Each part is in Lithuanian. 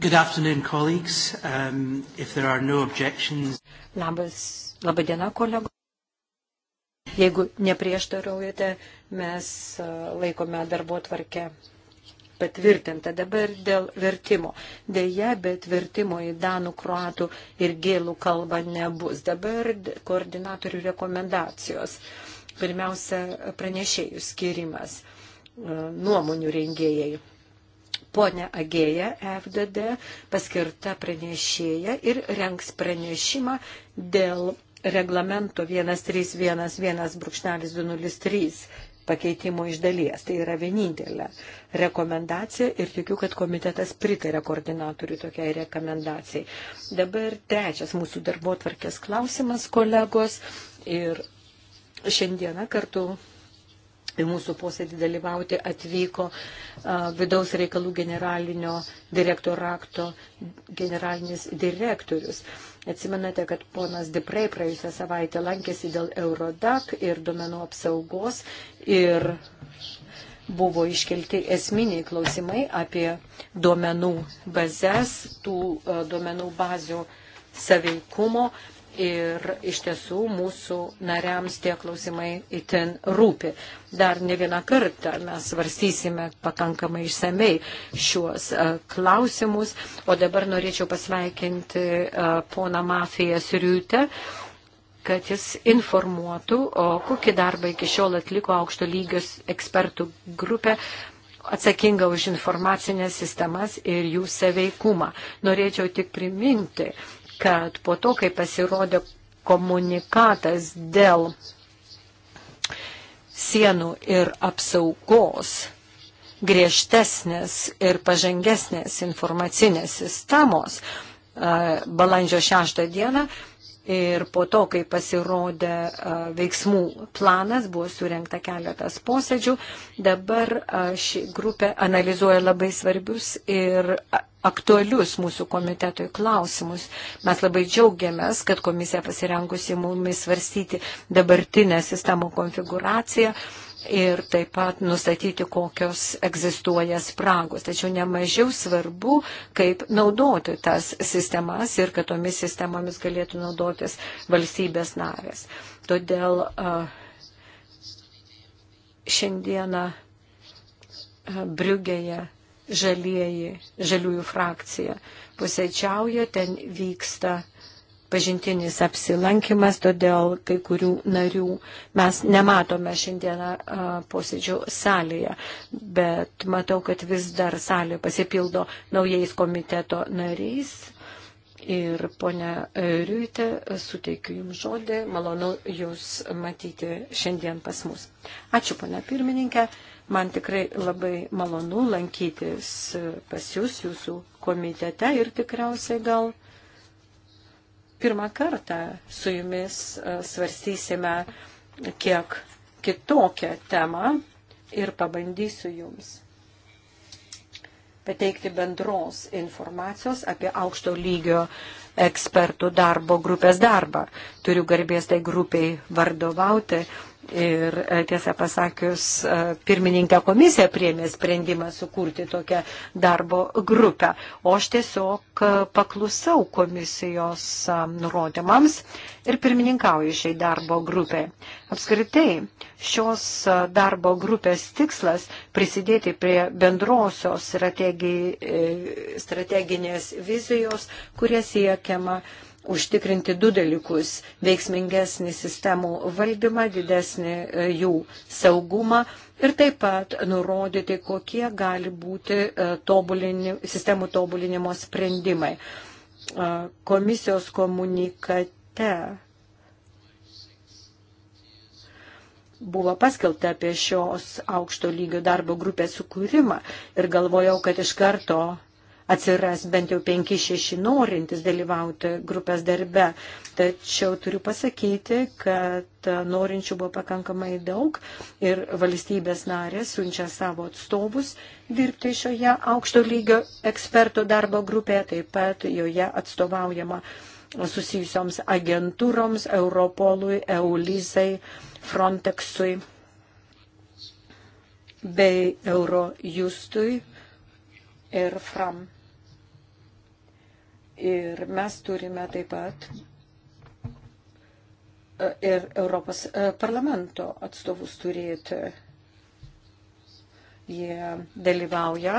Good afternoon, colleagues. Um, if there are no objections. Labas, laba diena, kolego. Jeigu neprieštaraujate, mes uh, laikome darbo tvarkę patvirtinta dabar dėl vertimo. Deja, bet vertimo į danų, kruatų ir gėlų kalbą nebus. Dabar koordinatorių rekomendacijos. Pirmiausia, pranešėjų skirimas uh, nuomonių rengėjai ponia Agėja FDD paskirta pranešėja ir renks pranešimą dėl reglamento 1311-203 pakeitimo iš dalies. Tai yra vienintelė rekomendacija ir tikiu, kad komitetas pritarė koordinatorių tokiai rekomendacijai. Dabar trečias mūsų darbo tvarkės klausimas, kolegos. Ir šiandieną kartu į mūsų posėdį dalyvauti atvyko vidaus reikalų generalinio direktorakto generalinis direktorius. Atsimenate, kad ponas Diprai praėjusią savaitę lankėsi dėl Eurodac ir domenų apsaugos ir buvo iškelti esminiai klausimai apie duomenų bazės, tų duomenų bazių saveikumo, ir iš tiesų mūsų nariams tie klausimai itin rūpi. Dar ne vieną kartą mes svarstysime pakankamai išsamei šiuos e, klausimus, o dabar norėčiau pasveikinti e, poną Mafiją Siriutę kad jis informuotų, o kokį darbą iki šiol atliko aukšto lygios ekspertų grupė atsakinga už informacinės sistemas ir jų saveikumą. Norėčiau tik priminti, kad po to, kai pasirodė komunikatas dėl sienų ir apsaugos griežtesnės ir pažengesnės informacinės sistemos balandžio 6 dieną ir po to, kai pasirodė veiksmų planas, buvo surinkta keletas posėdžių, dabar ši grupė analizuoja labai svarbius ir aktualius mūsų komitetui klausimus. Mes labai džiaugiamės, kad komisija pasirengusi mumis svarstyti dabartinę sistemų konfiguraciją ir taip pat nustatyti, kokios egzistuoja spragos. Tačiau nemažiau svarbu, kaip naudoti tas sistemas ir kad tomis sistemomis galėtų naudotis valstybės narės. Todėl šiandieną Briugėje žalieji, žaliųjų frakcija pusėčiauja, ten vyksta pažintinis apsilankimas, todėl kai kurių narių mes nematome šiandieną posėdžių salėje, bet matau, kad vis dar salė pasipildo naujais komiteto nariais. Ir ponia Riutė, suteikiu Jums žodį, malonu Jūs matyti šiandien pas mus. Ačiū, ponia pirmininkė. Man tikrai labai malonu lankytis pas jūs jūsų komitete ir tikriausiai gal pirmą kartą su jumis e, svarstysime kiek kitokią temą ir pabandysiu jums pateikti bendros informacijos apie aukšto lygio ekspertų darbo grupės darbą. Turiu garbės tai grupiai vardovauti Ir e, tiesą pasakius, e, pirmininką komisija priemė sprendimą sukurti tokią darbo grupę. O aš tiesiog e, paklusau komisijos nurodymams ir pirmininkauju šiai darbo grupiai. Apskritai, šios darbo grupės tikslas prisidėti prie bendrosios strategi, strateginės vizijos, kurie siekiama užtikrinti du dalykus - veiksmingesnį sistemų valdymą, didesnį e, jų saugumą ir taip pat nurodyti, kokie gali būti e, tobulini, sistemų tobulinimo sprendimai. E, komisijos komunikate buvo paskelbta apie šios aukšto lygio darbo grupės sukūrimą ir galvojau, kad iš karto atsiras bent jau 5-6 norintys dalyvauti grupės darbe. Tačiau turiu pasakyti, kad e, norinčių buvo pakankamai daug ir valstybės narės siunčia savo atstovus dirbti šioje aukšto lygio ekspertų darbo grupėje, taip pat joje atstovaujama susijusioms agentūroms, Europolui, Eulisai, Frontexui bei Eurojustui ir Fram. Ir mes turime taip pat e, ir Europos e, parlamento atstovus turėti. Jie dalyvauja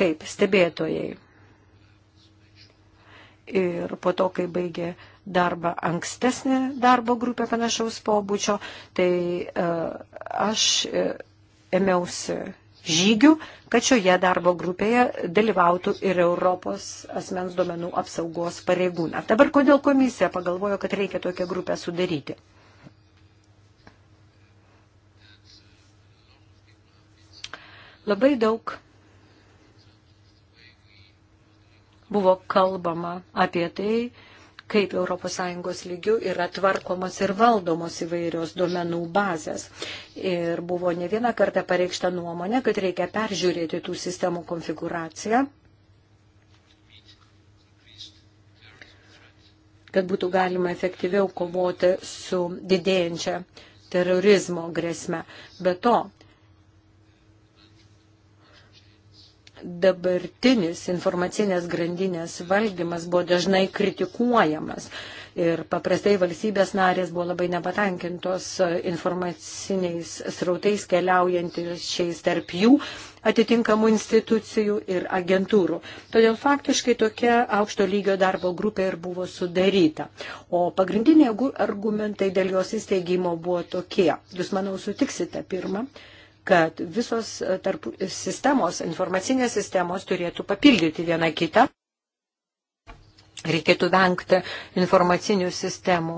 kaip stebėtojai. Ir po to, kai baigė darbą ankstesnė darbo grupė panašaus pobūdžio, tai e, aš ėmiausi žygių, kad šioje darbo grupėje dalyvautų ir Europos asmens duomenų apsaugos pareigūna. Dabar kodėl komisija pagalvojo, kad reikia tokią grupę sudaryti? Labai daug buvo kalbama apie tai, kaip ES lygių yra tvarkomos ir valdomos įvairios duomenų bazės. Ir buvo ne vieną kartą pareikšta nuomonė, kad reikia peržiūrėti tų sistemų konfiguraciją kad būtų galima efektyviau kovoti su didėjančia terorizmo grėsme. Be to, dabartinis informacinės grandinės valdymas buvo dažnai kritikuojamas. Ir paprastai valstybės narės buvo labai nepatenkintos informaciniais srautais keliaujantišiais tarp jų atitinkamų institucijų ir agentūrų. Todėl faktiškai tokia aukšto lygio darbo grupė ir buvo sudaryta. O pagrindiniai argumentai dėl jos įsteigimo buvo tokie. Jūs, manau, sutiksite pirmą kad visos e, tarp sistemos, informacinės sistemos turėtų papildyti vieną kitą. Reikėtų vengti informacinių sistemų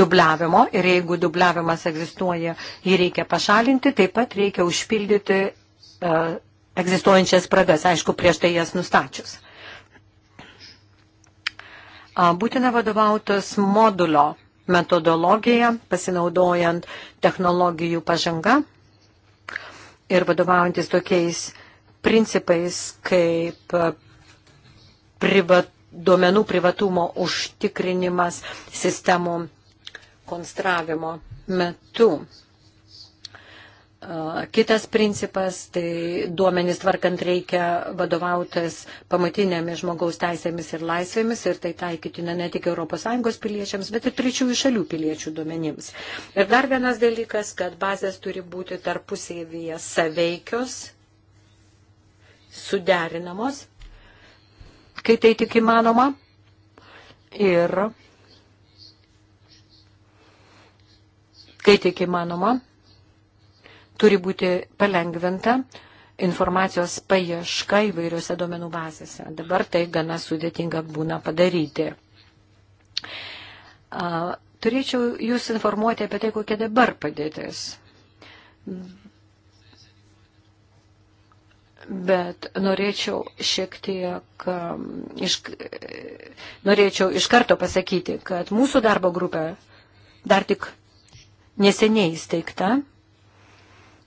dubliavimo ir jeigu dubliavimas egzistuoja, jį reikia pašalinti, taip pat reikia užpildyti uh, egzistuojančias spragas, aišku, prieš tai jas nustačius. Uh, būtina vadovautis modulio metodologija, pasinaudojant technologijų pažanga ir vadovaujantis tokiais principais kaip e, privat, duomenų privatumo užtikrinimas sistemų konstravimo metu. Kitas principas, tai duomenys tvarkant reikia vadovautas pamatinėmis žmogaus teisėmis ir laisvėmis ir tai taikytina ne tik ES piliečiams, bet ir trečiųjų šalių piliečių duomenims. Ir dar vienas dalykas, kad bazės turi būti tarpusėvyje saveikios, suderinamos, kai tai tik įmanoma. Ir kai tik įmanoma turi būti palengvinta informacijos paieška įvairiuose duomenų bazėse. Dabar tai gana sudėtinga būna padaryti. Turėčiau jūs informuoti apie tai, kokia dabar padėtis. Bet norėčiau šiek tiek, um, iš, norėčiau iš karto pasakyti, kad mūsų darbo grupė dar tik neseniai įsteigta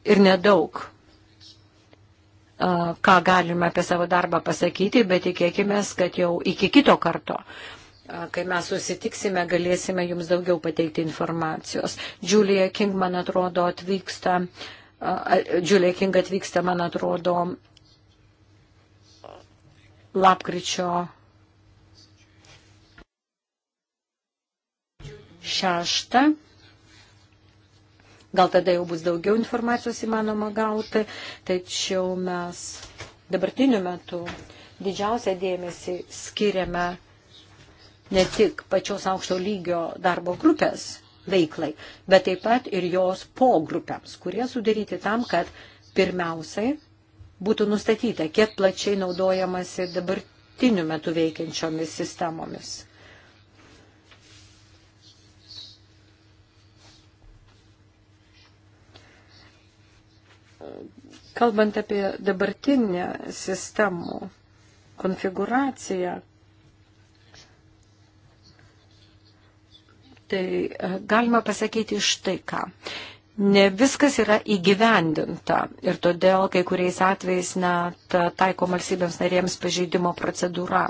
ir nedaug ką galime apie savo darbą pasakyti, bet tikėkime, kad jau iki kito karto kai mes susitiksime, galėsime jums daugiau pateikti informacijos. Julia King, man atrodo, atvyksta, Julia King atvyksta, man atrodo, lapkričio šeštą. Gal tada jau bus daugiau informacijos įmanoma gauti, tačiau mes dabartiniu metu didžiausią dėmesį skiriame ne tik pačios aukšto lygio darbo grupės veiklai, bet taip pat ir jos pogrupiams, kurie sudaryti tam, kad pirmiausiai būtų nustatyta, kiek plačiai naudojamasi dabartiniu metu veikiančiomis sistemomis. kalbant apie dabartinę sistemų konfiguraciją, tai e, galima pasakyti štai ką. Ne viskas yra įgyvendinta ir todėl kai kuriais atvejais net taiko valstybėms narėms pažeidimo procedūra.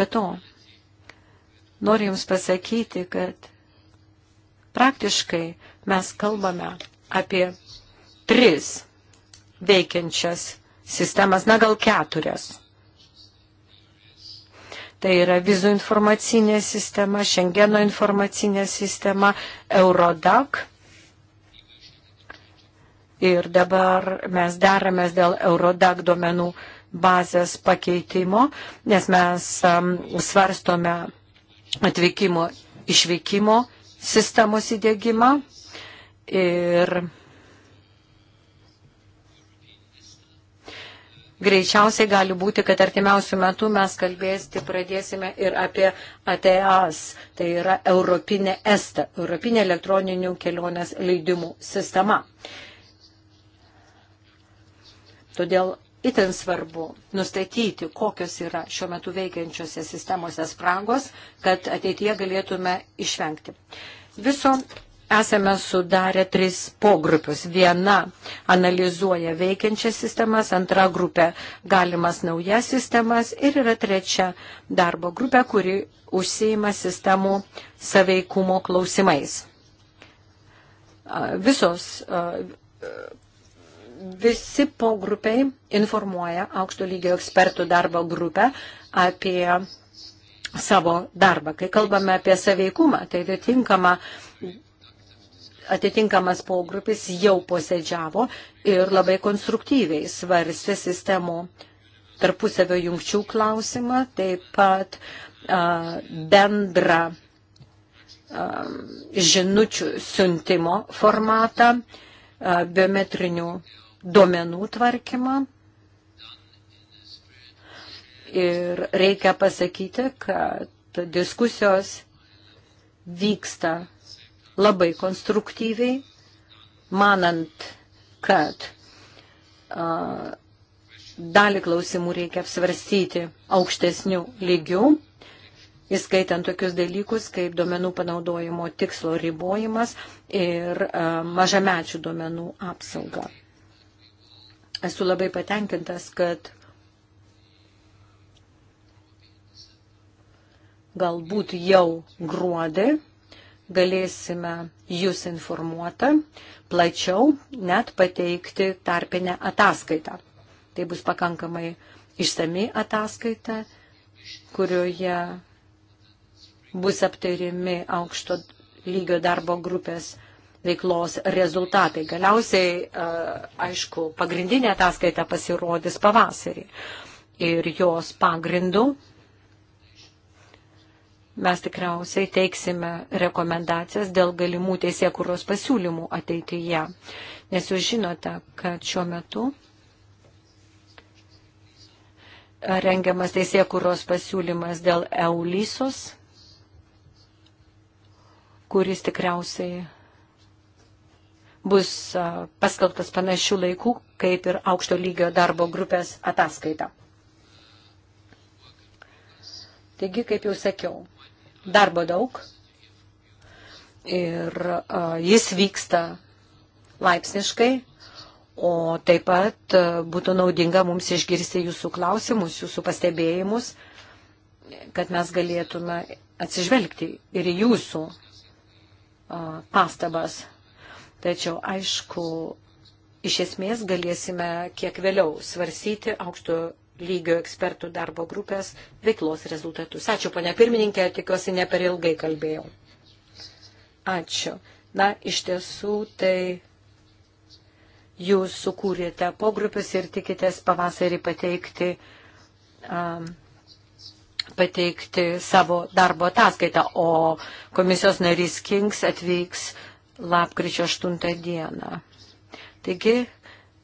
Be to, noriu Jums pasakyti, kad Praktiškai mes kalbame apie tris veikiančias sistemas, na gal keturias. Tai yra vizų informacinė sistema, Šengeno informacinė sistema, Eurodac. Ir dabar mes deramės dėl Eurodac duomenų bazės pakeitimo, nes mes um, svarstome atvykimo, išvykimo sistemos įdėgymą ir greičiausiai gali būti, kad artimiausių metų mes kalbėsti pradėsime ir apie ATAS, tai yra Europinė ESTA, Europinė elektroninių kelionės leidimų sistema. Todėl Itin svarbu nustatyti, kokios yra šiuo metu veikiančiose sistemose spragos, kad ateityje galėtume išvengti. Viso esame sudarę tris pogrupius. Viena analizuoja veikiančias sistemas, antra grupė galimas naujas sistemas ir yra trečia darbo grupė, kuri užsieima sistemų saveikumo klausimais. Visos visi pogrupiai informuoja aukšto lygio ekspertų darbo grupę apie savo darbą. Kai kalbame apie saveikumą, tai atitinkama, atitinkamas pogrupis jau posėdžiavo ir labai konstruktyviai svarstė sistemų tarpusavio jungčių klausimą, taip pat a, bendrą a, žinučių siuntimo formatą, a, biometrinių duomenų tvarkymą. Ir reikia pasakyti, kad diskusijos vyksta labai konstruktyviai, manant, kad a, dalį klausimų reikia apsvarstyti aukštesnių lygių, įskaitant tokius dalykus kaip duomenų panaudojimo tikslo ribojimas ir a, mažamečių duomenų apsauga esu labai patenkintas, kad galbūt jau gruodį galėsime jūs informuotą plačiau net pateikti tarpinę ataskaitą. Tai bus pakankamai išsami ataskaita, kurioje bus aptarimi aukšto lygio darbo grupės veiklos rezultatai. Galiausiai, e, aišku, pagrindinė ataskaita pasirodys pavasarį ir jos pagrindų mes tikriausiai teiksime rekomendacijas dėl galimų teisėkuros pasiūlymų ateityje. Nes jūs žinote, kad šiuo metu rengiamas teisėkuros pasiūlymas dėl EULISOS, kuris tikriausiai bus paskelbtas panašių laikų, kaip ir aukšto lygio darbo grupės ataskaita. Taigi, kaip jau sakiau, darbo daug ir jis vyksta laipsniškai, o taip pat būtų naudinga mums išgirsti jūsų klausimus, jūsų pastebėjimus, kad mes galėtume atsižvelgti ir jūsų pastabas. Tačiau, aišku, iš esmės galėsime kiek vėliau svarsyti aukšto lygio ekspertų darbo grupės veiklos rezultatus. Ačiū, ponia pirmininkė, tikiuosi ne per ilgai kalbėjau. Ačiū. Na, iš tiesų, tai jūs sukūrėte pogrupius ir tikitės pavasarį pateikti, um, pateikti savo darbo ataskaitą, o komisijos narys Kings atvyks lapkričio 8 dieną. Taigi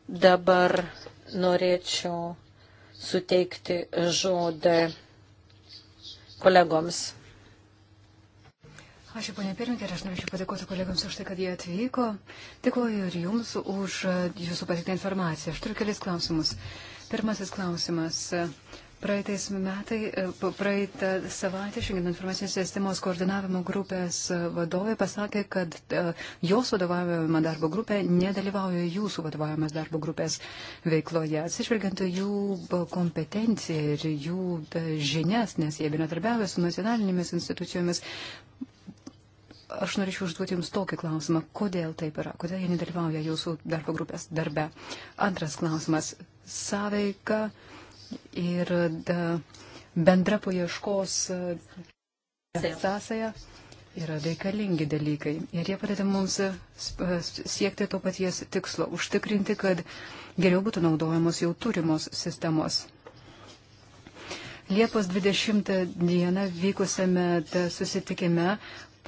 dabar norėčiau suteikti žodį kolegoms. Ačiū, ponė pirmininkė, ir aš norėčiau padėkoti kolegams už tai, kad jie atvyko. Dėkuoju ir jums už jūsų patiktą informaciją. Aš turiu kelias klausimus. Pirmasis klausimas. Praeitais metai, e, praeitą savaitę šiandien informacinės sistemos koordinavimo grupės e, vadovė pasakė, kad e, jos vadovaujama darbo grupė nedalyvauja jūsų vadovaujamas darbo grupės veikloje, atsižvelgiant jų kompetenciją ir jų žinias, nes jie bendradarbiavė su nacionalinėmis institucijomis. Aš norėčiau užduoti Jums tokį klausimą, kodėl taip yra, kodėl jie nedalyvauja Jūsų darbo grupės darbe. Antras klausimas - sąveika. Uh, ir bendra paieškos e, sąsaja yra reikalingi dalykai. Ir jie padeda mums e, e, siekti to paties tikslo - užtikrinti, kad geriau būtų naudojamos jau turimos sistemos. Liepos 20 dieną vykusiame susitikime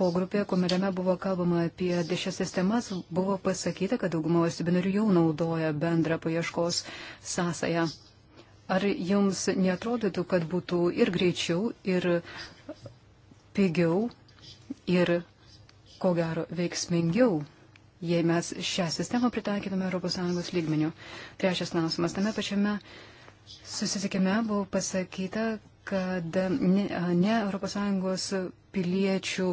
po grupėje, kuriame buvo kalbama apie šias sistemas, buvo pasakyta, kad dauguma valstybių narių jau naudoja bendrą paieškos sąsają. Ar jums netrodytų, kad būtų ir greičiau, ir pigiau, ir ko gero veiksmingiau, jei mes šią sistemą pritaikytume ES lygmenių? Trečias klausimas. Tame pačiame susitikime buvo pasakyta, kad ne, ne ES piliečių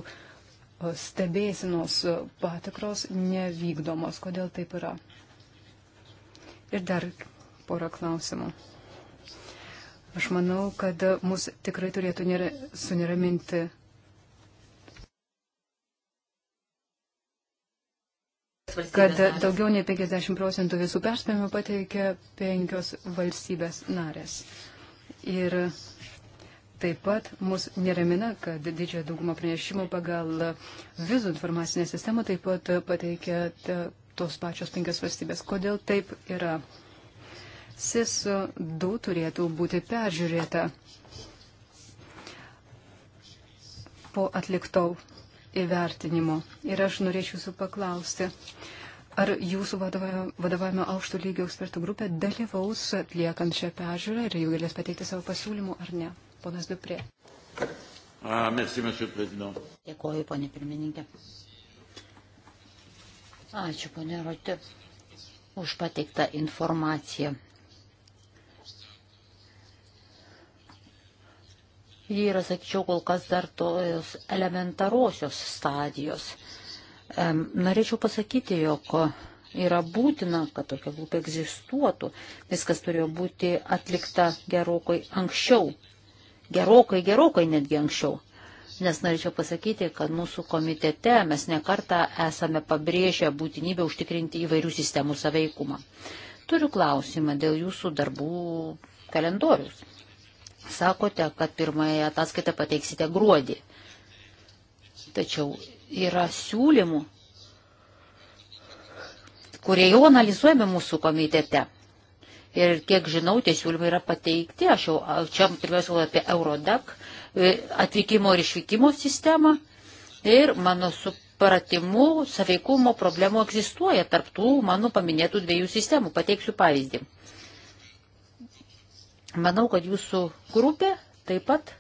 stebėsinos patikros nevykdomos. Kodėl taip yra? Ir dar porą klausimų. Aš manau, kad mus tikrai turėtų nėra, suneraminti. kad daugiau nei 50 procentų visų perspėjimų pateikia penkios valstybės narės. Ir Taip pat mus neramina, kad didžiąją daugumą pranešimų pagal vizų informacinę sistemą taip pat pateikia tos pačios penkios valstybės. Kodėl taip yra? SIS 2 turėtų būti peržiūrėta po atliktau įvertinimo. Ir aš norėčiau jūsų paklausti, ar jūsų vadovavimo aukštų lygio ekspertų grupė dalyvaus atliekant šią peržiūrą ir jau galės pateikti savo pasiūlymų ar ne? Ponas Duprė. Ah, merci, Dėkuoju, ponė pirmininkė. Ačiū, ponė Roti, už pateiktą informaciją. Ji yra, sakyčiau, kol kas dar tos elementarosios stadijos. Norėčiau pasakyti, jog yra būtina, kad tokia grupė egzistuotų. Viskas turėjo būti atlikta gerokai anksčiau. Gerokai, gerokai netgi anksčiau. Nes norėčiau pasakyti, kad mūsų komitete mes nekartą esame pabrėžę būtinybę užtikrinti įvairių sistemų saveikumą. Turiu klausimą dėl jūsų darbų kalendorius. Sakote, kad pirmąją ataskaitą pateiksite gruodį. Tačiau yra siūlymų, kurie jau analizuojami mūsų komitete. Ir kiek žinau, tie siūlymai yra pateikti. Aš jau čia pirmiausia kalbu apie Eurodac e, atvykimo ir išvykimo sistemą. Ir mano supratimu, saveikumo problemų egzistuoja tarptų mano paminėtų dviejų sistemų. Pateiksiu pavyzdį. Manau, kad jūsų grupė taip pat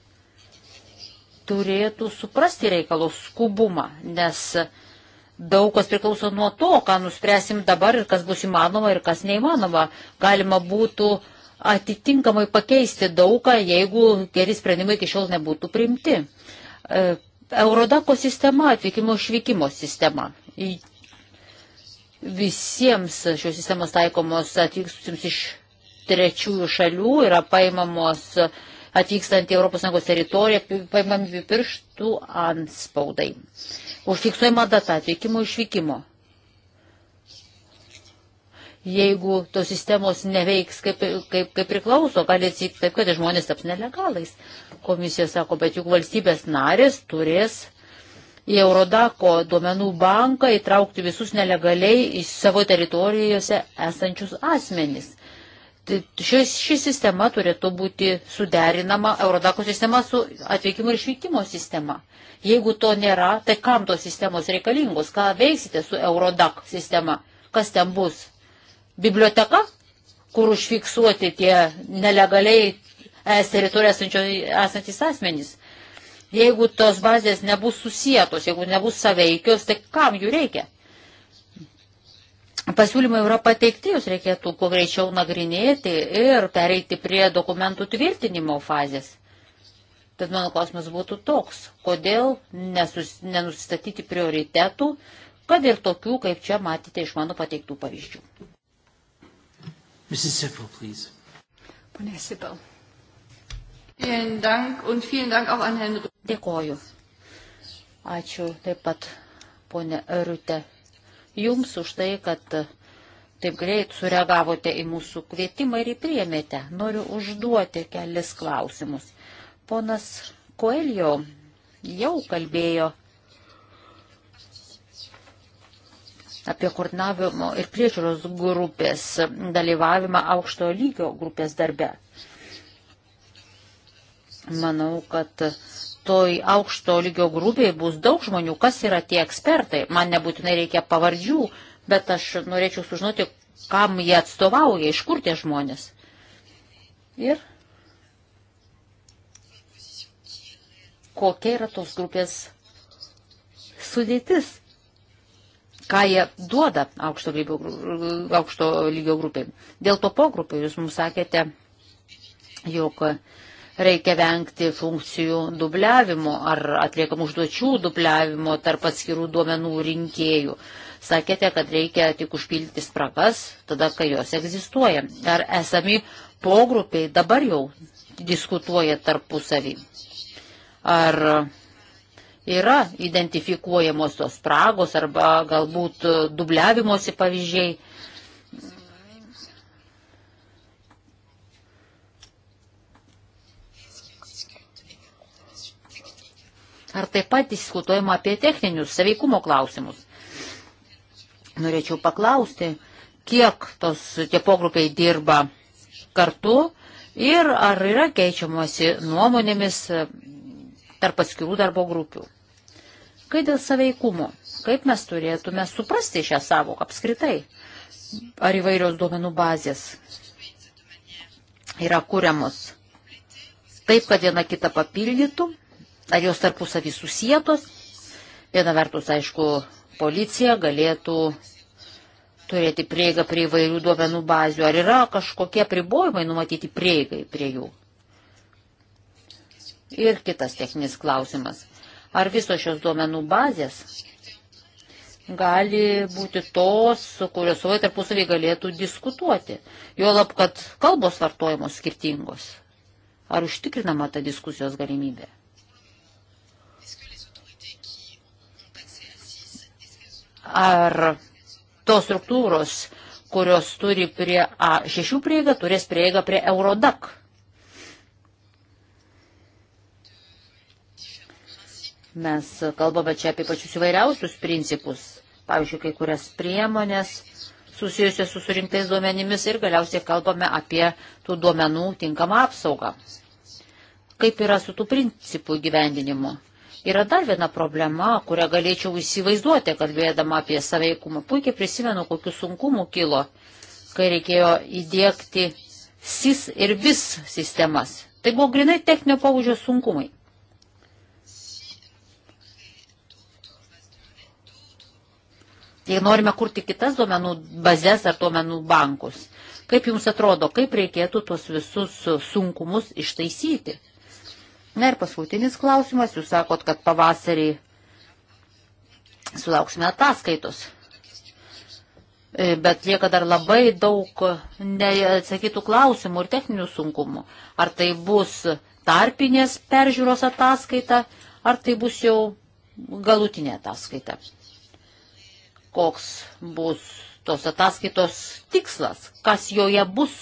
turėtų suprasti reikalų skubumą, nes daug kas priklauso nuo to, ką nuspręsim dabar ir kas bus įmanoma ir kas neįmanoma. Galima būtų atitinkamai pakeisti daugą, jeigu geri sprendimai iki šiol nebūtų priimti. E, Eurodako sistema, atvykimo išvykimo sistema. Visiems šios sistemos taikomos atvykusiems iš trečiųjų šalių yra paimamos atvykstant į ES teritoriją, paimami pirštų anspaudai. Užfiksuojama data atvykimo išvykimo. Jeigu tos sistemos neveiks kaip, kaip, kaip priklauso, gali atsitikti taip, kad žmonės taps nelegalais. Komisija sako, bet juk valstybės narės turės į Eurodako duomenų banką įtraukti visus nelegaliai į savo teritorijose esančius asmenys. Tai ši, ši sistema turėtų būti suderinama, Eurodako sistema su atvykimo ir išvykimo sistema. Jeigu to nėra, tai kam tos sistemos reikalingos? Ką veiksite su Eurodak sistema? Kas ten bus? Biblioteka, kur užfiksuoti tie nelegaliai es teritorijoje esantis asmenys. Jeigu tos bazės nebus susijėtos, jeigu nebus saveikios, tai kam jų reikia? pasiūlymai yra pateikti, jūs reikėtų kuo greičiau nagrinėti ir pereiti prie dokumentų tvirtinimo fazės. Tad mano klausimas būtų toks, kodėl nesus, nenusistatyti prioritetų, kad ir tokių, kaip čia matėte iš mano pateiktų pavyzdžių. Mrs. Sippel, please. Pone Sippel. Vielen Dank und vielen Dank auch an Herrn Dėkoju. Ačiū taip pat, ponė Rute, Jums už tai, kad taip greit sureagavote į mūsų kvietimą ir įpriemėte. Noriu užduoti kelis klausimus. Ponas Koelio jau kalbėjo apie koordinavimo ir priežiūros grupės dalyvavimą aukšto lygio grupės darbe. Manau, kad toj aukšto lygio grupiai bus daug žmonių, kas yra tie ekspertai. Man nebūtinai reikia pavardžių, bet aš norėčiau sužinoti, kam jie atstovauja, iš kur tie žmonės. Ir kokia yra tos grupės sudėtis, ką jie duoda aukšto lygio, aukšto lygio grupiai. Dėl to pogrupio jūs mums sakėte, jog Reikia vengti funkcijų dubliavimo ar atliekamų užduočių dubliavimo tarp atskirų duomenų rinkėjų. Sakėte, kad reikia tik užpildyti spragas, tada, kai jos egzistuoja. Ar esami pogrupiai dabar jau diskutuoja tarpusavį? Ar yra identifikuojamos tos spragos arba galbūt dubliavimosi pavyzdžiai? ar taip pat diskutuojama apie techninius saveikumo klausimus. Norėčiau paklausti, kiek tos tie pogrupiai dirba kartu ir ar yra keičiamasi nuomonėmis e, tarp atskirų darbo grupių. Kai dėl saveikumo, kaip mes turėtume suprasti šią savoką apskritai, ar įvairios duomenų bazės yra kuriamos taip, kad viena kitą papildytų, Ar jos tarpusavį susijėtos? Viena vertus, aišku, policija galėtų turėti prieigą prie įvairių duomenų bazių. Ar yra kažkokie pribojimai numatyti prieigai prie jų? Ir kitas techninis klausimas. Ar visos šios duomenų bazės gali būti tos, su kurios savo tarpusavį galėtų diskutuoti? Juolab, kad kalbos vartojamos skirtingos. Ar užtikrinama ta diskusijos galimybė? Ar tos struktūros, kurios turi prie A6 prieigą, turės prieigą prie Eurodak? Mes kalbame čia apie pačius įvairiausius principus, pavyzdžiui, kai kurias priemonės susijusios su surinktais duomenimis ir galiausiai kalbame apie tų duomenų tinkamą apsaugą. Kaip yra su tų principų gyvendinimu? Yra dar viena problema, kurią galėčiau įsivaizduoti, kalbėdama apie saveikumą. Puikiai prisimenu, kokiu sunkumu kilo, kai reikėjo įdėkti SIS ir VIS sistemas. Tai buvo grinai techninio pabudžio sunkumai. Jei norime kurti kitas duomenų bazės ar duomenų bankus, kaip jums atrodo, kaip reikėtų tuos visus sunkumus ištaisyti? Na ir paskutinis klausimas, jūs sakot, kad pavasarį sulauksime ataskaitos. E, bet lieka dar labai daug neatsakytų klausimų ir techninių sunkumų. Ar tai bus tarpinės peržiūros ataskaita, ar tai bus jau galutinė ataskaita. Koks bus tos ataskaitos tikslas, kas joje bus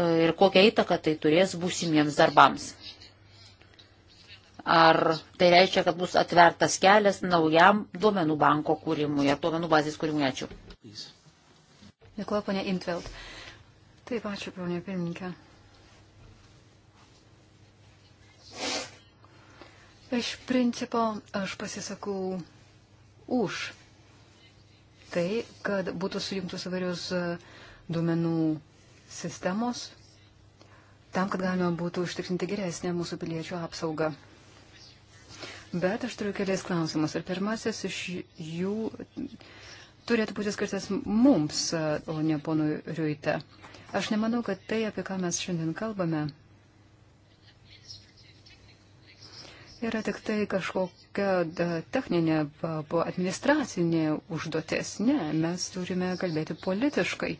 ir kokią įtaką tai turės būsimiems darbams. Ar tai reiškia, kad bus atvertas kelias naujam duomenų banko kūrimui ar duomenų bazės kūrimui? Ačiū. Dėkuoju, ponė Intveld. Taip, ačiū, ponė pirmininkė. Iš principo aš pasisakau už tai, kad būtų sujungtos įvairios e, duomenų sistemos, tam, kad galima būtų užtikrinti geresnę mūsų piliečių apsaugą. Bet aš turiu kelias klausimus. Ir pirmasis iš jų turėtų būti skirtas mums, o ne ponui Riuite. Aš nemanau, kad tai, apie ką mes šiandien kalbame, yra tik tai kažkokia techninė administracinė užduotis. Ne, mes turime kalbėti politiškai.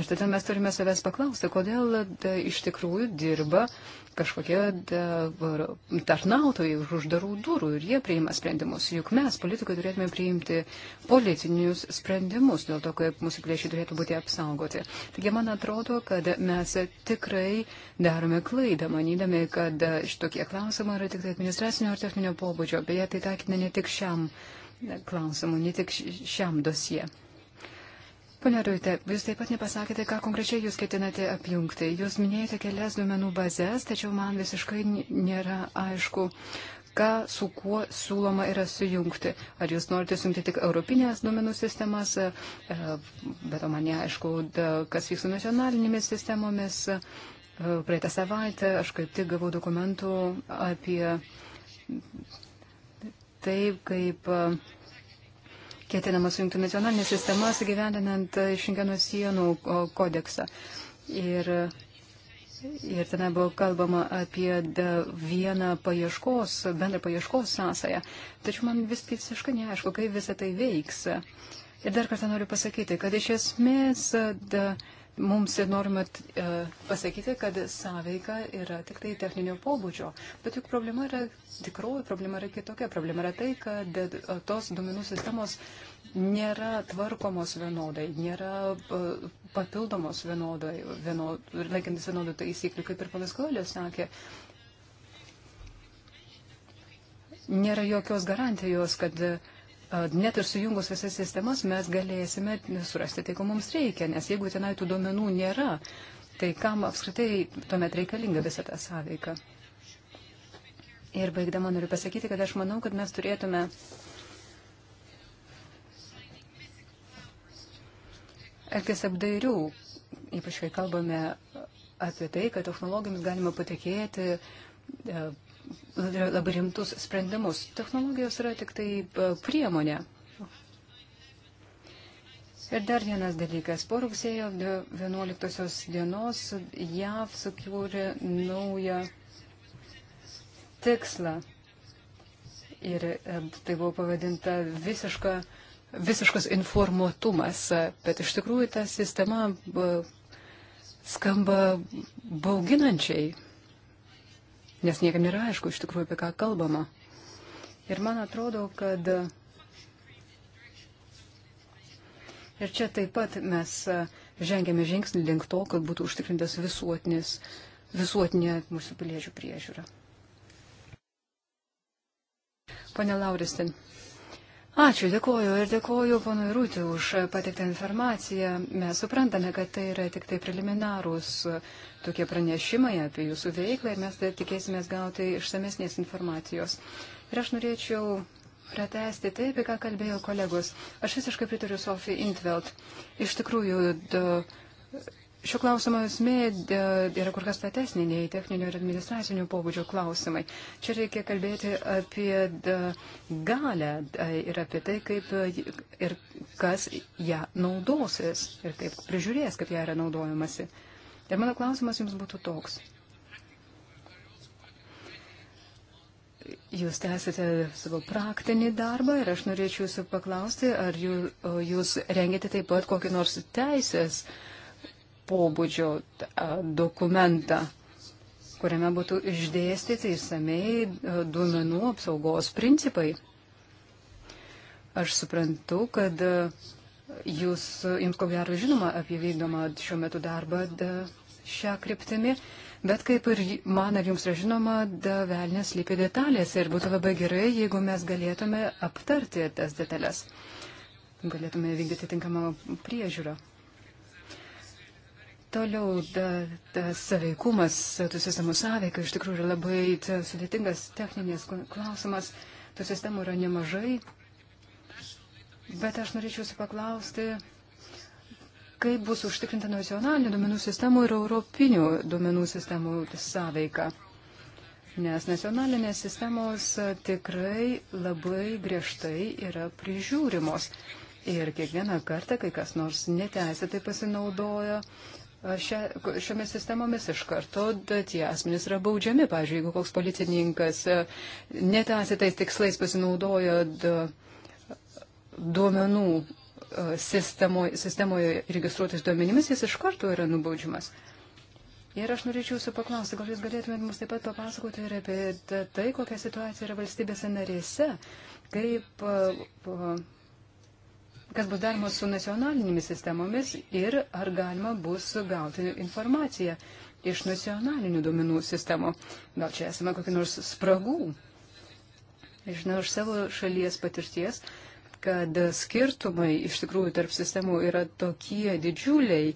Ir todėl mes turime savęs paklausti, kodėl da, iš tikrųjų dirba kažkokie da, tarnautojai už uždarų durų ir jie priima sprendimus. Juk mes, politikai, turėtume priimti politinius sprendimus dėl to, kaip mūsų piliečiai turėtų būti apsaugoti. Taigi man atrodo, kad mes tikrai darome klaidą, manydami, kad šitokie klausimai yra tik tai administracinio ar techninio pobūdžio. Beje, tai taikina ne tik šiam klausimui, ne tik šiam dosijai. Pone Ruite, jūs taip pat nepasakėte, ką konkrečiai jūs ketinate apjungti. Jūs minėjote kelias duomenų bazės, tačiau man visiškai nėra aišku, ką su kuo siūloma yra sujungti. Ar jūs norite sujungti tik europinės duomenų sistemas, e, bet o man neaišku, kas vyks su nacionalinėmis sistemomis. E, praeitą savaitę aš kaip tik gavau dokumentų apie taip, kaip ketinama sujungti nacionalinės sistemas gyvendinant e, Šengeno sienų kodeksą. Ir, ir ten buvo kalbama apie vieną paieškos, bendrą paieškos sąsąją. Tačiau man vis visiškai neaišku, kaip visą tai veiks. Ir dar kartą noriu pasakyti, kad iš esmės da, uh, Mums norime pasakyti, kad sąveika yra tik tai techninio pobūdžio, bet juk problema yra tikroji, problema yra kitokia. Problema yra tai, kad e, tos duomenų sistemos nėra tvarkomos vienodai, nėra e, papildomos vienodai, vienod, laikintis vienodų taisyklių, kaip ir ponas Koelė sakė. Nėra jokios garantijos, kad uh, net ir sujungus visas sistemas mes galėsime surasti tai, ko mums reikia, nes jeigu tenai tų duomenų nėra, tai kam apskritai tuomet reikalinga visa ta sąveika. Ir baigdama noriu pasakyti, kad aš manau, kad mes turėtume elgtis apdairių, ypač kai kalbame apie tai, kad technologijomis galima patikėti e, labai rimtus sprendimus. Technologijos yra tik tai e, priemonė. Ir dar vienas dalykas. Po rugsėjo 11 dienos JAV sukūrė naują tikslą. Ir e, tai buvo pavadinta visiška, visiškas informuotumas. Bet iš tikrųjų ta sistema e, skamba bauginančiai nes niekam nėra aišku iš tikrųjų, apie ką kalbama. Ir man atrodo, kad ir čia taip pat mes žengėme žingsnį link to, kad būtų užtikrintas visuotinės, visuotinė mūsų piliečių priežiūra. Pane Lauristin, Ačiū, dėkoju ir dėkoju ponui Rūtį už patiktą informaciją. Mes suprantame, kad tai yra tik tai preliminarūs e, tokie pranešimai apie jūsų veiklą ir mes tai tikėsimės gauti išsamesnės informacijos. Ir aš norėčiau pratesti tai, apie ką kalbėjo kolegos. Aš visiškai pritariu Sofijai Intveld. Iš tikrųjų, do, Šio klausimo esmė e, yra kur kas platesnė nei techninio ir administracinio pobūdžio klausimai. Čia reikia kalbėti apie e, galę e, ir apie tai, kaip ir kas ją naudosis ir kaip prižiūrės, kaip ją yra naudojamasi. Ir mano klausimas jums būtų toks. Jūs tęsite savo praktinį darbą ir aš norėčiau jūsų paklausti, ar jūs, jūs rengėte taip pat kokį nors teisės uh, pobūdžio dokumentą, kuriame būtų išdėstyti įsamei duomenų apsaugos principai. Aš suprantu, kad jūs, jums ko gero žinoma apie vykdomą šiuo metu darbą šią kryptimį, bet kaip ir man ar jums yra žinoma, velnės lypi detalės ir būtų labai gerai, jeigu mes galėtume aptarti tas detalės, galėtume vykdyti tinkamą priežiūrą. Toliau da, tas saveikumas, tų sistemų sąveika iš tikrųjų yra labai sudėtingas techninis klausimas. Tų sistemų yra nemažai. Bet aš norėčiau jūsų paklausti, kaip bus užtikrinta nacionalinių duomenų sistemų ir europinių duomenų sistemų sąveika. Nes nacionalinės sistemos tikrai labai griežtai yra prižiūrimos. Ir kiekvieną kartą, kai kas nors neteisėtai pasinaudojo šia, šiomis sistemomis iš karto tie asmenys yra baudžiami. Pavyzdžiui, jeigu koks policininkas e, netasitais tikslais pasinaudojo duomenų e, sistemoje, sistemoje registruotis duomenimis, jis iš karto yra nubaudžiamas. Ir aš norėčiau jūsų paklausti, gal jūs galėtumėte mums taip pat papasakoti ir apie tai, kokia situacija yra valstybėse narėse, kaip e, kas bus daroma su nacionalinėmis sistemomis ir ar galima bus gauti informaciją iš nacionalinių duomenų sistemų. Gal čia esame kokį nors spragų. Žinau iš savo šalies patirties, kad skirtumai iš tikrųjų tarp sistemų yra tokie didžiuliai,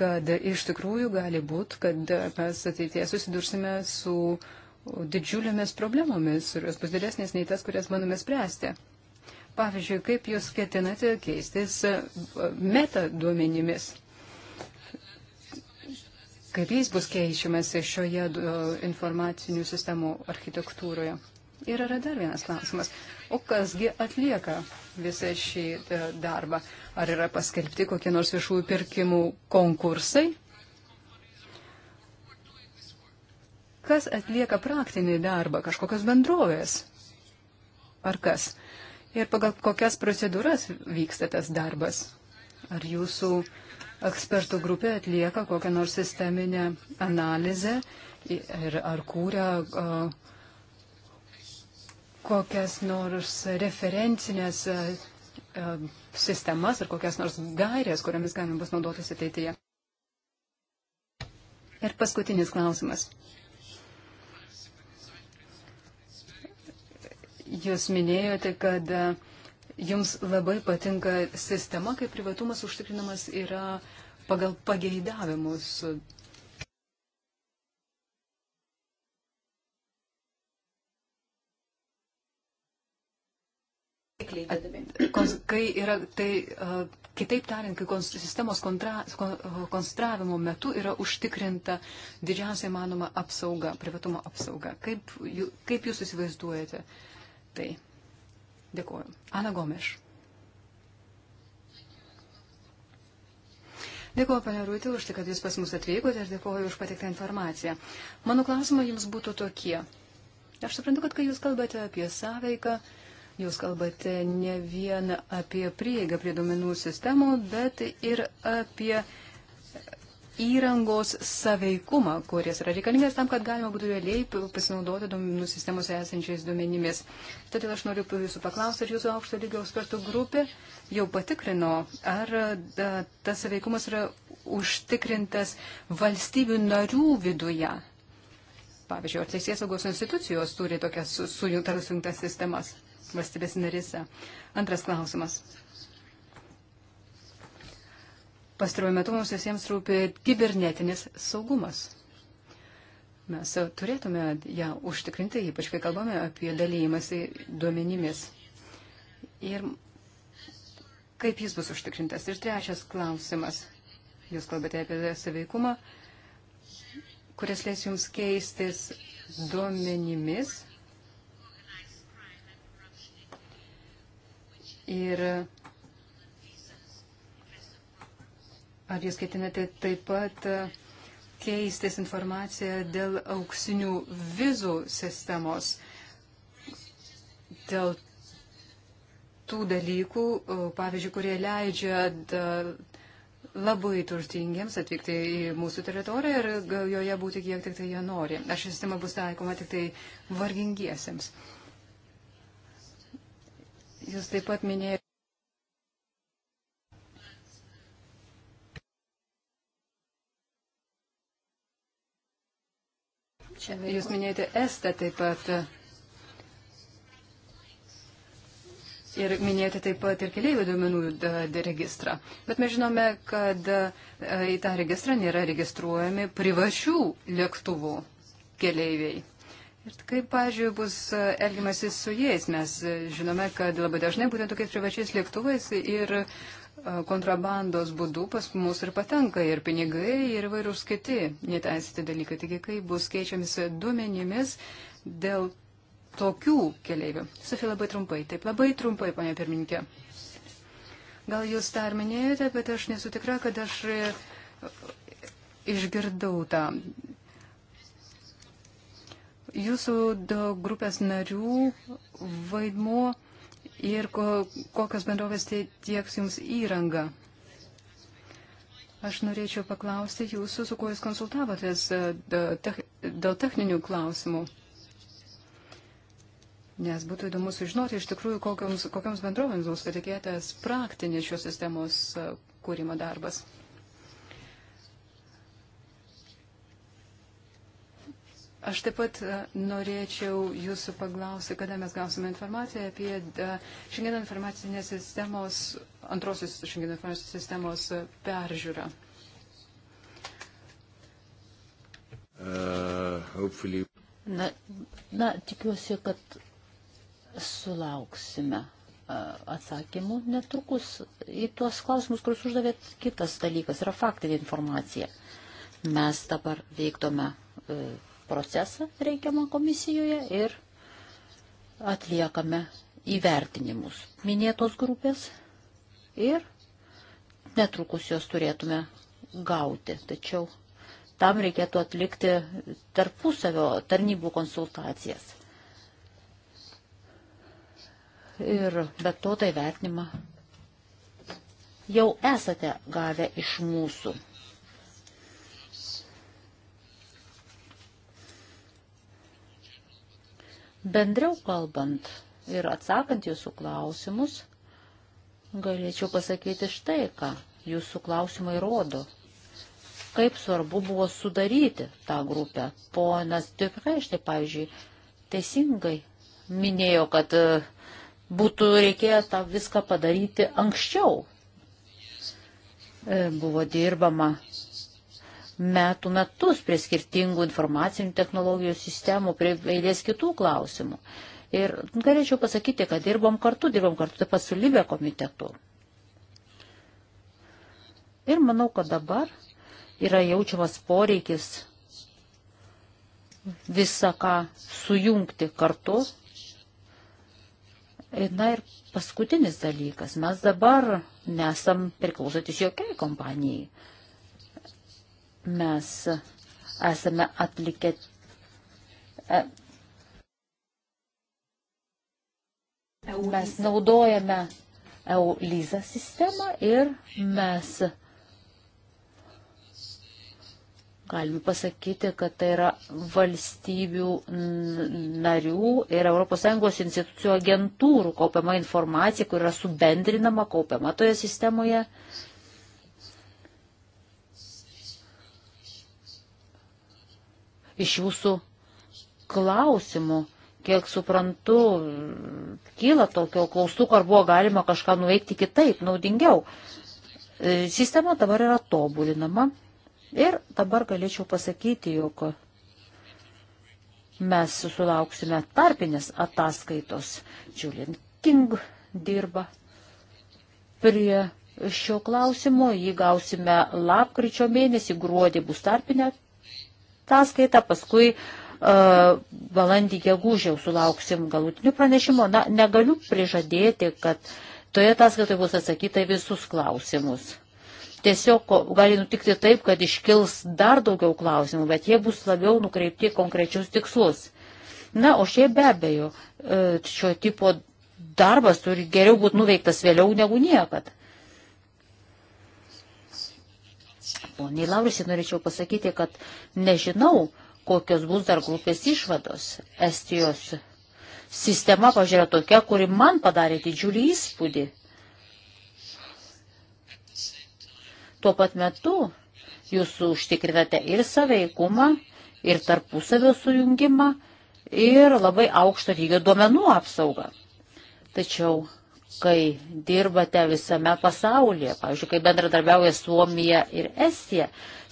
kad iš tikrųjų gali būti, kad mes ateitie susidursime su didžiulėmis problemomis, kurios bus didesnės nei tas, kurias manome spręsti. Pavyzdžiui, kaip jūs ketinate keistis e, meta duomenimis? Kaip jais bus keičiamas šioje e, informacinių sistemų architektūroje? Ir yra dar vienas klausimas. O kasgi atlieka visą šį e, darbą? Ar yra paskelbti kokie nors viešųjų pirkimų konkursai? Kas atlieka praktinį darbą? Kažkokios bendrovės? Ar kas? ir pagal kokias procedūras vyksta tas darbas? Ar jūsų ekspertų grupė atlieka kokią nors sisteminę analizę ir ar kūrė kokias nors referencinės sistemas ar kokias nors gairės, kuriamis galima bus naudotis ateityje. Ir paskutinis klausimas. Jūs minėjote, kad e, jums labai patinka sistema, kai privatumas užtikrinamas yra pagal pageidavimus. Kai yra, tai e, kitaip tariant, kai sistemos kontra, kon, konstravimo metu yra užtikrinta didžiausia įmanoma apsauga, privatumo apsauga. Kaip, kaip jūs įsivaizduojate? Uh, tai. Dėkuoju. Ana Gomeš. Dėkuoju, pane Rūti, už tai, kad jūs pas mus atvykote ir dėkuoju už patiktą informaciją. Mano klausimai jums būtų tokie. Aš suprantu, kad kai jūs kalbate apie sąveiką, jūs kalbate ne vien apie prieigą prie duomenų sistemų, bet ir apie uh, įrangos saveikumą, kuris yra reikalingas tam, kad galima būtų realiai pasinaudoti duomenų nu, sistemose esančiais duomenimis. Todėl aš noriu jūsų paklausti, ar jūsų aukšto lygio ekspertų grupė jau patikrino, ar da, tas saveikumas yra užtikrintas valstybių narių viduje. Pavyzdžiui, ar teisės saugos institucijos turi tokias sujungtas sistemas valstybės narise. Antras klausimas. Pastaruoju metu mums visiems rūpi kibernetinis saugumas. Mes turėtume ją užtikrinti, ypač kai kalbame apie dalyjimąsi duomenimis. Ir kaip jis bus užtikrintas? Ir trečias klausimas. Jūs kalbate apie saveikumą, kuris leis jums keistis duomenimis. Ir Ar jūs ketinate taip pat e, keistis informaciją dėl auksinių vizų sistemos, dėl tų dalykų, e, pavyzdžiui, kurie leidžia labai turtingiems atvykti į mūsų teritoriją ir joje būti kiek tik tai jie nori. Ar ši sistema bus taikoma tik tai vargingiesiems? Jūs taip pat minėjote. Čia jūs minėjote Estą taip pat. Ir minėjote taip pat ir keliaivių duomenų registrą. Bet mes žinome, kad e, į tą registrą nėra registruojami privačių lėktuvų keleiviai. Ir kaip, pažiūrėjau, bus e, elgiamasi su jais? Mes e, žinome, kad labai dažnai būtent tokiais privačiais lėktuvais ir uh, kontrabandos būdu pas mus ir patenka ir pinigai, ir vairūs kiti neteisėti dalykai. Taigi, kai bus keičiamisi duomenimis dėl tokių keleivių. Sofija, labai trumpai. Taip, labai trumpai, ponia pirmininkė. Gal jūs tą ir minėjote, bet aš nesu tikra, kad aš e, išgirdau tą. Jūsų grupės narių vaidmuo ir ko, kokios bendrovės tieks jums įrangą. Aš norėčiau paklausti jūsų, su kuo jūs konsultavotės e, dėl techninių klausimų. Nes būtų įdomu sužinoti iš tikrųjų, kokiams, kokiams bendrovėms bus patikėtas praktinis šios sistemos e, kūrimo darbas. Aš taip pat e, norėčiau jūsų paklausti, kada mes gausime informaciją apie e, šiandien informacinės sistemos, antrosios šiandien informacinės sistemos e, peržiūrą. Uh, na, na, tikiuosi, kad sulauksime atsakymų netrukus į tuos klausimus, kuriuos uždavėt kitas dalykas, yra faktinė informacija. Mes dabar veikdome e, procesą reikiamą komisijoje ir atliekame įvertinimus minėtos grupės ir netrukus jos turėtume gauti. Tačiau tam reikėtų atlikti tarpusavio tarnybų konsultacijas. Ir be to tai vertinimą jau esate gavę iš mūsų. Bendriau kalbant ir atsakant jūsų klausimus, galėčiau pasakyti štai ką jūsų klausimai rodo. Kaip svarbu buvo sudaryti tą grupę. Ponas tikrai štai, pavyzdžiui, teisingai minėjo, kad e, būtų reikėję tą viską padaryti anksčiau. E, buvo dirbama metų metus prie skirtingų informacinių technologijų sistemų, prie eilės kitų klausimų. Ir galėčiau pasakyti, kad dirbom kartu, dirbom kartu taip pat su Libė komitetu. Ir manau, kad dabar yra jaučiamas poreikis visą ką sujungti kartu. Na ir paskutinis dalykas, mes dabar nesam priklausotis jokiai kompanijai. Mes esame atlikę. E, mes naudojame EULIZA sistemą ir mes galime pasakyti, kad tai yra valstybių narių ir ES institucijų agentūrų kaupiama informacija, kur yra subendrinama, kaupiama toje sistemoje iš jūsų klausimų. Kiek suprantu, kyla tokio klaustuko, ar buvo galima kažką nuveikti kitaip, naudingiau. E, sistema dabar yra tobulinama ir dabar galėčiau pasakyti, jog mes sulauksime tarpinės ataskaitos. Julian King dirba prie šio klausimo, jį gausime lapkričio mėnesį, gruodį bus tarpinė ataskaitą, paskui uh, e, valandį gegužė jau sulauksim galutinių pranešimų. Na, negaliu prižadėti, kad toje ataskaitoje bus atsakyta visus klausimus. Tiesiog gali nutikti taip, kad iškils dar daugiau klausimų, bet jie bus labiau nukreipti konkrečius tikslus. Na, o šiaip be abejo, e, šio tipo darbas turi geriau būti nuveiktas vėliau negu niekad. Poniai Laurisi norėčiau pasakyti, kad nežinau, kokios bus dar grupės išvados. Estijos sistema, pažiūrėjau, tokia, kuri man padarė didžiulį įspūdį. Tuo pat metu jūs užtikrinate ir saveikumą, ir tarpusavio sujungimą, ir labai aukšto lygio duomenų apsaugą. Tačiau kai dirbate visame pasaulyje, pavyzdžiui, kai bendradarbiauja Suomija ir Estija,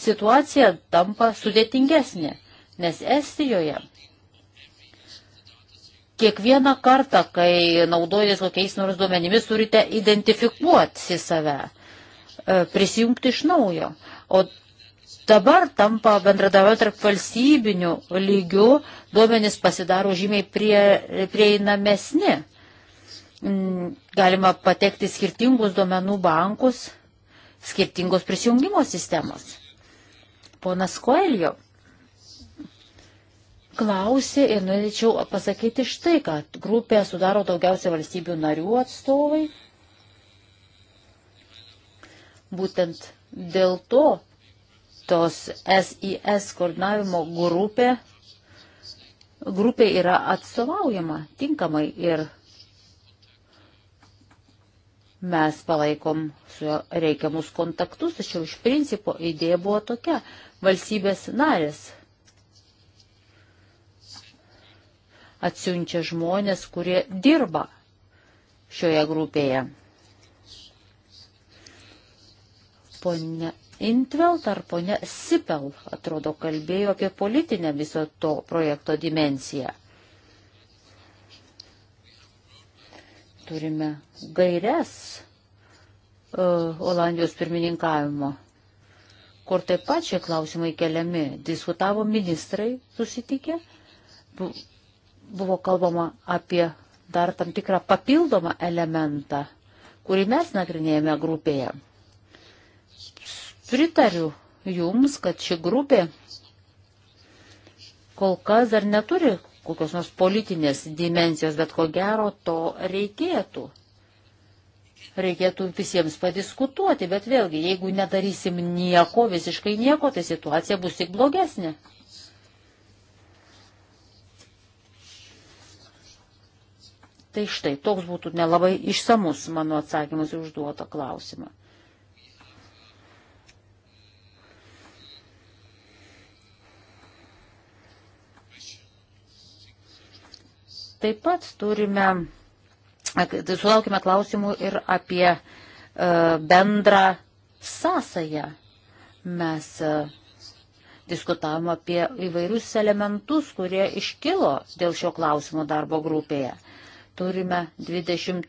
situacija tampa sudėtingesnė, nes Estijoje kiekvieną kartą, kai naudojatės kokiais nors duomenimis, turite identifikuoti save, e, prisijungti iš naujo. O dabar tampa bendradarbiavimo tarp valstybinių lygių duomenys pasidaro žymiai prie, prieinamesni. Mm, galima patekti skirtingus duomenų bankus, skirtingos prisijungimo sistemos. Ponas Koelio klausė ir norėčiau pasakyti štai, kad grupė sudaro daugiausia valstybių narių atstovai. Būtent dėl to tos SIS koordinavimo grupė, grupė yra atstovaujama tinkamai ir Mes palaikom su jo reikiamus kontaktus, tačiau iš principo idėja buvo tokia. Valstybės narės atsiunčia žmonės, kurie dirba šioje grupėje. Pone Intvelt ar ponia Sipel, atrodo, kalbėjo apie politinę viso to projekto dimenciją. turime gairias uh, Olandijos pirmininkavimo, kur taip pat šie klausimai keliami. Diskutavo ministrai susitikę, buvo kalbama apie dar tam tikrą papildomą elementą, kurį mes nagrinėjame grupėje. Pritariu Jums, kad ši grupė kol kas dar neturi kokios nors politinės dimensijos, bet ko gero to reikėtų. Reikėtų visiems padiskutuoti, bet vėlgi, jeigu nedarysim nieko, visiškai nieko, tai situacija bus tik blogesnė. Tai štai, toks būtų nelabai išsamus mano atsakymas į užduotą klausimą. Taip pat turime, e, sulaukime klausimų ir apie e, bendrą sąsają. Mes e, diskutavome apie įvairius elementus, kurie iškilo dėl šio klausimo darbo grupėje. Turime 28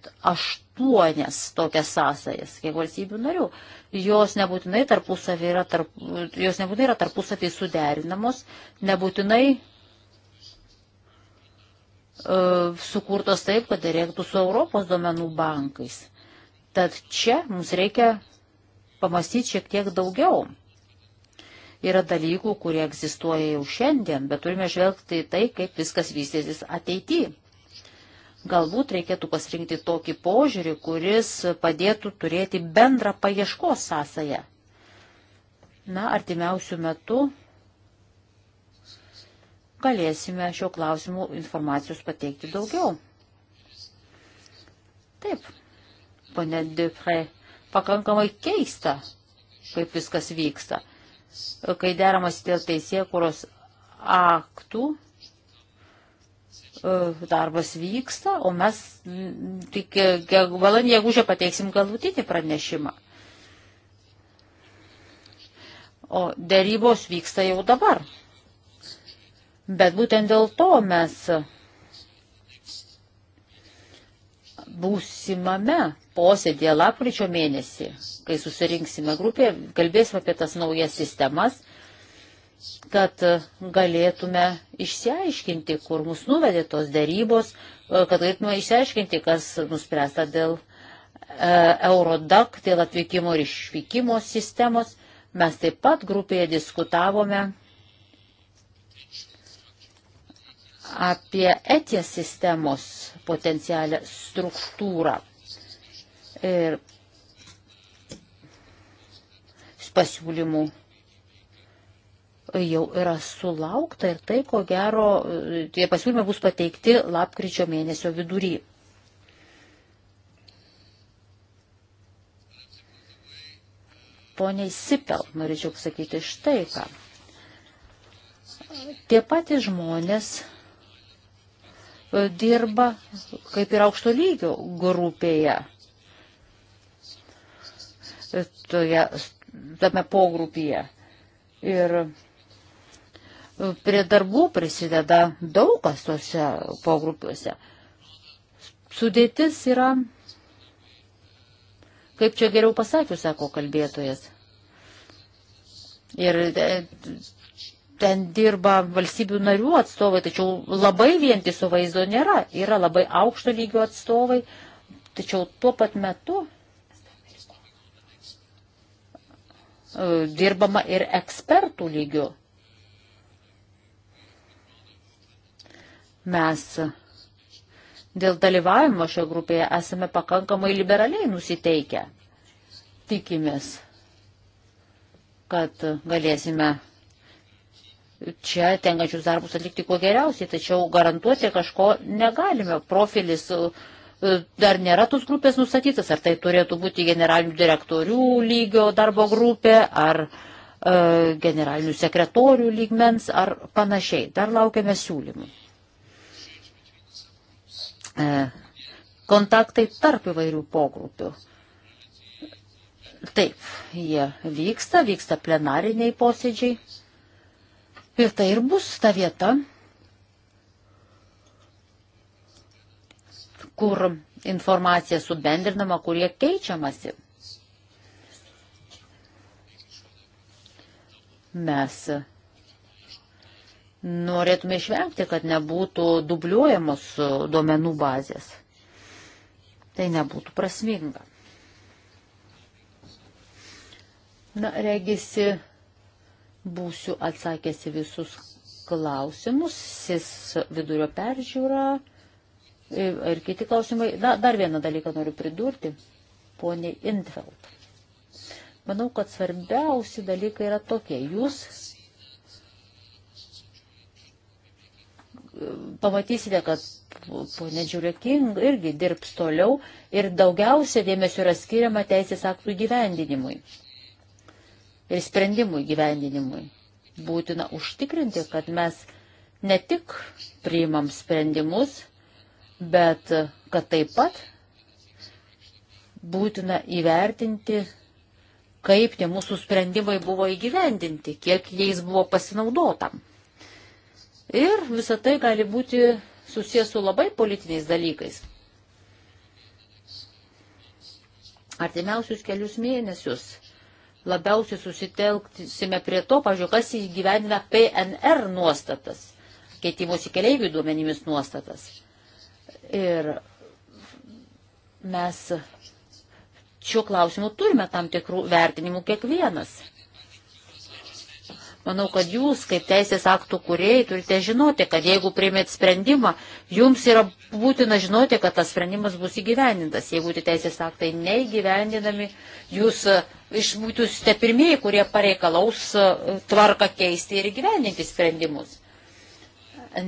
tokias sąsajas, kiek valstybių narių. Jos nebūtinai tarpusavį yra, tarp, jos nebūtinai yra tarpusavį suderinamos, nebūtinai E, sukurtos taip, kad reiktų su Europos duomenų bankais. Tad čia mums reikia pamastyti šiek tiek daugiau. Yra dalykų, kurie egzistuoja jau šiandien, bet turime žvelgti į tai, kaip viskas vystysis ateityje. Galbūt reikėtų pasirinkti tokį požiūrį, kuris padėtų turėti bendrą paieškos sąsają. Na, artimiausių metų galėsime šio klausimu informacijos pateikti daugiau. Taip, ponė Dupre, pakankamai keista, kaip viskas vyksta. Kai deramas dėl teisėkuros aktų, e, darbas vyksta, o mes tik valandį, e, jeigu žia pateiksim galutinį pranešimą. O dėrybos vyksta jau dabar. Bet būtent dėl to mes būsimame posėdėje lapkričio mėnesį, kai susirinksime grupė, kalbėsime apie tas naujas sistemas, kad galėtume išsiaiškinti, kur mus nuvedė tos darybos, kad galėtume išsiaiškinti, kas nuspręsta dėl e, Eurodac, dėl atvykimo ir išvykimo sistemos. Mes taip pat grupėje diskutavome apie etės sistemos potencialią struktūrą. Ir pasiūlymų jau yra sulaukta ir tai, ko gero, tie pasiūlymai bus pateikti lapkričio mėnesio vidury. Poniai Sipel, norėčiau pasakyti štai ką. Tie patys žmonės dirba kaip ir aukšto lygio grupėje. Toje, tame pogrupyje. Ir prie darbų prisideda daug kas tose pogrupiuose. Sudėtis yra, kaip čia geriau pasakius, sako kalbėtojas. Ir e, ten dirba valstybių narių atstovai, tačiau labai vientiso vaizdo nėra. Yra labai aukšto lygio atstovai, tačiau tuo pat metu e, dirbama ir ekspertų lygių. Mes dėl dalyvavimo šioje grupėje esame pakankamai liberaliai nusiteikę. Tikimės, kad galėsime čia tenkančius darbus atlikti kuo geriausiai, tačiau garantuoti kažko negalime. Profilis e, dar nėra tos grupės nustatytas, ar tai turėtų būti generalinių direktorių lygio darbo grupė, ar e, generalinių sekretorių lygmens ar panašiai. Dar laukiame siūlymų. E, kontaktai tarp įvairių pogrupių. Taip, jie vyksta, vyksta plenariniai posėdžiai. Ir tai ir bus ta vieta, kur informacija subendrinama, kurie keičiamasi. Mes norėtume išvengti, kad nebūtų dubliuojamos duomenų bazės. Tai nebūtų prasminga. Na, regisi, būsiu atsakęs į visus klausimus, sis vidurio peržiūra ir kiti klausimai. Na, dar vieną dalyką noriu pridurti, poniai Intveld. Manau, kad svarbiausi dalykai yra tokie. Jūs e, pamatysite, kad ponė Džiureking irgi dirbs toliau ir daugiausia dėmesio yra skiriama teisės aktų gyvendinimui ir sprendimų gyvendinimui. Būtina užtikrinti, kad mes ne tik priimam sprendimus, bet kad taip pat būtina įvertinti, kaip tie mūsų sprendimai buvo įgyvendinti, kiek jais buvo pasinaudotam. Ir visa tai gali būti susijęs su labai politiniais dalykais. Artimiausius kelius mėnesius labiausiai susitelksime prie to, pažiūrėjau, kas įgyvendina PNR nuostatas, keitimosi keliaivių duomenimis nuostatas. Ir mes šiuo klausimu turime tam tikrų vertinimų kiekvienas. Manau, kad jūs, kaip teisės aktų kuriejai, turite žinoti, kad jeigu priimėt sprendimą, jums yra būtina žinoti, kad tas sprendimas bus įgyvendintas. Jeigu tie teisės aktai neįgyvendinami, jūs e, būtumėte pirmieji, kurie pareikalaus e, tvarką keisti ir įgyvendinti sprendimus.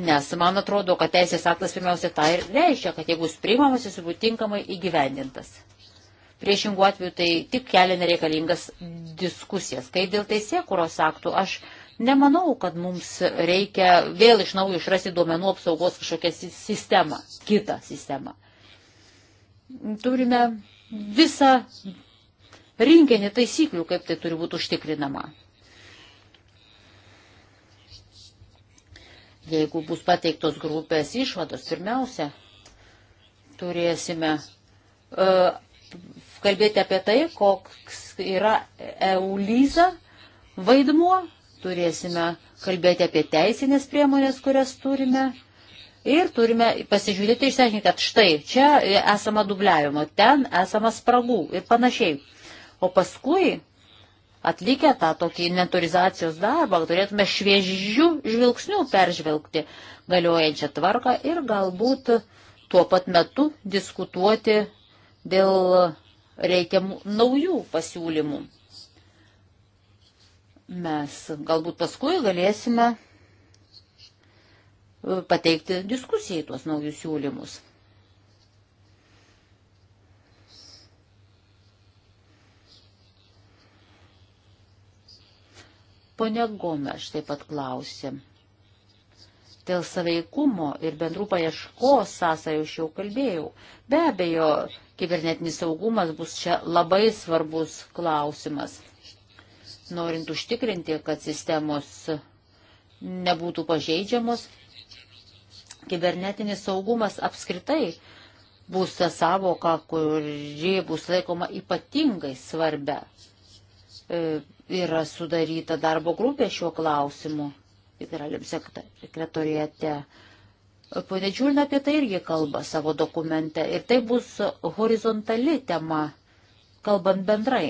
Nes man atrodo, kad teisės aktas pirmiausia tą ir reiškia, kad jeigu jis priimamas, jis būtų tinkamai įgyvendintas. Priešingų atveju tai tik kelia nereikalingas diskusijas. Kai dėl teisėkuros aktų aš nemanau, kad mums reikia vėl iš naujo išrasti duomenų apsaugos kažkokią sistemą, kitą sistemą. Turime visą rinkinį taisyklių, kaip tai turi būti užtikrinama. Jeigu bus pateiktos grupės išvados, pirmiausia, turėsime uh, kalbėti apie tai, koks yra EULIZA vaidmuo, turėsime kalbėti apie teisinės priemonės, kurias turime. Ir turime pasižiūrėti išsiaiškinti, kad štai čia esama dubliavimo, ten esama spragų ir panašiai. O paskui atlikę tą tokį inventorizacijos darbą, turėtume šviežių žvilgsnių peržvelgti galiojančią tvarką ir galbūt tuo pat metu diskutuoti dėl reikia naujų pasiūlymų. Mes galbūt paskui galėsime e, pateikti diskusijai tuos naujus siūlymus. Pone Gomeš taip pat klausė. Dėl saveikumo ir bendrų paieškos sąsajų aš jau kalbėjau. Be abejo, Kibernetinis saugumas bus čia labai svarbus klausimas, norint užtikrinti, kad sistemos nebūtų pažeidžiamos. Kibernetinis saugumas apskritai bus ta savoka, kuri bus laikoma ypatingai svarbia. E, yra sudaryta darbo grupė šiuo klausimu federaliam sekretoriate. Pone Čiulina apie tai irgi kalba savo dokumente ir tai bus horizontali tema, kalbant bendrai.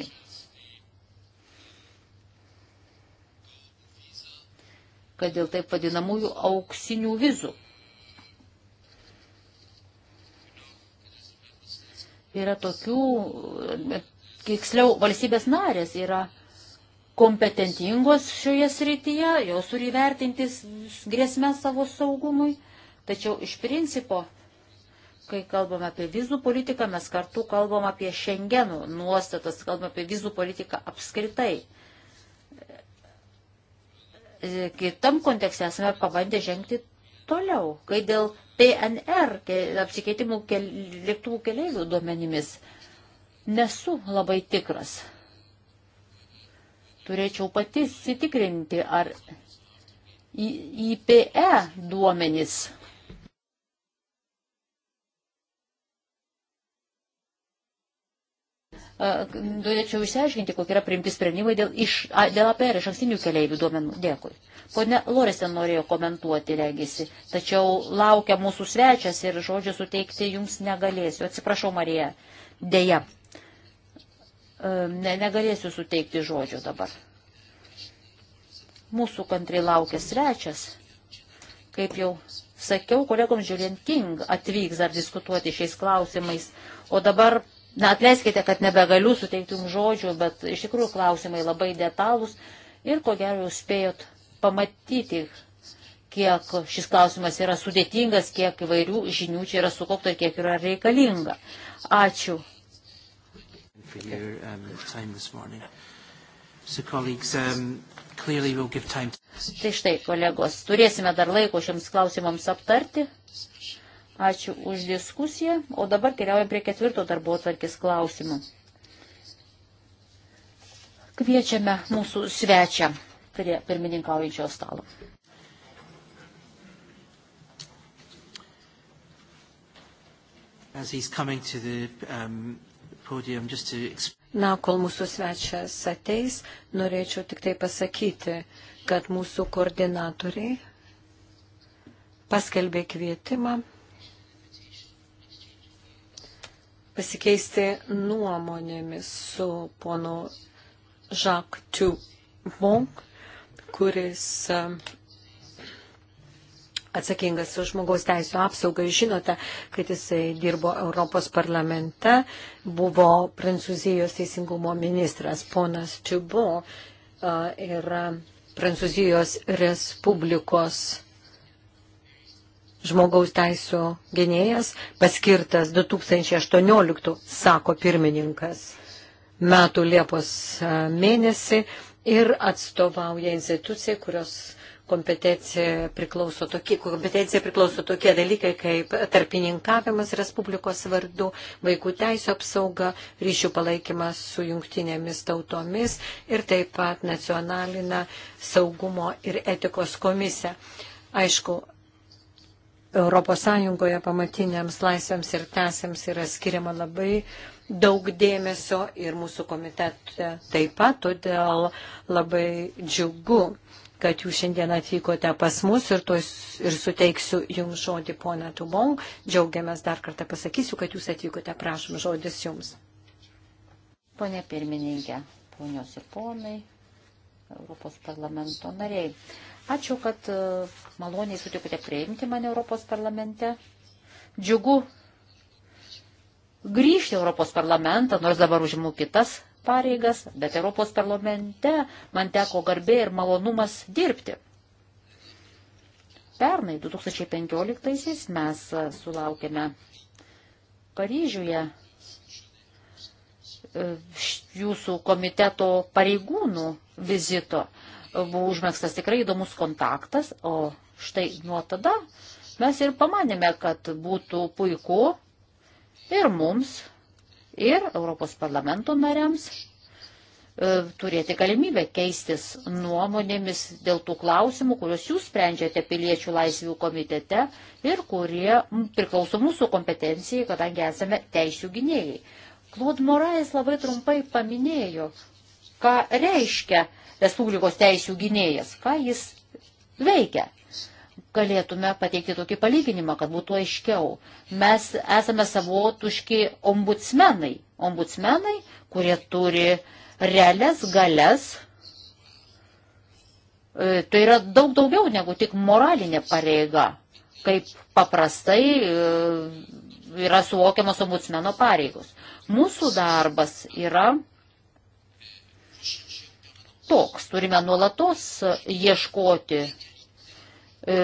kad dėl taip vadinamųjų auksinių vizų. Yra tokių, tiksliau, valstybės narės yra kompetentingos šioje srityje, jos turi vertintis grėsmę savo saugumui Tačiau iš principo, kai kalbame apie vizų politiką, mes kartu kalbam apie šengenų nuostatas, kalbam apie vizų politiką apskritai. E, kitam kontekste esame pabandę žengti toliau, kai dėl PNR apsikeitimų kel, lėktuvų keliaivių duomenimis nesu labai tikras. Turėčiau pati sitikrinti, ar IPE duomenys norėčiau išsiaiškinti, kokie yra priimti sprendimai dėl, iš, a, dėl APR iš ankstinių keliaivių duomenų. Dėkui. Pone Lorisen norėjo komentuoti, regisi, tačiau laukia mūsų svečias ir žodžio suteikti jums negalėsiu. Atsiprašau, Marija, dėja. Ne, negalėsiu suteikti žodžio dabar. Mūsų kantrai laukia svečias, kaip jau sakiau, kolegom Žiūrien King atvyks dar diskutuoti šiais klausimais. O dabar Na, atleiskite, kad nebegaliu suteikti jums žodžių, bet iš tikrųjų klausimai labai detalūs ir ko gero jūs spėjot pamatyti, kiek šis klausimas yra sudėtingas, kiek įvairių žinių čia yra sukaupta ir kiek yra reikalinga. Ačiū. Your, um, so, um, we'll to... Tai štai, kolegos, turėsime dar laiko šiems klausimams aptarti. Ačiū už diskusiją. O dabar keliaujam prie ketvirto darbo atvarkės klausimų. Kviečiame mūsų svečią prie pirmininkaujančio stalo. As he's coming to the um, podium, just to Na, kol mūsų svečias ateis, norėčiau tik tai pasakyti, kad mūsų koordinatoriai paskelbė kvietimą pasikeisti nuomonėmis su ponu Jacques Tubon, kuris um, atsakingas už žmogaus teisų apsaugą. Žinote, kad jisai dirbo Europos parlamente, buvo Prancūzijos teisingumo ministras ponas Čiubo ir uh, Prancūzijos Respublikos žmogaus teisų gynėjas, paskirtas 2018, sako pirmininkas, metų Liepos e, mėnesį ir atstovauja institucijai, kurios kompetencija priklauso tokie, kompetencija priklauso tokie dalykai kaip tarpininkavimas Respublikos vardu, vaikų teisų apsauga, ryšių palaikymas su jungtinėmis tautomis ir taip pat nacionalinę saugumo ir etikos komisiją. Aišku, ES pamatiniams laisvėms ir tesėms yra skiriama labai daug dėmesio ir mūsų komitete taip pat, todėl labai džiugu, kad jūs šiandien atvykote pas mus ir, tos, ir suteiksiu jums žodį, ponia Tumong. Džiaugiamės dar kartą pasakysiu, kad jūs atvykote, prašom žodis jums. Pone pirmininkė, ponios ir ponai, Europos parlamento nariai. Ačiū, kad e, maloniai sutikote priimti mane Europos parlamente. Džiugu grįžti Europos parlamentą, nors dabar užimu kitas pareigas, bet Europos parlamente man teko garbė ir malonumas dirbti. Pernai 2015 mes e, sulaukėme Paryžiuje e, jūsų komiteto pareigūnų vizito buvo užmėgstas tikrai įdomus kontaktas, o štai nuo tada mes ir pamanėme, kad būtų puiku ir mums, ir Europos parlamento nariams e, turėti galimybę keistis nuomonėmis dėl tų klausimų, kuriuos jūs sprendžiate piliečių laisvių komitete ir kurie priklauso mūsų kompetencijai, kadangi esame teisų gynėjai. Klod Morais labai trumpai paminėjo, ką reiškia Respublikos teisų gynėjas, ką jis veikia. Galėtume pateikti tokį palyginimą, kad būtų aiškiau. Mes esame savotuški ombudsmenai. Ombudsmenai, kurie turi realias galias. E, tai yra daug daugiau negu tik moralinė pareiga, kaip paprastai e, yra suvokiamas ombudsmeno pareigos. Mūsų darbas yra toks. Turime nuolatos ieškoti, e,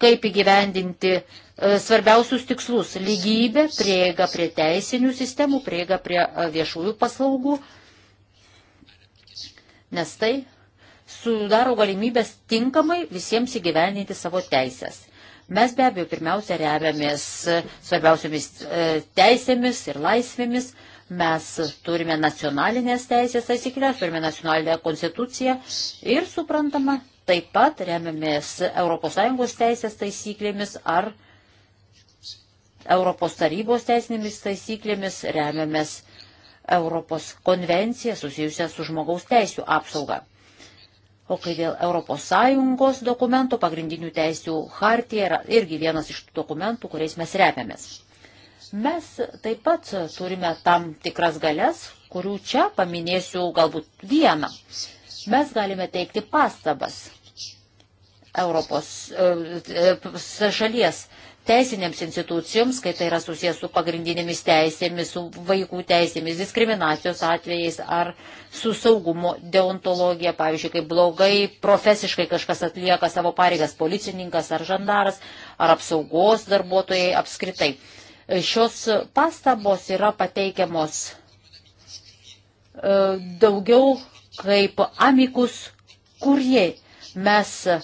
kaip įgyvendinti e, svarbiausius tikslus - lygybė, prieiga prie teisinių sistemų, prieiga prie e, viešųjų paslaugų, nes tai sudaro galimybės tinkamai visiems įgyvendinti savo teisės. Mes be abejo pirmiausia remiamės svarbiausiamis teisėmis ir laisvėmis, Mes turime nacionalinės teisės taisyklės, turime nacionalinę konstituciją ir, suprantama, taip pat remiamės ES teisės taisyklėmis ar Europos tarybos teisinėmis taisyklėmis, remiamės Europos konvenciją susijusią su žmogaus teisų apsauga. O kai dėl ES dokumento, pagrindinių teisų hartija yra irgi vienas iš tų dokumentų, kuriais mes remiamės. Mes taip pat turime tam tikras galės, kurių čia paminėsiu galbūt vieną. Mes galime teikti pastabas Europos e, e, šalies teisinėms institucijoms, kai tai yra susijęs su pagrindinėmis teisėmis, su vaikų teisėmis, diskriminacijos atvejais ar su saugumo deontologija, pavyzdžiui, kai blogai profesiškai kažkas atlieka savo pareigas policininkas ar žandaras, ar apsaugos darbuotojai apskritai. Šios pastabos yra pateikiamos e, daugiau kaip amikus kurie. Mes e,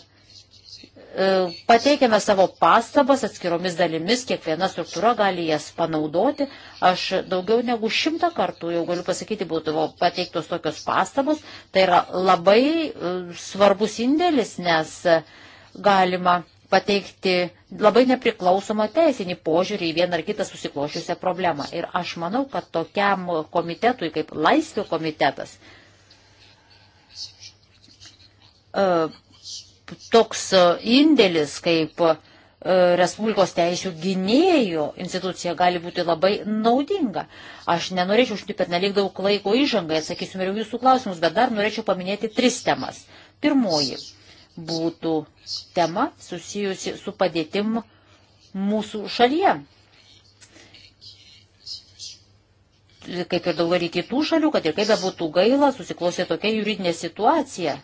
pateikiame savo pastabas atskiromis dalimis, kiekviena struktūra gali jas panaudoti. Aš daugiau negu šimtą kartų jau galiu pasakyti, būtų pateiktos tokios pastabos. Tai yra labai e, svarbus indėlis, nes galima pateikti labai nepriklausomą teisinį požiūrį į vieną ar kitą susiklošiusią problemą. Ir aš manau, kad tokiam komitetui kaip Laisvių komitetas e, toks indėlis kaip e, Respublikos teisų gynėjo institucija gali būti labai naudinga. Aš nenorėčiau užti per nelik daug laiko įžangai, atsakysiu ir jūsų klausimus, bet dar norėčiau paminėti tris temas. Pirmoji būtų tema susijusi su padėtim mūsų šalyje. Kaip ir daugelį kitų šalių, kad ir kaip bebūtų gaila, susiklosė tokia juridinė situacija,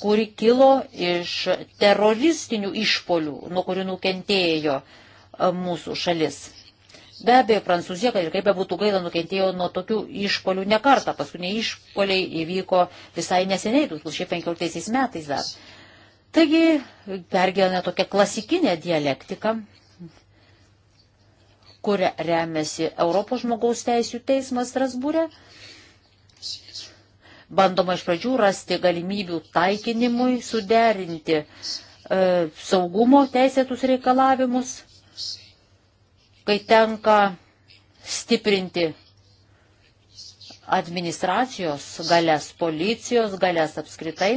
kuri kilo iš teroristinių išpolių, nuo kurių nukentėjo e, mūsų šalis. Be abejo, Prancūzija, kad ir kaip bebūtų gaila, nukentėjo nuo tokių išpolių ne kartą. Paskutiniai išpoliai įvyko visai neseniai, 2015 metais dar. Taigi, pergyvena tokia klasikinė dialektika, kuria remiasi Europos žmogaus teisų teismas Strasbūrė. Bandoma iš pradžių rasti galimybių taikinimui, suderinti e, saugumo teisėtus reikalavimus kai tenka stiprinti administracijos galės, policijos galės apskritai,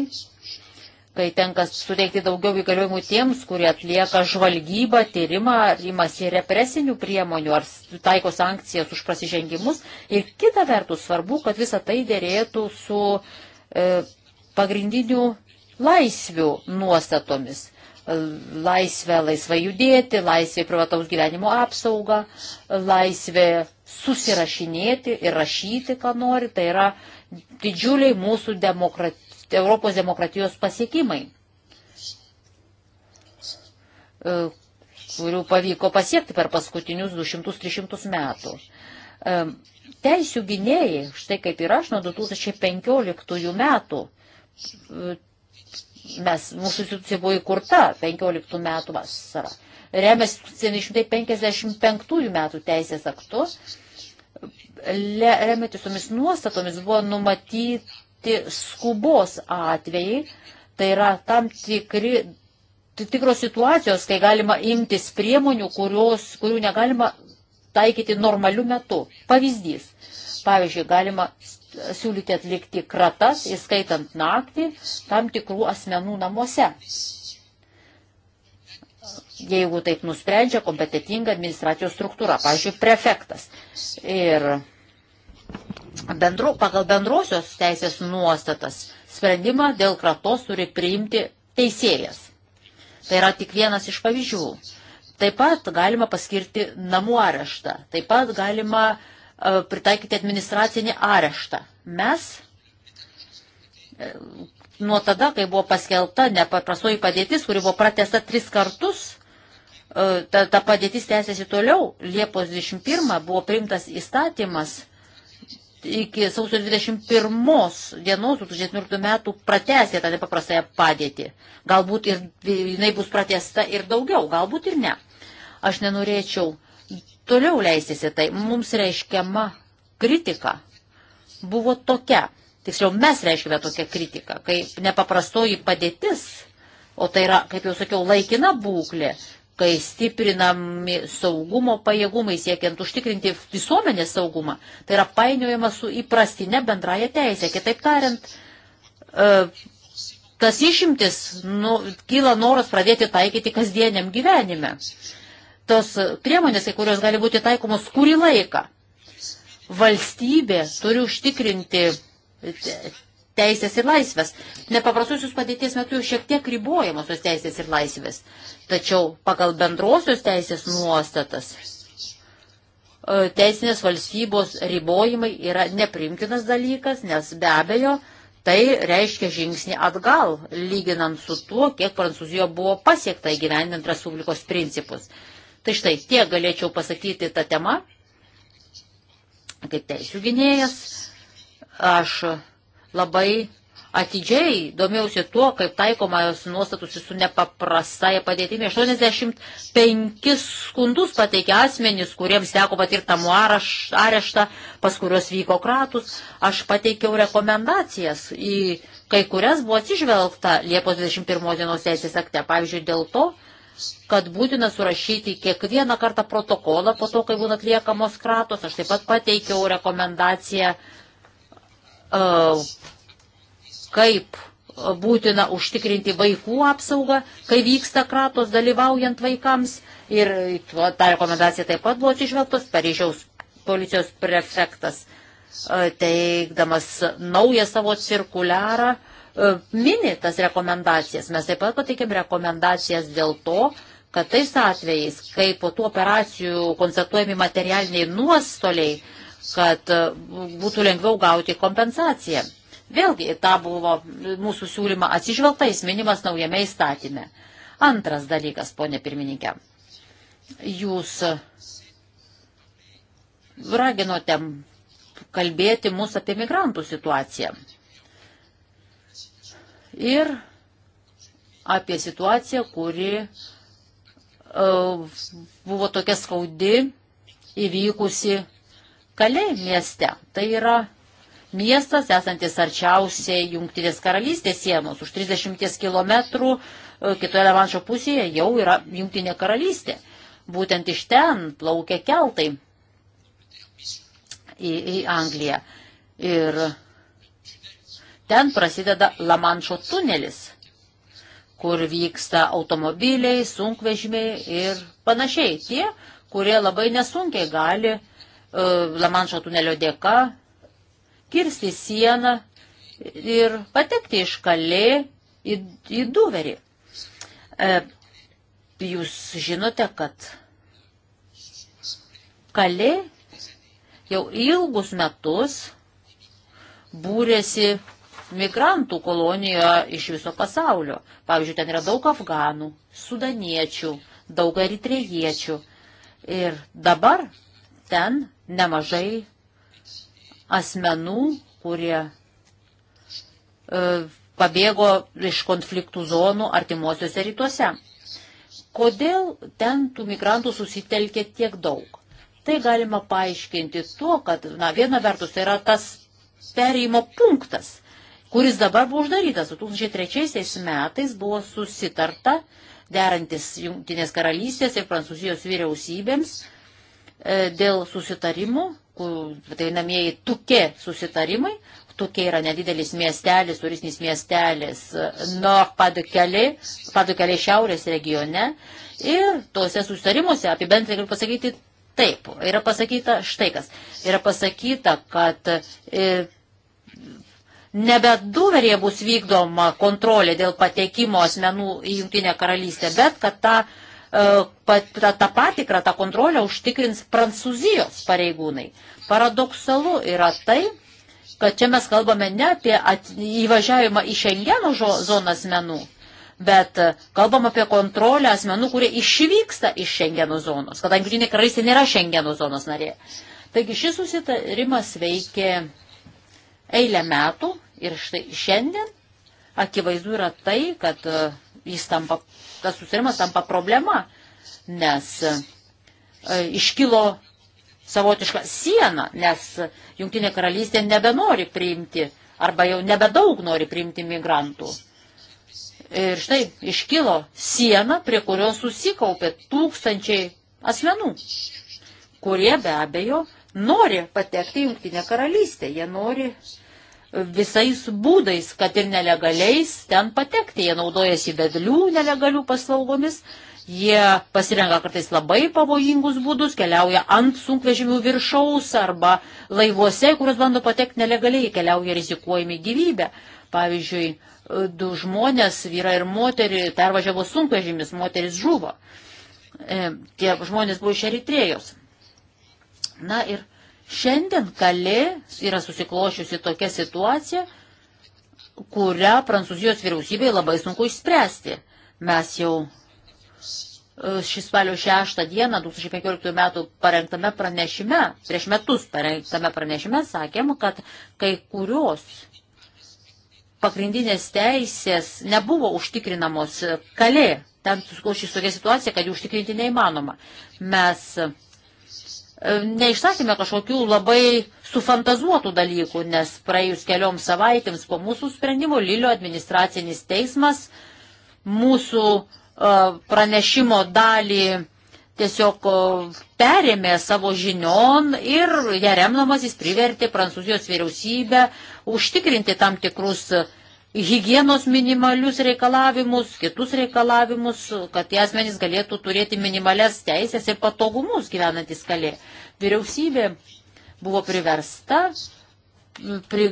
kai tenka suteikti daugiau įgaliojimų tiems, kurie atlieka žvalgybą, tyrimą, imasi represinių priemonių ar taiko sankcijas už prasižengimus. Ir kita vertus svarbu, kad visa tai dėrėtų su e, pagrindinių laisvių nuostatomis laisvę laisvai judėti, laisvę privataus gyvenimo apsaugą, laisvę susirašinėti ir rašyti, ką nori. Tai yra didžiuliai mūsų demokrati, Europos demokratijos pasiekimai, e, kurių pavyko pasiekti per paskutinius 200-300 metų. E, teisių gynėjai, štai kaip ir aš nuo 2015 metų e, mes, mūsų institucija buvo įkurta 15 metų vasarą. Remiasi 1955 metų teisės aktu, remiantis tomis nuostatomis buvo numatyti skubos atvejai, tai yra tam tikri, tikros situacijos, kai galima imtis priemonių, kurios, kurių negalima taikyti normaliu metu. Pavyzdys. Pavyzdžiui, galima siūlyti atlikti kratas, įskaitant naktį, tam tikrų asmenų namuose. Jeigu taip nusprendžia kompetitinga administracijos struktūra, pavyzdžiui, prefektas. Ir bendru, pagal bendrosios teisės nuostatas sprendimą dėl kratos turi priimti teisėjas. Tai yra tik vienas iš pavyzdžių. Taip pat galima paskirti namų areštą, taip pat galima uh, E, pritaikyti administracinį areštą. Mes e, nuo tada, kai buvo paskelbta nepaprastoji padėtis, kuri buvo pratesta tris kartus, e, ta, ta padėtis tęsiasi toliau. Liepos 21 buvo priimtas įstatymas iki sausio 21 dienos 2019 metų pratęsė tą nepaprastąją padėtį. Galbūt ir jinai bus pratesta ir daugiau, galbūt ir ne. Aš nenorėčiau uh, toliau leisėsi tai. Mums reiškiama kritika buvo tokia. Tiksliau, mes reiškime tokią kritiką, kai nepaprastoji padėtis, o tai yra, kaip jau sakiau, laikina būklė, kai stiprinami saugumo pajėgumai siekiant užtikrinti visuomenės saugumą, tai yra painiojama su įprastinė bendraja teisė. Kitaip tariant, e, tas išimtis nu, kyla noras pradėti taikyti kasdieniam gyvenime tos priemonės, kai kurios gali būti taikomos kurį laiką. Valstybė turi užtikrinti teisės ir laisvės. Nepaprastusius padėties metu šiek tiek ribojamos tos teisės ir laisvės. Tačiau pagal bendrosios teisės nuostatas e, teisinės valstybos ribojimai yra neprimtinas dalykas, nes be abejo tai reiškia žingsnį atgal, lyginant su tuo, kiek Prancūzijoje buvo pasiekta įgyvendint Respublikos principus. Tai štai tiek galėčiau pasakyti tą temą. Kaip teisų gynėjas, aš labai atidžiai domėjausi tuo, kaip taikomajos nuostatus su nepaprastaja padėtimi. 85 skundus pateikė asmenys, kuriems teko patirtą areštą, pas kuriuos vyko kratus. Aš pateikiau rekomendacijas, į kai kurias buvo atsižvelgta Liepos 21 dienos teisės akte. Pavyzdžiui, dėl to, kad būtina surašyti kiekvieną kartą protokolą po to, kai būna atliekamos kratos. Aš taip pat pateikiau rekomendaciją, e, kaip būtina užtikrinti vaikų apsaugą, kai vyksta kratos dalyvaujant vaikams. Ir ta rekomendacija taip pat buvo atsižvelgtos Paryžiaus policijos prefektas e, teikdamas naują savo cirkuliarą E, mini tas rekomendacijas. Mes taip pat pateikėm rekomendacijas dėl to, kad tais atvejais, kai po tų operacijų konstatuojami materialiniai nuostoliai, kad e, būtų lengviau gauti kompensaciją. Vėlgi, ta buvo mūsų siūlyma atsižvelgta, jis minimas naujame įstatyme. Antras dalykas, ponė pirmininkė, jūs raginote kalbėti mus apie migrantų situaciją ir apie situaciją, kuri e, buvo tokia skaudi įvykusi Kalė mieste. Tai yra miestas, esantis arčiausiai Junktinės karalystės sienos, už 30 km e, kitoje Levanšo pusėje jau yra Junktinė karalystė. Būtent iš ten plaukia keltai į, į Angliją. Ir Ten prasideda Lamanšo tunelis, kur vyksta automobiliai, sunkvežimiai ir panašiai. Tie, kurie labai nesunkiai gali uh, e, Lamanšo tunelio dėka kirsti sieną ir patekti iš kalė į, į duverį. E, jūs žinote, kad kalė jau ilgus metus būrėsi migrantų kolonijoje iš viso pasaulio. Pavyzdžiui, ten yra daug afganų, sudaniečių, daug eritrejiečių. Ir dabar ten nemažai asmenų, kurie e, pabėgo iš konfliktų zonų artimuosiuose rytuose. Kodėl ten tų migrantų susitelkė tiek daug? Tai galima paaiškinti tuo, kad, na, viena vertus tai yra tas perėjimo punktas kuris dabar buvo uždarytas. 2003 metais buvo susitarta, derantis Junktinės karalystės ir Prancūzijos vyriausybėms e, dėl susitarimų, tai namieji tukė susitarimai. Tukė yra nedidelis miestelis, turistinis miestelis e, Nord Padukeliai, Padukeliai šiaurės regione. Ir tuose susitarimuose apibendrinti galiu pasakyti taip. Yra pasakyta štai kas. Yra pasakyta, kad e, nebe duverėje bus vykdoma kontrolė dėl patekimo asmenų į Junktinę karalystę, bet kad tą, e, tą, tą patikrą, tą kontrolę užtikrins prancūzijos pareigūnai. Paradoksalu yra tai, kad čia mes kalbame ne apie at, įvažiavimą į Šengeno zoną asmenų, bet e, kalbam apie kontrolę asmenų, kurie išvyksta iš Šengeno zonos, kadangi Junktinė karalystė nėra Šengeno zonos narė. Taigi šis susitarimas veikia eilę metų ir štai šiandien akivaizdu yra tai, kad e, jis tampa, tas susirimas tampa problema, nes e, iškilo savotiška siena, nes Junktinė karalystė nebenori priimti arba jau nebedaug nori priimti migrantų. Ir štai iškilo siena, prie kurios susikaupė tūkstančiai asmenų, kurie be abejo nori patekti Junktinę karalystę, jie nori visais būdais, kad ir nelegaliais ten patekti. Jie naudojasi vedlių nelegalių paslaugomis, jie pasirenka kartais labai pavojingus būdus, keliauja ant sunkvežimių viršaus arba laivuose, kuriuos bando patekti nelegaliai, keliauja rizikuojami gyvybę. Pavyzdžiui, du žmonės, vyra ir moterį, pervažiavo sunkvežimis, moteris žuvo. E, tie žmonės buvo iš Eritrėjos. Na ir šiandien kalė yra susiklošiusi tokia situacija, kurią Prancūzijos vyriausybei labai sunku išspręsti. Mes jau e, šį spalio 6 dieną 2015 metų parengtame pranešime, prieš metus parengtame pranešime sakėm, kad kai kurios pagrindinės teisės nebuvo užtikrinamos kalė. Ten susiklošys tokia situacija, kad jų užtikrinti neįmanoma. Mes E, neišsakėme kažkokių labai sufantazuotų dalykų, nes praėjus kelioms savaitėms po mūsų sprendimo Lilio administracinis teismas mūsų e, pranešimo dalį tiesiog e, perėmė savo žinion ir ją remdamas jis privertė Prancūzijos vyriausybę užtikrinti tam tikrus hygienos minimalius reikalavimus, kitus reikalavimus, kad tie asmenys galėtų turėti minimales teisės ir patogumus gyvenantis kalė. Vyriausybė buvo priversta pri,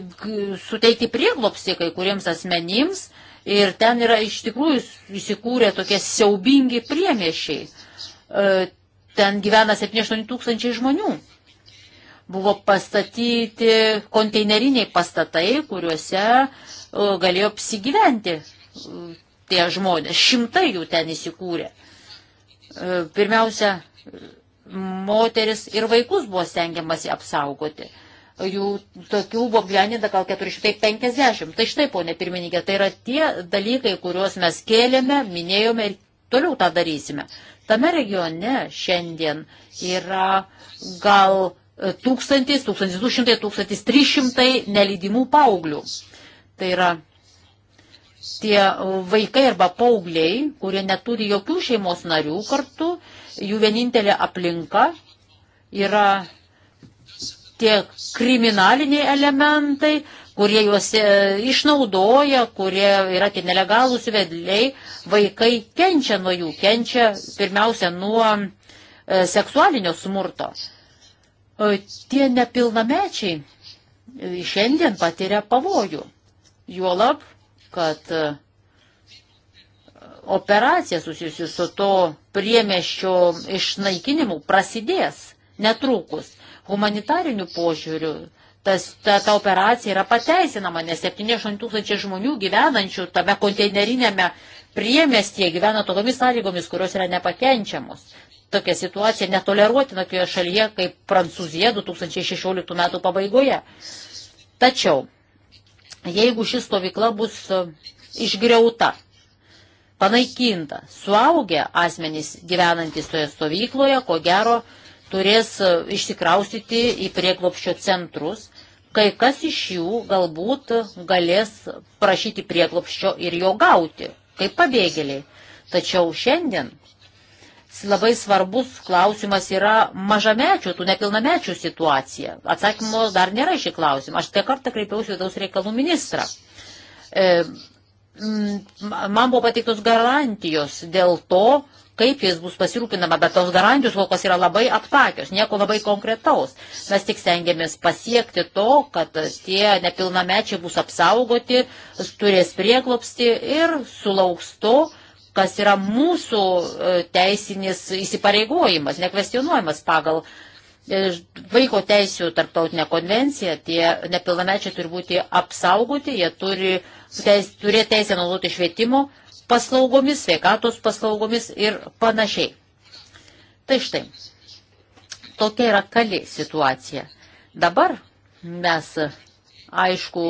suteikti prieglopsį kai kuriems asmenims ir ten yra iš tikrųjų įsikūrę tokie siaubingi priemiešiai. E, ten gyvena 7-8 tūkstančiai žmonių buvo pastatyti konteineriniai pastatai, kuriuose e, galėjo apsigyventi e, tie žmonės. Šimtai jų ten įsikūrė. E, pirmiausia, moteris ir vaikus buvo stengiamasi apsaugoti. Jų tokių buvo apgyvendinta gal 450. Tai štai, ponė pirmininkė, tai yra tie dalykai, kuriuos mes kėlėme, minėjome ir toliau tą darysime. Tame regione šiandien yra gal tūkstantis, tūkstantis du šimtai, tūkstantis trys šimtai nelydimų paauglių. Tai yra tie vaikai arba paaugliai, kurie neturi jokių šeimos narių kartu, jų vienintelė aplinka yra tie kriminaliniai elementai, kurie juos e, išnaudoja, kurie yra tie nelegalūs vedliai, vaikai kenčia nuo jų, kenčia pirmiausia nuo e, seksualinio smurto. E, tie nepilnamečiai e, šiandien patiria pavojų. Juolab, kad e, operacija susijusi su to priemeščio išnaikinimu prasidės netrukus. Humanitariniu požiūriu tas, ta, ta operacija yra pateisinama, nes 7-8 tūkstančiai žmonių gyvenančių tame konteinerinėme priemestie gyvena tokiamis sąlygomis, kurios yra nepakenčiamos tokia situacija netoleruotina tokioje šalyje kaip Prancūzija 2016 metų pabaigoje. Tačiau, jeigu ši stovykla bus e, išgriauta, panaikinta, suaugę asmenys gyvenantis toje stovykloje, ko gero, turės e, išsikraustyti į prieklopščio centrus kai kas iš jų galbūt galės prašyti prieglopščio ir jo gauti, kaip pabėgėliai. Tačiau šiandien labai svarbus klausimas yra mažamečių, tų nepilnamečių situacija. Atsakymo dar nėra šį klausimą. Aš te kartą kreipiausi vidaus reikalų ministrą. E, man buvo pateiktos garantijos dėl to, kaip jais bus pasirūpinama, bet tos garantijos kol kas yra labai aptakios, nieko labai konkretaus. Mes tik stengiamės pasiekti to, kad tie nepilnamečiai bus apsaugoti, turės prieglopsti ir sulauks to, kas yra mūsų e, teisinis įsipareigojimas, nekvestionuojamas pagal e, vaiko teisų tarptautinę konvenciją, tie nepilnamečiai turi būti apsaugoti, jie turi teis, turėti teisę naudoti švietimo paslaugomis, sveikatos paslaugomis ir panašiai. Tai štai, tokia yra kali situacija. Dabar mes, aišku,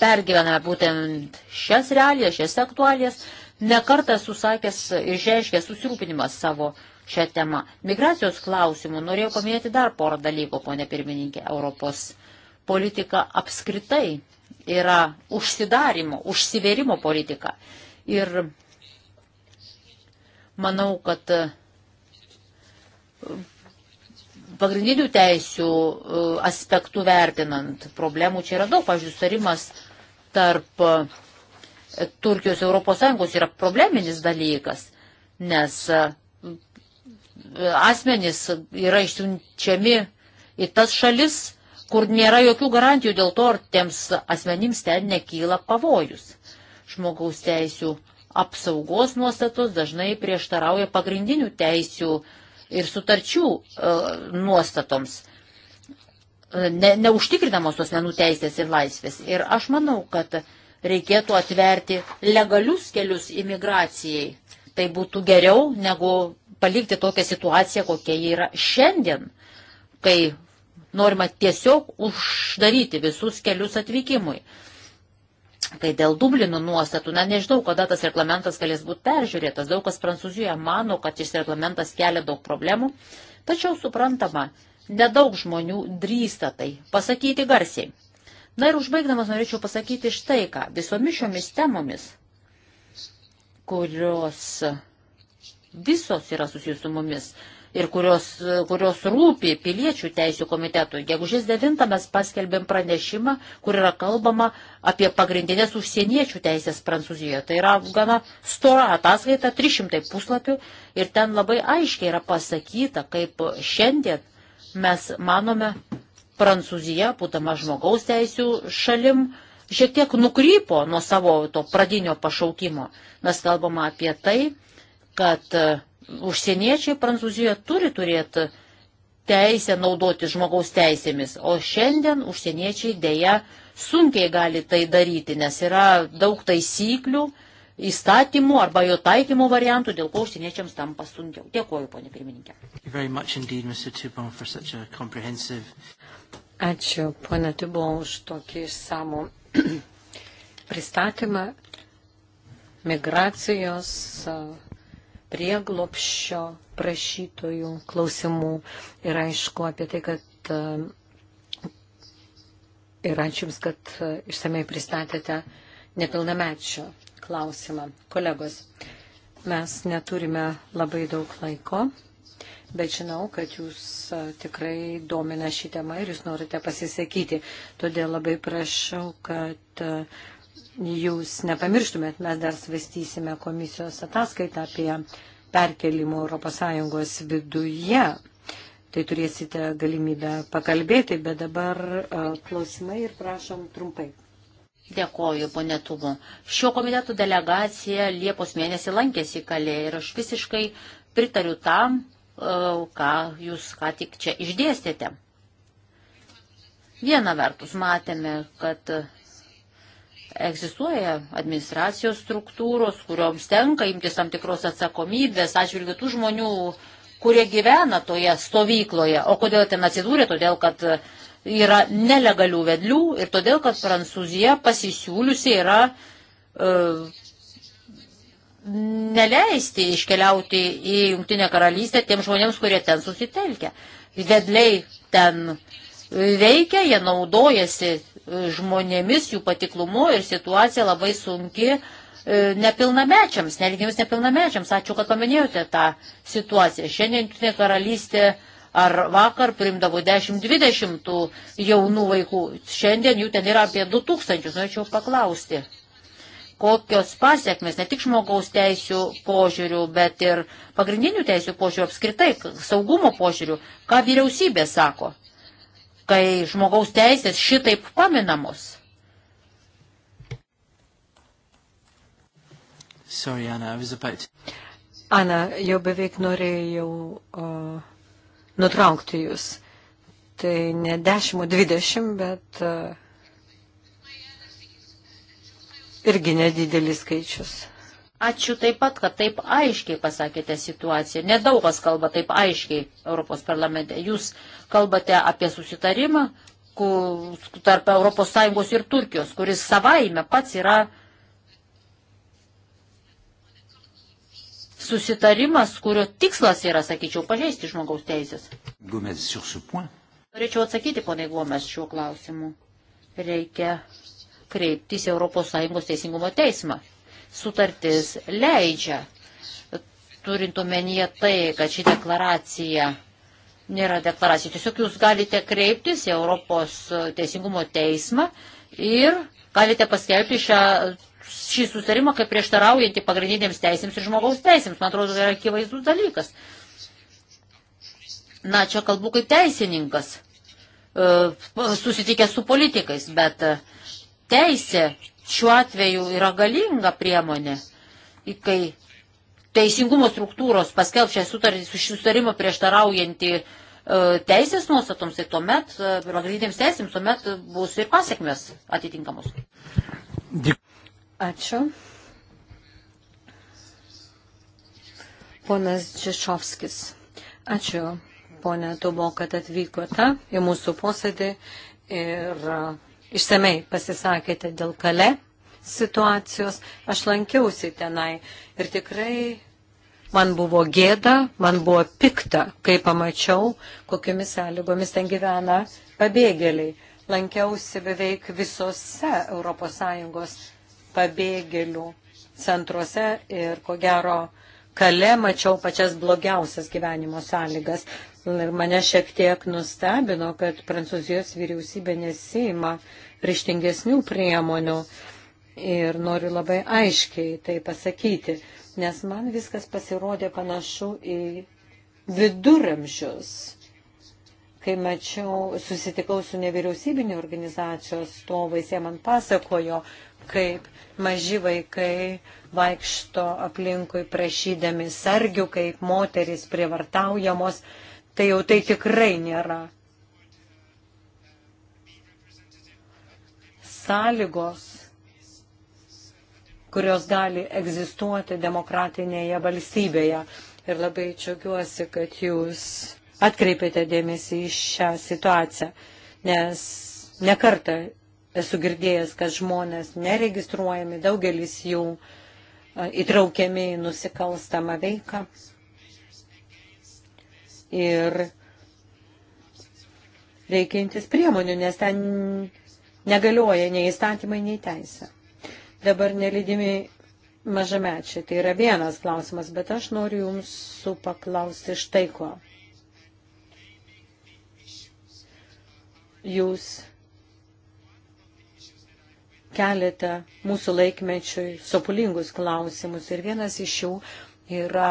pergyvename būtent šias realijas, šias aktualijas, nekartą susakęs ir išreiškęs susirūpinimą savo šią temą. Migracijos klausimų norėjau paminėti dar porą dalykų, ponė pirmininkė. Europos politika apskritai yra užsidarimo, užsiverimo politika. Ir manau, kad e, pagrindinių teisių e, aspektų vertinant problemų čia yra daug, pažiūrėjau, sutarimas tarp Turkijos ES yra probleminis dalykas, nes e, asmenys yra išsiunčiami į tas šalis, kur nėra jokių garantijų dėl to, ar tiems asmenims ten nekyla pavojus. Žmogaus teisų apsaugos nuostatos dažnai prieštarauja pagrindinių teisių ir sutarčių e, nuostatoms. E, ne, neužtikrinamos tos menų teisės ir laisvės. Ir aš manau, kad reikėtų atverti legalius kelius imigracijai. Tai būtų geriau, negu palikti tokią situaciją, kokia yra šiandien, kai norima tiesiog uždaryti visus kelius atvykimui. Kai dėl Dublino nuostatų, na nežinau, kada tas reglamentas galės būti peržiūrėtas, daug kas Prancūzijoje mano, kad šis reglamentas kelia daug problemų, tačiau suprantama, nedaug žmonių drįsta tai pasakyti garsiai. Na ir užbaigdamas norėčiau pasakyti štai ką. Visomis šiomis temomis, kurios visos yra susijusiu mumis ir kurios, kurios rūpi piliečių teisų komitetui. Gegužės 9 mes paskelbėm pranešimą, kur yra kalbama apie pagrindinės užsieniečių teisės Prancūzijoje. Tai yra gana stora ataskaita, 300 puslapių ir ten labai aiškiai yra pasakyta, kaip šiandien mes manome, Prancūzija, būdama žmogaus teisų šalim, šiek tiek nukrypo nuo savo to pradinio pašaukimo. Mes kalbame apie tai, kad e, užsieniečiai Prancūzijoje turi turėti teisę naudoti žmogaus teisėmis, o šiandien užsieniečiai dėja sunkiai gali tai daryti, nes yra daug taisyklių, įstatymų arba jo taikymo variantų, dėl ko užsieniečiams tampa sunkiau. Dėkuoju, ponė pirmininkė. Indeed, Tubon, comprehensive... Ačiū, pana Tubo, už tokį samų pristatymą migracijos prieglopščio prašytojų klausimų ir aišku apie tai, kad ir ačiū Jums, kad išsamei pristatėte nepilnamečio klausimą. Kolegos, mes neturime labai daug laiko bet žinau, kad jūs tikrai domina šį temą ir jūs norite pasisakyti. Todėl labai prašau, kad jūs nepamirštumėt, mes dar svastysime komisijos ataskaitą apie perkelimų ES viduje. Tai turėsite galimybę pakalbėti, bet dabar klausimai ir prašom trumpai. Dėkoju, ponė Tumo. Šio komiteto delegacija Liepos mėnesį lankėsi kalė ir aš visiškai pritariu tam, Uh, ką jūs ką tik čia išdėstėte. Viena vertus matėme, kad egzistuoja administracijos struktūros, kurioms tenka imtis tam tikros atsakomybės atžvilgių tų žmonių, kurie gyvena toje stovykloje. O kodėl ten atsidūrė? Todėl, kad yra nelegalių vedlių ir todėl, kad Prancūzija pasisiūliusi yra e, neleisti iškeliauti į Jungtinę karalystę tiem žmonėms, kurie ten susitelkia. Vedliai ten veikia, jie naudojasi e, žmonėmis, jų patiklumu ir situacija labai sunki e, nepilnamečiams, nelygiems nepilnamečiams. Ačiū, kad paminėjote tą situaciją. Šiandien Jungtinė karalystė ar vakar primdavo 10-20 jaunų vaikų. Šiandien jų ten yra apie 2000, norėčiau paklausti kokios pasiekmes ne tik žmogaus teisų požiūrių, bet ir pagrindinių teisų požiūrių apskritai, saugumo požiūrių, ką vyriausybė sako, kai žmogaus teisės šitaip paminamos. Sorry, Anna, about... Ana, jau beveik norėjau uh, nutraukti jūs. Tai ne 10, 20, bet uh, irgi nedidelis skaičius. Ačiū taip pat, kad taip aiškiai pasakėte situaciją. Nedaug kas kalba taip aiškiai Europos parlamente. Jūs kalbate apie susitarimą kur, tarp ES ir Turkijos, kuris savaime pats yra susitarimas, kurio tikslas yra, sakyčiau, pažeisti žmogaus teisės. Norėčiau atsakyti, ponai Gomes, šiuo klausimu. Reikia kreiptis ES teisingumo teismą. Sutartis leidžia, turint omenyje tai, kad ši deklaracija nėra deklaracija. Tiesiog jūs galite kreiptis į Europos teisingumo teismą ir galite paskelbti šią, šį susitarimą kaip prieštaraujantį pagrindinėms teisėms ir žmogaus teisėms. Man atrodo, tai yra akivaizdus dalykas. Na, čia kalbu kaip teisininkas, e, susitikęs su politikais, bet uh, teisė šiuo atveju yra galinga priemonė, kai teisingumo struktūros paskelb šią sutarimą prieštaraujantį e, teisės nuostatoms, tai tuomet, e, pagrindinėms teisėms, tuomet bus ir pasiekmes atitinkamos. Ačiū. Ponas Čišovskis. Ačiū, ponė Tubo, kad atvykote į mūsų posėdį ir išsamei pasisakėte dėl kale situacijos. Aš lankiausi tenai ir tikrai man buvo gėda, man buvo pikta, kai pamačiau, kokiamis sąlygomis ten gyvena pabėgėliai. Lankiausi beveik visose ES pabėgėlių centruose ir ko gero kale mačiau pačias blogiausias gyvenimo sąlygas. Ir mane šiek tiek nustebino, kad Prancūzijos vyriausybė nesima ryštingesnių priemonių ir noriu labai aiškiai tai pasakyti, nes man viskas pasirodė panašu į viduramžius, kai mačiau, susitikau su nevyriausybinio organizacijos stovais, jie man pasakojo, kaip maži vaikai vaikšto aplinkui prašydami sargių, kaip moteris privartaujamos tai jau tai tikrai nėra. Sąlygos, kurios gali egzistuoti demokratinėje valstybėje. Ir labai džiaugiuosi, kad jūs atkreipėte dėmesį į šią situaciją, nes nekartą esu girdėjęs, kad žmonės neregistruojami, daugelis jų įtraukiami į nusikalstamą veiką ir reikintis priemonių, nes ten negalioja nei įstatymai, nei teisė. Dabar nelydimi mažamečiai, tai yra vienas klausimas, bet aš noriu Jums supaklausti štai ko. Jūs keletą mūsų laikmečiui sopulingus klausimus ir vienas iš jų yra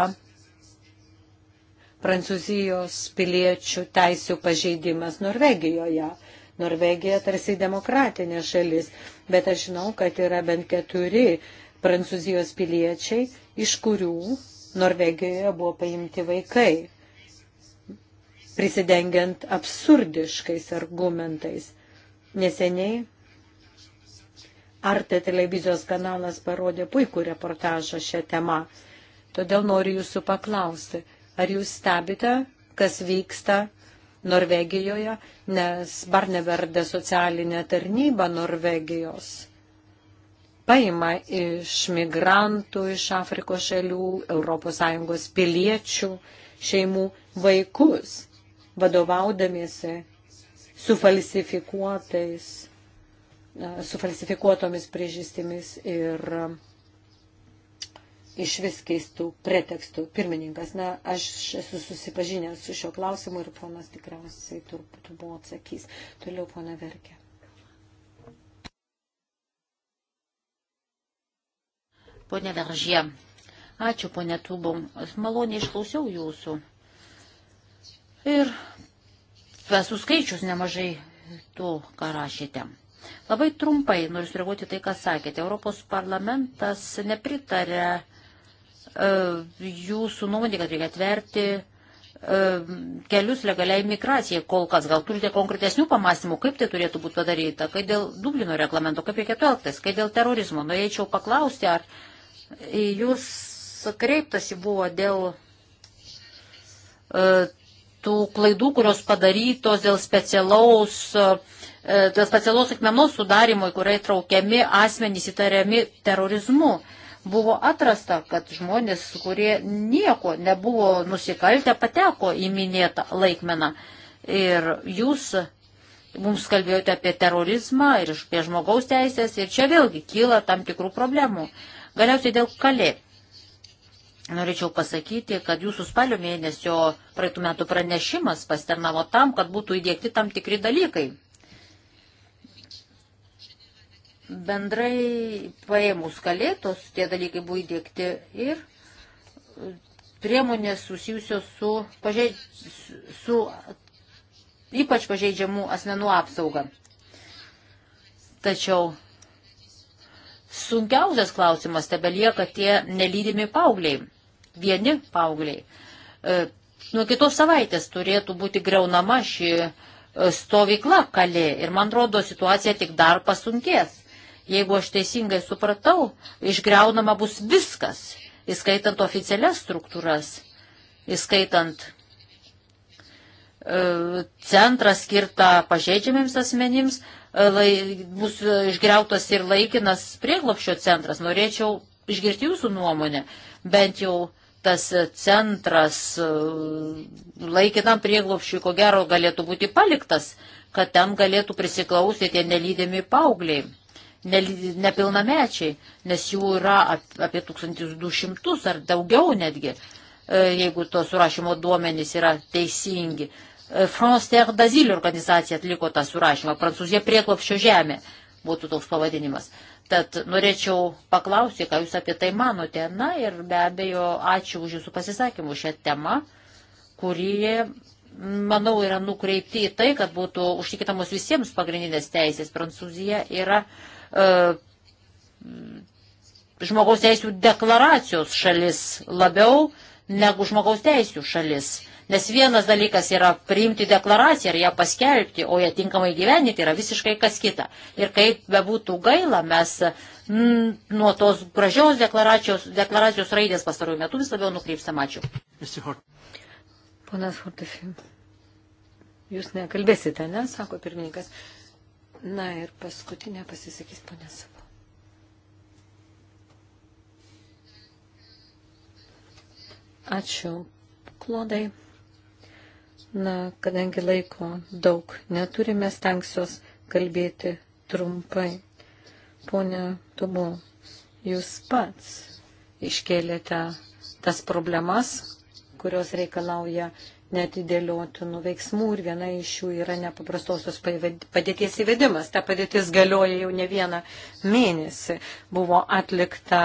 Prancūzijos piliečių teisių pažeidimas Norvegijoje. Norvegija tarsi demokratinė šalis, bet aš žinau, kad yra bent keturi Prancūzijos piliečiai, iš kurių Norvegijoje buvo paimti vaikai, prisidengiant absurdiškais argumentais. Neseniai Arte televizijos kanalas parodė puikų reportažą šią temą. Todėl noriu jūsų paklausti, Ar jūs stebite, kas vyksta Norvegijoje, nes Barneverde socialinė tarnyba Norvegijos paima iš migrantų iš Afrikos šalių, ES piliečių, šeimų vaikus, vadovaudamiesi sufalsifikuotais, sufalsifikuotomis priežastimis ir iš vis keistų pretekstų. Pirmininkas, na, aš esu susipažinęs su šio klausimu ir ponas tikriausiai turbūt buvo atsakys. Toliau pona Verkė. Pone Veržė, ačiū pone Tubau, maloniai išklausiau jūsų. Ir esu skaičius nemažai to, ką rašėte. Labai trumpai noriu sureaguoti tai, ką sakėte. Europos parlamentas nepritarė E, jūsų nuomonė, kad reikia atverti e, kelius legaliai migracijai kol kas. Gal turite konkretesnių pamastymų, kaip tai turėtų būti padaryta, kai dėl Dublino reglamento, kaip reikėtų elgtis, kai dėl terorizmo. Norėčiau paklausti, ar jūs kreiptasi buvo dėl e, tų klaidų, kurios padarytos dėl specialaus, dėl specialaus akmenos sudarimo, į kurią įtraukiami asmenys įtariami terorizmu. Uh, buvo atrasta, kad žmonės, kurie nieko nebuvo nusikaltę, pateko į minėtą laikmeną. Ir jūs mums kalbėjote apie terorizmą ir apie žmogaus teisės, ir čia vėlgi kyla tam tikrų problemų. Galiausiai dėl kalė. Norėčiau pasakyti, kad jūsų spalio mėnesio praeitų metų pranešimas pasternavo tam, kad būtų įdėkti tam tikri dalykai Bendrai paėmus kalėtos tie dalykai buvo įdėkti ir e, priemonės susijusios su, pažeid, su ypač pažeidžiamų asmenų apsauga. Tačiau sunkiausias klausimas tebe lieka tie nelydimi paaugliai, vieni paaugliai. E, nuo kitos savaitės turėtų būti greunama ši e, stovykla kalė ir man atrodo situacija tik dar pasunkės. Jeigu aš teisingai supratau, išgreunama bus viskas, įskaitant oficialias struktūras, įskaitant e, centrą skirtą pažeidžiamiems asmenims, e, lai, bus išgriautas ir laikinas prieglopščio centras. Norėčiau išgirti jūsų nuomonę, bent jau tas centras e, laikinam prieglopšiui, ko gero, galėtų būti paliktas, kad tam galėtų prisiklausyti tie nelydėmi paaugliai nepilnamečiai, nes jų yra apie 1200 ar daugiau netgi, e, jeigu to surašymo duomenys yra teisingi. E, France Terre d'Azil organizacija atliko tą surašymą, Prancūzija prieklopščio žemė būtų toks pavadinimas. Tad norėčiau paklausyti, ką Jūs apie tai manote. Na ir be abejo, ačiū už Jūsų pasisakymų šią temą, kurie, manau, yra nukreipti į tai, kad būtų užtikitamos visiems pagrindinės teisės. Prancūzija yra uh, E, žmogaus teisų deklaracijos šalis labiau negu žmogaus teisų šalis. Nes vienas dalykas yra priimti deklaraciją ir ją paskelbti, o ją tinkamai gyveninti yra visiškai kas kita. Ir kaip bebūtų gaila, mes m, mm, nuo tos gražios deklaracijos, deklaracijos raidės pastarųjų metų vis labiau nukrypstam. Ačiū. Ponas Hortifi, jūs nekalbėsite, ne, sako pirmininkas. Na ir paskutinė pasisakys ponė savo. Ačiū, Klodai. Na, kadangi laiko daug neturime, stengsiuos kalbėti trumpai. Pone Tumu, jūs pats iškėlėte tas problemas, kurios reikalauja netidėliotinų veiksmų ir viena iš jų yra nepaprastosios padėties įvedimas. Ta padėtis galioja jau ne vieną mėnesį. Buvo atlikta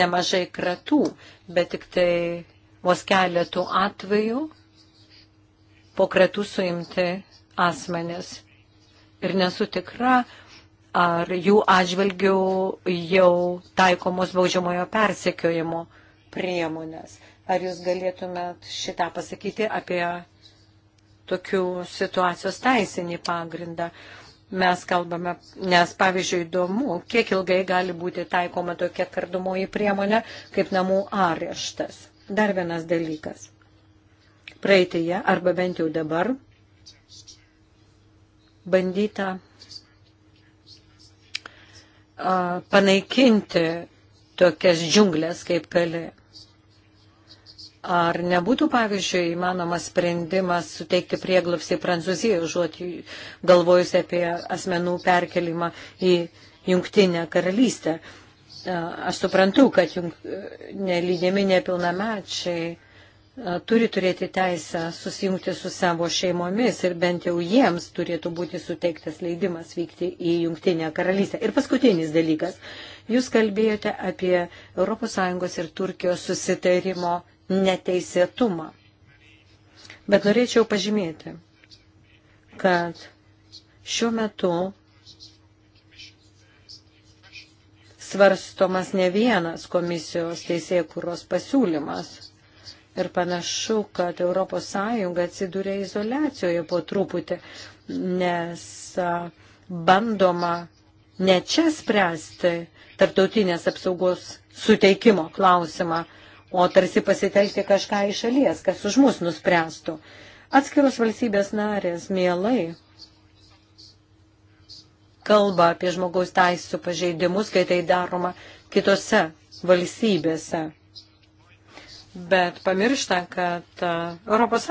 nemažai kratų, bet tik tai vos keletų atvejų po kratų suimti asmenės. Ir nesu tikra, ar jų atžvilgių jau taikomos baudžiamojo persekiojimo priemonės. Ar jūs galėtumėt šitą pasakyti apie tokių situacijos teisinį pagrindą? Mes kalbame, nes pavyzdžiui įdomu, kiek ilgai gali būti taikoma tokia kardomoji priemonė kaip namų areštas. Dar vienas dalykas. Praeitėje arba bent jau dabar bandyta uh, panaikinti tokias džiunglės kaip kalė. Ar nebūtų, pavyzdžiui, įmanomas sprendimas suteikti prieglapsį Prancūziją, užuot galvojus apie asmenų perkelimą į jungtinę karalystę? Aš suprantu, kad jung... nelydėmi nepilnamečiai turi turėti teisę susijungti su savo šeimomis ir bent jau jiems turėtų būti suteiktas leidimas vykti į Jungtinę karalystę. Ir paskutinis dalykas. Jūs kalbėjote apie ES ir Turkijos susitarimo neteisėtumą. Bet norėčiau pažymėti, kad šiuo metu svarstomas ne vienas komisijos teisėkūros pasiūlymas. Ir panašu, kad ES atsidūrė izolacijoje po truputį, nes bandoma ne čia spręsti tarptautinės apsaugos suteikimo klausimą o tarsi pasitelkti kažką iš šalies, kas už mus nuspręstų. Atskiros valstybės narės mielai kalba apie žmogaus teisų pažeidimus, kai tai daroma kitose valstybėse. Bet pamiršta, kad ES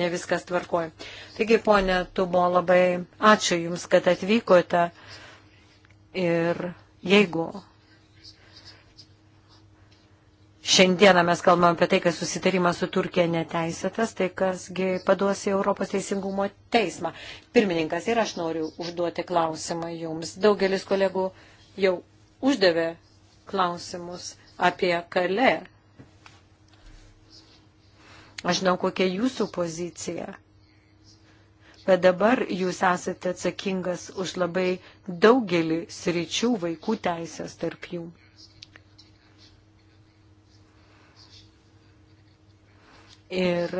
ne viskas tvarkoja. Taigi, ponė Tubo, labai ačiū Jums, kad atvykote ir jeigu šiandieną mes kalbam apie tai, kad susitarimas su Turkija neteisėtas, tai kasgi paduos į Europos teisingumo teismą. Pirmininkas, ir aš noriu užduoti klausimą jums. Daugelis kolegų jau uždavė klausimus apie kalę. Aš žinau, kokia jūsų pozicija bet dabar jūs esate atsakingas už labai daugelį sričių vaikų teisės tarp jų. Ir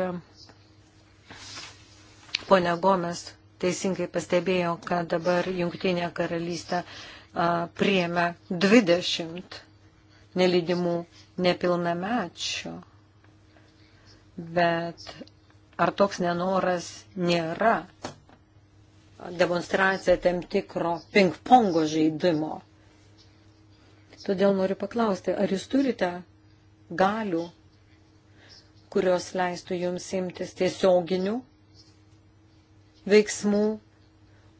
ponia Gomes teisingai pastebėjo, kad dabar Jungtinė karalystė priėmė 20 nelydimų nepilnamečių. Bet ar toks nenoras nėra demonstracija tam tikro ping-pongo žaidimo? Todėl noriu paklausti, ar jūs turite galių kurios leistų jums imtis tiesioginių veiksmų,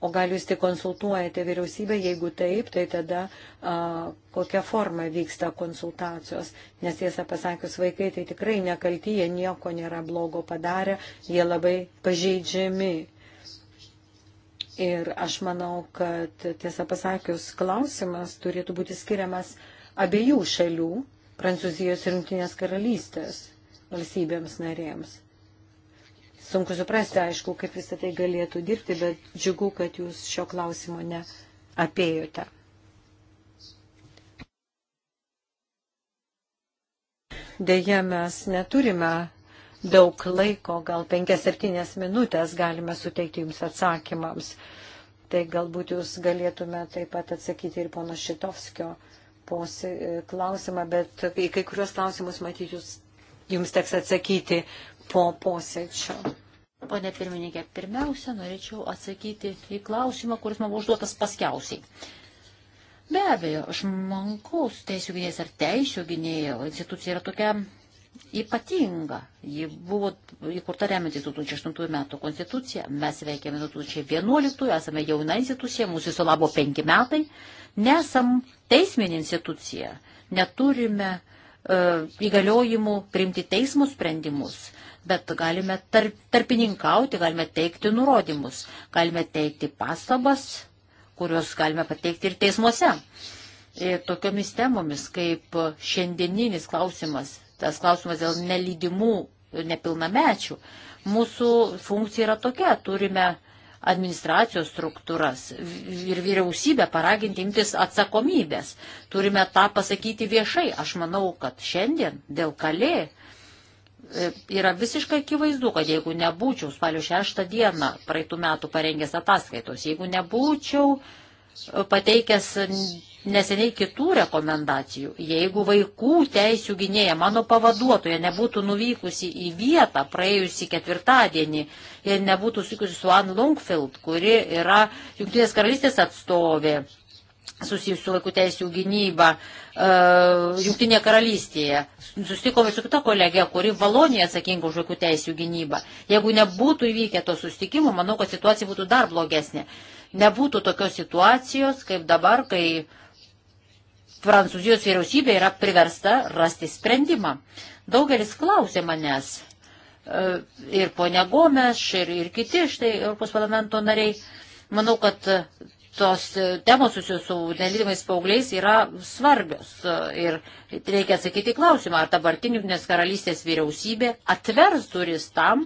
o gal jūs tik konsultuojate vyriausybę, jeigu taip, tai tada a, kokia forma vyksta konsultacijos, nes tiesą pasakius, vaikai tai tikrai nekalti, jie nieko nėra blogo padarę, jie labai pažeidžiami. Ir aš manau, kad tiesą pasakius, klausimas turėtų būti skiriamas abiejų šalių, Prancūzijos ir Junktinės karalystės valstybėms narėms. Sunku suprasti, aišku, kaip visą tai galėtų dirbti, bet džiugu, kad jūs šio klausimo neapėjote. Deja, mes neturime daug laiko, gal 5-7 minutės galime suteikti jums atsakymams. Tai galbūt jūs galėtume taip pat atsakyti ir pono Šitovskio klausimą, bet į kai kurios klausimus matyt jūs jums teks atsakyti po posėdžio. Pane pirmininkė, pirmiausia, norėčiau atsakyti į klausimą, kuris man buvo užduotas paskiausiai. Be abejo, žmogaus teisų gynėjas ar teisų gynėjo institucija yra tokia ypatinga. Ji buvo įkurta remiantis 2008 metų konstituciją, mes veikėme 2011, esame jauna institucija, mūsų viso labo penki metai, nesam teisminė institucija, neturime E, įgaliojimų priimti teismų sprendimus, bet galime tarp, tarpininkauti, galime teikti nurodymus, galime teikti pastabas, kuriuos galime pateikti ir teismuose. Ir e, tokiomis temomis kaip šiandieninis klausimas, tas klausimas dėl nelydimų nepilnamečių, mūsų funkcija yra tokia, turime uh, administracijos struktūras ir vyriausybę paraginti imtis atsakomybės. Turime tą pasakyti viešai. Aš manau, kad šiandien dėl kalė e, yra visiškai akivaizdu, kad jeigu nebūčiau spalio 6 dieną praeitų metų parengęs ataskaitos, jeigu nebūčiau pateikęs neseniai kitų rekomendacijų. Jeigu vaikų teisų gynėja, mano pavaduotoja, nebūtų nuvykusi į vietą praėjusį ketvirtadienį ir nebūtų sutikusi su Ann Lungfield, kuri yra Junktinės karalystės atstovė susijusių su vaikų teisų gynyba uh, Junktinėje karalystėje. Sustikome su kita kolegė, kuri Valonija atsakinga už vaikų teisų gynybą. Jeigu nebūtų įvykę to sustikimo, manau, kad situacija būtų dar blogesnė. Nebūtų tokios situacijos, kaip dabar, kai uh, Prancūzijos vyriausybė yra priversta rasti sprendimą. Daugelis klausė manęs e, ir ponia Gomes, ir, ir kiti štai Europos parlamento nariai. Manau, kad tos temos susijusios su nelydimais paaugliais yra svarbios. E, ir reikia atsakyti klausimą, ar dabartinė Junktinės karalystės vyriausybė atvers duris tam,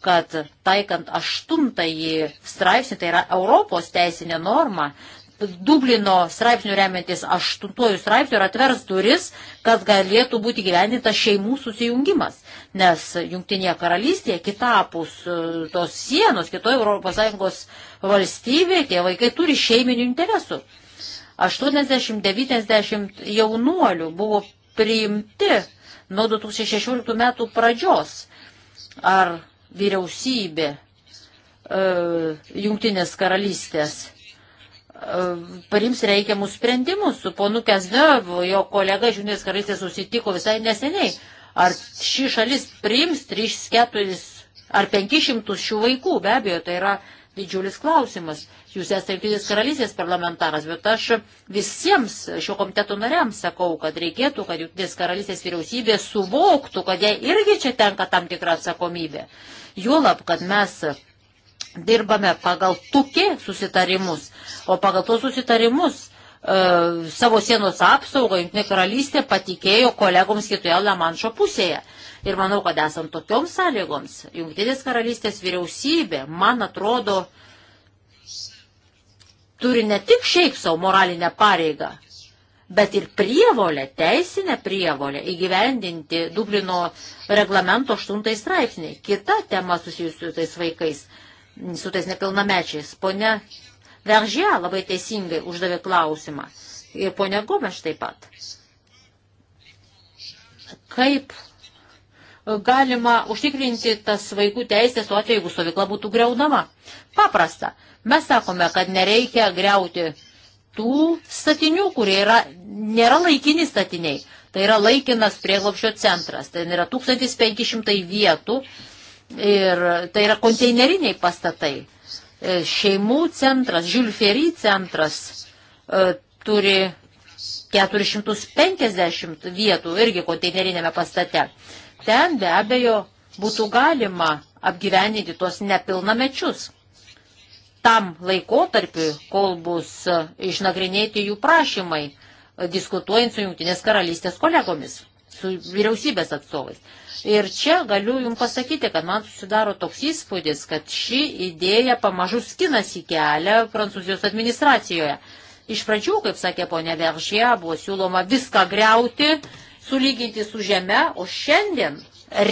kad taikant aštuntąjį straipsnį, tai yra Europos teisinė norma, Dublino straipsnių remiantis aštuntuoju straipsniu ir atvers duris, kad galėtų būti gyvendintas šeimų susijungimas. Nes Junktinėje karalystėje, kitapus e, tos sienos, kitoje ES valstybėje, tie vaikai turi šeiminių interesų. 80-90 jaunuolių buvo priimti nuo 2016 metų pradžios. Ar vyriausybė e, Junktinės karalystės parims reikiamus sprendimus. Su ponu Kesne, jo kolega Žiūnės karalystės susitiko visai neseniai. Ar ši šalis priims 3, 4 ar 500 šių vaikų? Be abejo, tai yra didžiulis klausimas. Jūs esate Junktinės karalystės parlamentaras, bet aš visiems šio komiteto nariams sakau, kad reikėtų, kad Junktinės karalystės vyriausybė suvoktų, kad jai irgi čia tenka tam tikra atsakomybė. Juolab, kad mes dirbame pagal tukė susitarimus, o pagal tos susitarimus e, savo sienos apsaugą Junktinė karalystė patikėjo kolegoms kitoje Lamanšo pusėje. Ir manau, kad esant tokioms sąlygoms, Junktinės karalystės vyriausybė, man atrodo, turi ne tik šiaip savo moralinę pareigą, bet ir prievolę, teisinę prievolę įgyvendinti Dublino reglamento 8 straipsnį. Kita tema susijusi su tais vaikais su tais nepilnamečiais. Pone Veržė labai teisingai uždavė klausimą. Ir ponia Gomeš taip pat. Kaip galima užtikrinti tas vaikų teisės tuo atveju, jeigu stovykla būtų greunama? Paprasta. Mes sakome, kad nereikia greuti tų statinių, kurie yra, nėra laikini statiniai. Tai yra laikinas prieglopšio centras. Ten yra 1500 vietų Ir tai yra konteineriniai pastatai. E, šeimų centras, Žiulferi centras e, turi 450 vietų irgi konteinerinėme pastate. Ten be abejo būtų galima apgyveninti tuos nepilnamečius tam laikotarpiu, kol bus e, išnagrinėti jų prašymai, diskutuojant su Junktinės karalystės kolegomis su vyriausybės atstovais. Ir čia galiu Jums pasakyti, kad man susidaro toks įspūdis, kad ši idėja pamažu skinas į kelią Prancūzijos administracijoje. Iš pradžių, kaip sakė ponė Veržė, buvo siūloma viską greuti, sulyginti su žeme, o šiandien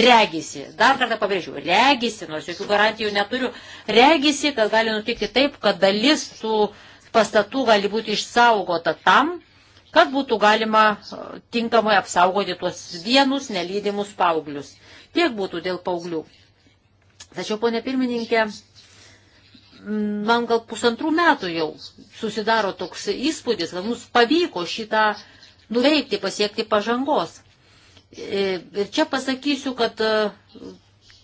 regisi, dar kartą pabrėžiu, regisi, nors jokių garantijų neturiu, regisi, kad gali nutikti taip, kad dalis tų pastatų gali būti išsaugota tam, kad būtų galima e, tinkamai apsaugoti tuos vienus nelydimus paauglius. Tiek būtų dėl paauglių. Tačiau, ponė pirmininkė, man gal pusantrų metų jau susidaro toks įspūdis, kad mums pavyko šitą nuveikti, pasiekti pažangos. E, ir čia pasakysiu, kad e,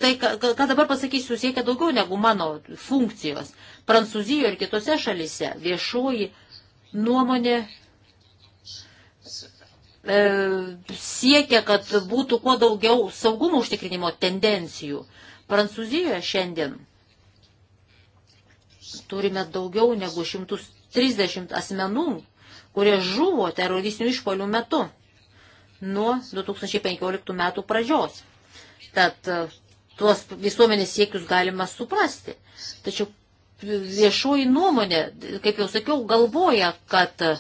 tai, ką dabar pasakysiu, siekia daugiau negu mano funkcijos. Prancūzijoje ir kitose šalise viešoji nuomonė E, siekia, kad būtų kuo daugiau saugumo užtikrinimo tendencijų. Prancūzijoje šiandien turime daugiau negu 130 asmenų, kurie žuvo teroristinių išpolių metu nuo 2015 metų pradžios. Tad e, tuos visuomenės siekius galima suprasti. Tačiau viešoji nuomonė, kaip jau sakiau, galvoja, kad uh,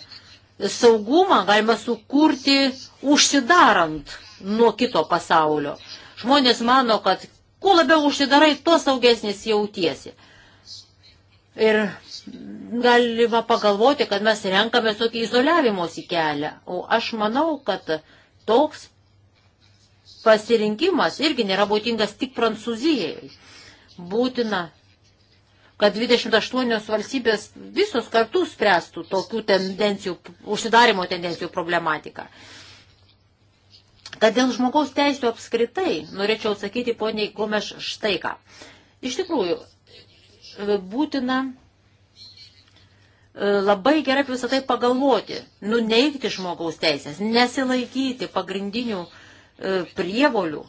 saugumą galima sukurti užsidarant nuo kito pasaulio. Žmonės mano, kad kuo labiau užsidarai, tuo saugesnis jautiesi. Ir galima pagalvoti, kad mes renkame tokį izoliavimosi kelią. O aš manau, kad toks pasirinkimas irgi nėra būtingas tik Prancūzijai. Būtina kad 28 valstybės visos kartu spręstų tokių tendencijų, užsidarimo tendencijų problematiką. Kad dėl žmogaus teisų apskritai, norėčiau atsakyti poniai Gomeš štai ką. Iš tikrųjų, būtina e, labai gerai visą tai pagalvoti, nuneikti žmogaus teisės, nesilaikyti pagrindinių e, prievolių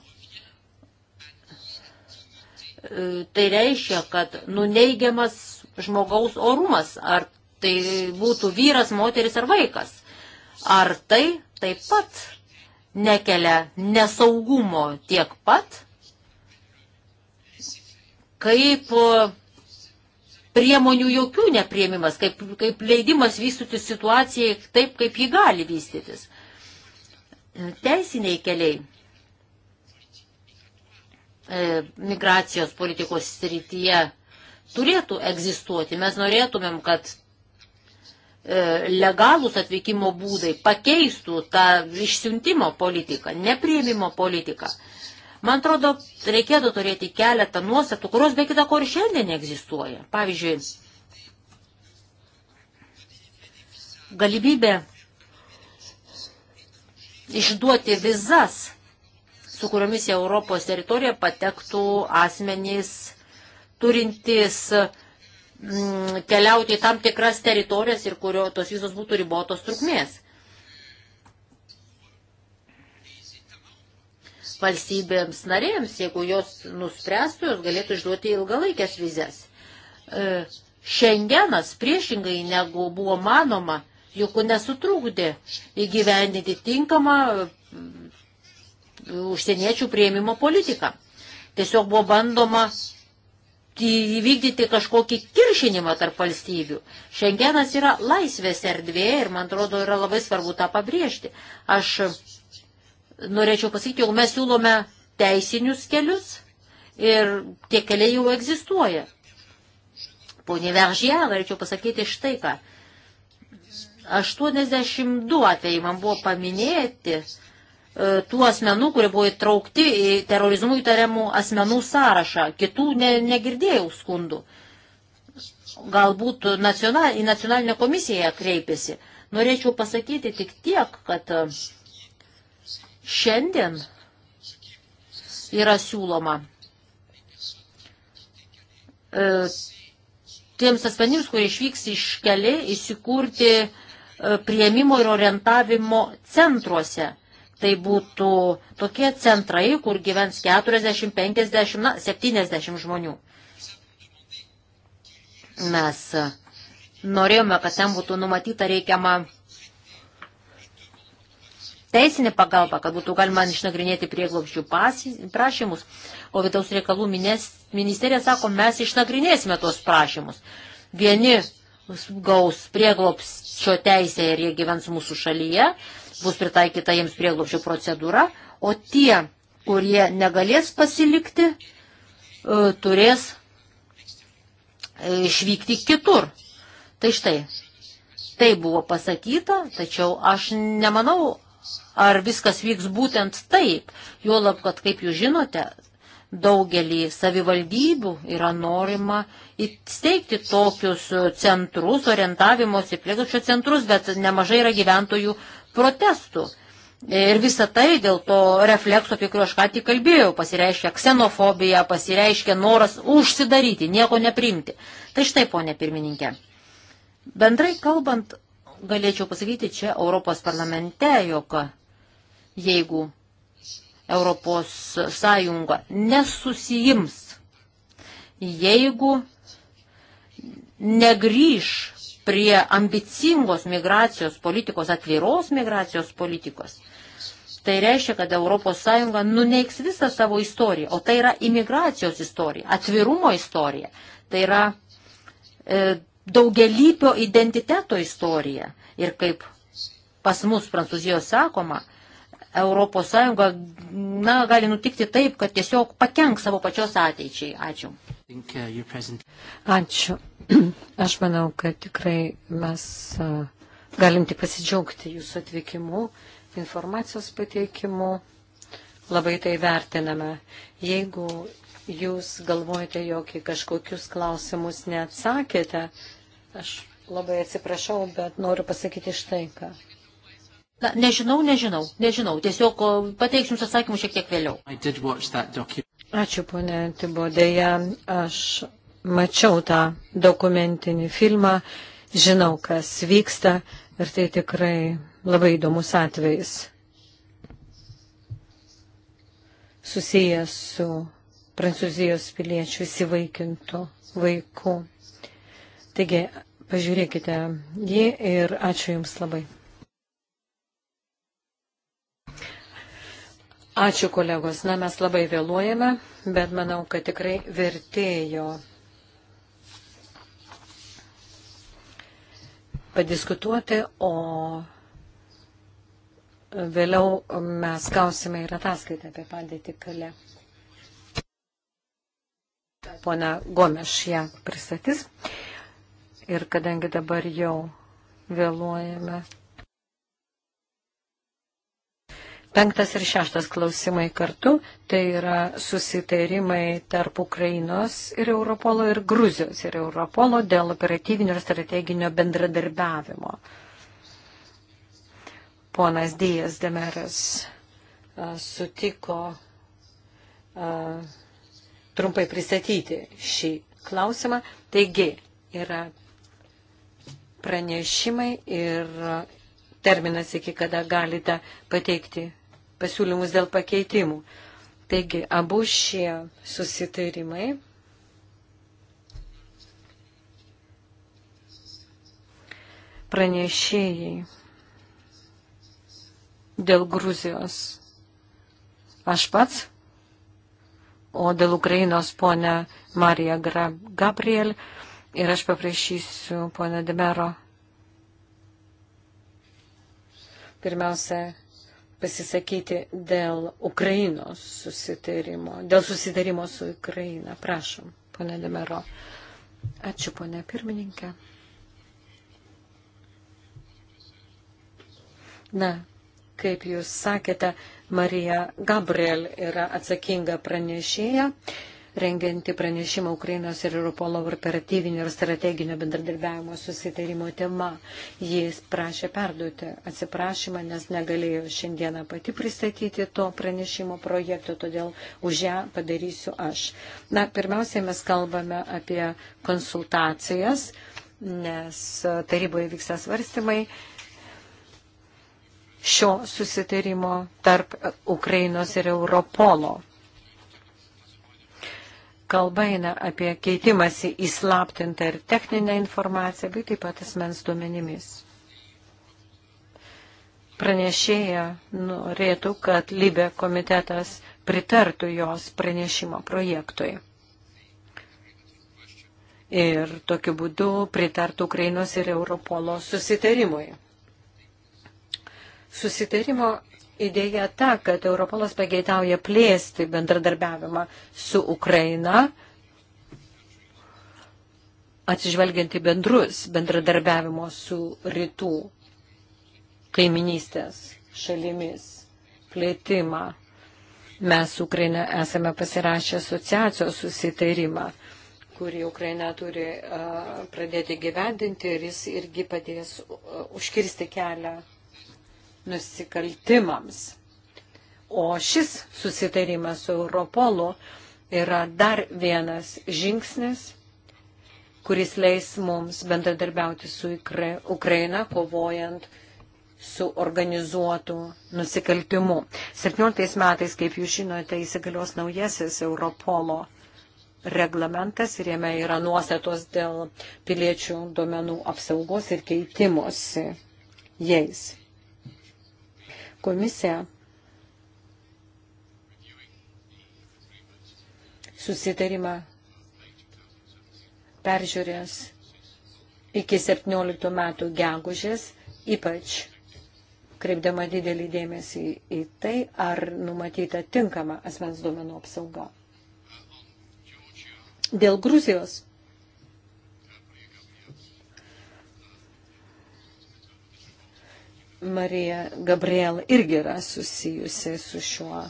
E, tai reiškia, kad nuneigiamas žmogaus orumas, ar tai būtų vyras, moteris ar vaikas. Ar tai taip pat nekelia nesaugumo tiek pat, kaip e, priemonių jokių nepriemimas, kaip, kaip leidimas vystyti situacijai taip, kaip ji gali vystytis. Teisiniai keliai e, migracijos politikos srityje turėtų egzistuoti. Mes norėtumėm, kad e, legalūs atvykimo būdai pakeistų tą išsiuntimo politiką, nepriėmimo politiką. Man atrodo, reikėtų turėti keletą nuostatų, kurios be kita ko ir šiandien egzistuoja. Pavyzdžiui, galimybė išduoti vizas su kuriomis į Europos teritoriją patektų asmenys turintys mm, keliauti į tam tikras teritorijas ir kurio tos visos būtų ribotos trukmės. Valstybėms narėms, jeigu jos nuspręstų, jos galėtų išduoti ilgalaikės vizės. E, Šengenas priešingai negu buvo manoma, juk nesutrūkdė įgyvendinti tinkamą užsieniečių prieimimo politiką. Tiesiog buvo bandoma įvykdyti kažkokį kiršinimą tarp valstybių. Šengenas yra laisvės erdvė ir, man atrodo, yra labai svarbu tą pabrėžti. Aš norėčiau pasakyti, jog mes siūlome teisinius kelius ir tie keliai jau egzistuoja. Pone Veržė, norėčiau pasakyti štai ką. 82 atvejai man buvo paminėti E, tų asmenų, kurie buvo įtraukti į terorizmų įtariamų asmenų sąrašą. Kitų ne, negirdėjau skundų. Galbūt nacional, į nacionalinę komisiją kreipėsi. Norėčiau pasakyti tik tiek, kad e, šiandien yra siūloma e, tiems asmenims, kurie išvyks iš keli, įsikurti e, prieimimo ir orientavimo centruose Tai būtų tokie centrai, kur gyvens 40, 50, na, 70 žmonių. Mes e, norėjome, kad ten būtų numatyta reikiama teisinė pagalba, kad būtų galima išnagrinėti prieglobščių prašymus, o vidaus reikalų ministerija sako, mes išnagrinėsime tuos prašymus. Vieni gaus prieglobščio teisę ir jie gyvens mūsų šalyje, bus pritaikyta jiems prieglopščio procedūra, o tie, kurie negalės pasilikti, e, turės e, išvykti kitur. Tai štai, tai buvo pasakyta, tačiau aš nemanau, ar viskas vyks būtent taip, juolab, kad, kaip jūs žinote, daugelį savivaldybių yra norima įsteigti tokius centrus, orientavimosi plėgučio centrus, bet nemažai yra gyventojų protestų. Ir visa tai dėl to reflekso, apie kurį aš ką tik kalbėjau, pasireiškia ksenofobija, pasireiškia noras užsidaryti, nieko neprimti. Tai štai, ponė pirmininkė. Bendrai kalbant, galėčiau pasakyti čia Europos parlamente, jog jeigu Europos sąjunga nesusijims, jeigu negryž prie ambicingos migracijos politikos, atviros migracijos politikos. Tai reiškia, kad ES nuneiks visą savo istoriją, o tai yra imigracijos istorija, atvirumo istorija. Tai yra e, daugelypio identiteto istorija. Ir kaip pas mus Prancūzijos sakoma, ES na, gali nutikti taip, kad tiesiog pakenks savo pačios ateičiai. Ačiū. Ačiū. Aš manau, kad tikrai mes galim tik pasidžiaugti jūsų atvykimu, informacijos pateikimu. Labai tai vertiname. Jeigu jūs galvojate, jog į kažkokius klausimus neatsakėte, aš labai atsiprašau, bet noriu pasakyti štai ką. Na, nežinau, nežinau, nežinau. Tiesiog pateiksiu Jums atsakymų šiek tiek vėliau. Ačiū, ponė Tibodėje. Aš mačiau tą dokumentinį filmą, žinau, kas vyksta ir tai tikrai labai įdomus atvejis susijęs su prancūzijos piliečių įsivaikintų vaikų. Taigi, pažiūrėkite jį ir ačiū Jums labai. Ačiū kolegos. Na, mes labai vėluojame, bet manau, kad tikrai vertėjo padiskutuoti, o vėliau mes gausime ir ataskaitą apie padėtį kalę. Pona Gomeš ją pristatys. Ir kadangi dabar jau vėluojame Penktas ir šeštas klausimai kartu, tai yra susitarimai tarp Ukrainos ir Europolo ir Gruzijos ir Europolo dėl operatyvinio ir strateginio bendradarbiavimo. Ponas Dijas Demeras sutiko trumpai pristatyti šį klausimą. Taigi, yra pranešimai ir terminas, iki kada galite pateikti pasiūlymus dėl pakeitimų. Taigi, abu šie susitarimai pranešėjai dėl Gruzijos aš pats, o dėl Ukrainos ponia Marija Gabriel ir aš paprašysiu ponia Demero pirmiausia pasisakyti dėl Ukrainos susitarimo, dėl susitarimo su Ukraina. Prašom, ponė Demero. Ačiū, ponė pirmininkė. Na, kaip jūs sakėte, Marija Gabriel yra atsakinga pranešėja. Uh, rengianti pranešimą Ukrainos ir Europolo operatyvinio ir strateginio bendradarbiavimo susitarimo tema. Jis prašė perduoti atsiprašymą, nes negalėjo šiandieną pati pristatyti to pranešimo projekto, todėl už ją padarysiu aš. Na, pirmiausiai mes kalbame apie konsultacijas, nes taryboje vyksta svarstymai šio susitarimo tarp Ukrainos ir Europolo kalba eina apie keitimąsi įslaptintą ir techninę informaciją, bei taip pat asmens duomenimis. Pranešėja norėtų, kad Libė komitetas pritartų jos pranešimo projektui. Ir tokiu būdu pritartų Ukrainos ir Europolo susitarimui. Susitarimo idėja ta, kad Europolas pageitauja plėsti bendradarbiavimą su Ukraina, atsižvelgiant į bendrus bendradarbiavimo su rytų kaiminystės šalimis plėtimą. Mes su Ukraina esame pasirašę asociacijos susitarimą, kurį Ukraina turi uh, pradėti gyvendinti ir jis irgi padės uh, užkirsti kelią nusikaltimams. O šis susitarimas su Europolu yra dar vienas žingsnis, kuris leis mums bendradarbiauti su Ukraina, kovojant su organizuotu nusikaltimu. 17 metais, kaip jūs žinote, įsigalios naujasis Europolo reglamentas ir jame yra nuostatos dėl piliečių duomenų apsaugos ir keitimosi jais. Komisija susitarimą peržiūrės iki 17 metų gegužės, ypač kreipdama didelį dėmesį į tai, ar numatyta tinkama asmens duomenų apsauga. Dėl Gruzijos Marija Gabriel irgi yra susijusi su šiuo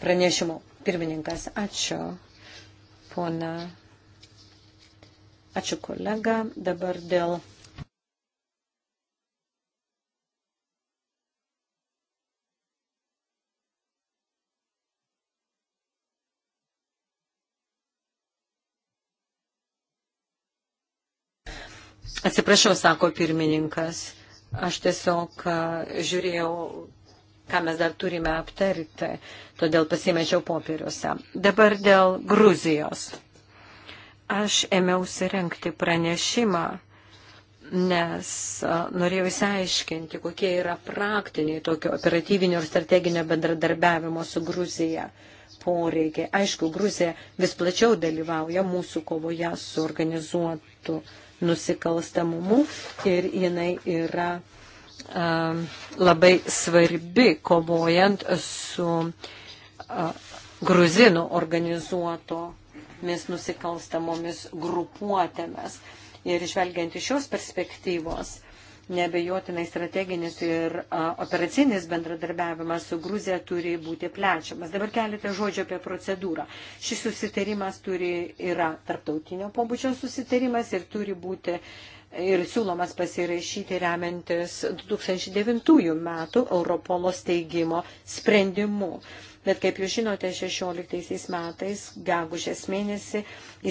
pranešimu. Pirmininkas, ačiū, pona. Ačiū kolega. Dabar dėl. Atsiprašau, sako pirmininkas Aš tiesiog žiūrėjau, ką mes dar turime aptarti, todėl pasimečiau popieriuose. Dabar dėl Gruzijos. Aš ėmiausi renkti pranešimą, nes norėjau įsiaiškinti, kokie yra praktiniai tokio operatyvinio ir strateginio bendradarbiavimo su Gruzija poreikiai. Aišku, Gruzija vis plačiau dalyvauja mūsų kovoje su organizuotu nusikalstamumu ir jinai yra um, labai svarbi kovojant su uh, gruzinų organizuotomis nusikalstamomis grupuotėmis. Ir žvelgiant iš šios perspektyvos, nebejotinai strateginis ir operacinis bendradarbiavimas su Gruzija turi būti plečiamas. Dabar keletą žodžių apie procedūrą. Šis susitarimas turi, yra tarptautinio pobūdžio susitarimas ir turi būti ir siūlomas pasirašyti remiantis 2009 metų Europolo steigimo sprendimu. Bet kaip jūs žinote, 16 metais, gegužės mėnesį,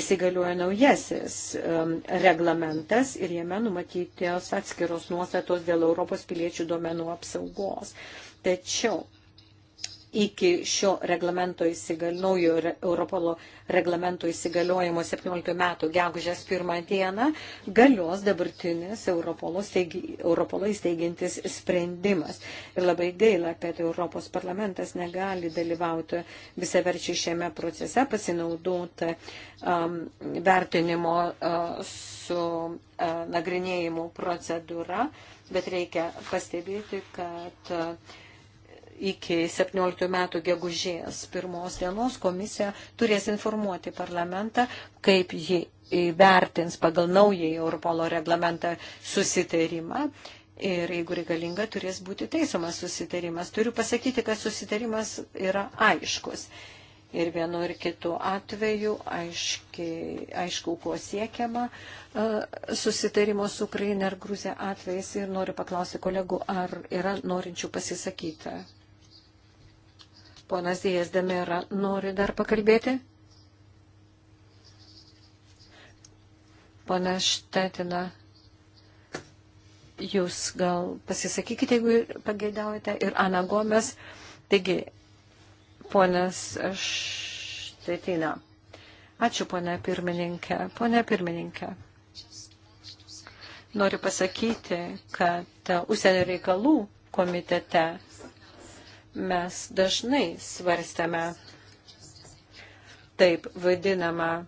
įsigaliuoja naujasis um, reglamentas ir jame numatytos atskiros nuostatos dėl Europos piliečių duomenų apsaugos. Tačiau iki šio reglamento įsigaliojo Europolo reglamento įsigaliojimo 17 metų gegužės 1 dieną galios dabartinis Europolo, steigi, Europolo įsteigintis sprendimas. Ir labai gaila, kad Europos parlamentas negali dalyvauti visaverčiai šiame procese, pasinaudoti um, vertinimo uh, su uh, nagrinėjimu procedūra, bet reikia pastebėti, kad uh, iki 17 metų gegužės pirmos dienos komisija turės informuoti parlamentą, kaip ji įvertins pagal naująjį Europolo reglamentą susitarimą. Ir jeigu reikalinga, turės būti teisomas susitarimas. Turiu pasakyti, kad susitarimas yra aiškus. Ir vienu ir kitu atveju aiškiai, aišku, kuo siekiama e, susitarimo su Ukraina ir Gruzija atvejais. Ir noriu paklausti kolegų, ar yra norinčių pasisakyti Ponas Dėjas Demera nori dar pakalbėti? Pana Štetina, jūs gal pasisakykite, jeigu pageidaujate, ir Ana Gomes. Taigi, ponas Štetina. Ačiū, ponia pirmininkė. Ponia pirmininkė. Noriu pasakyti, kad užsienio reikalų komitete mes dažnai svarstame taip vadinamą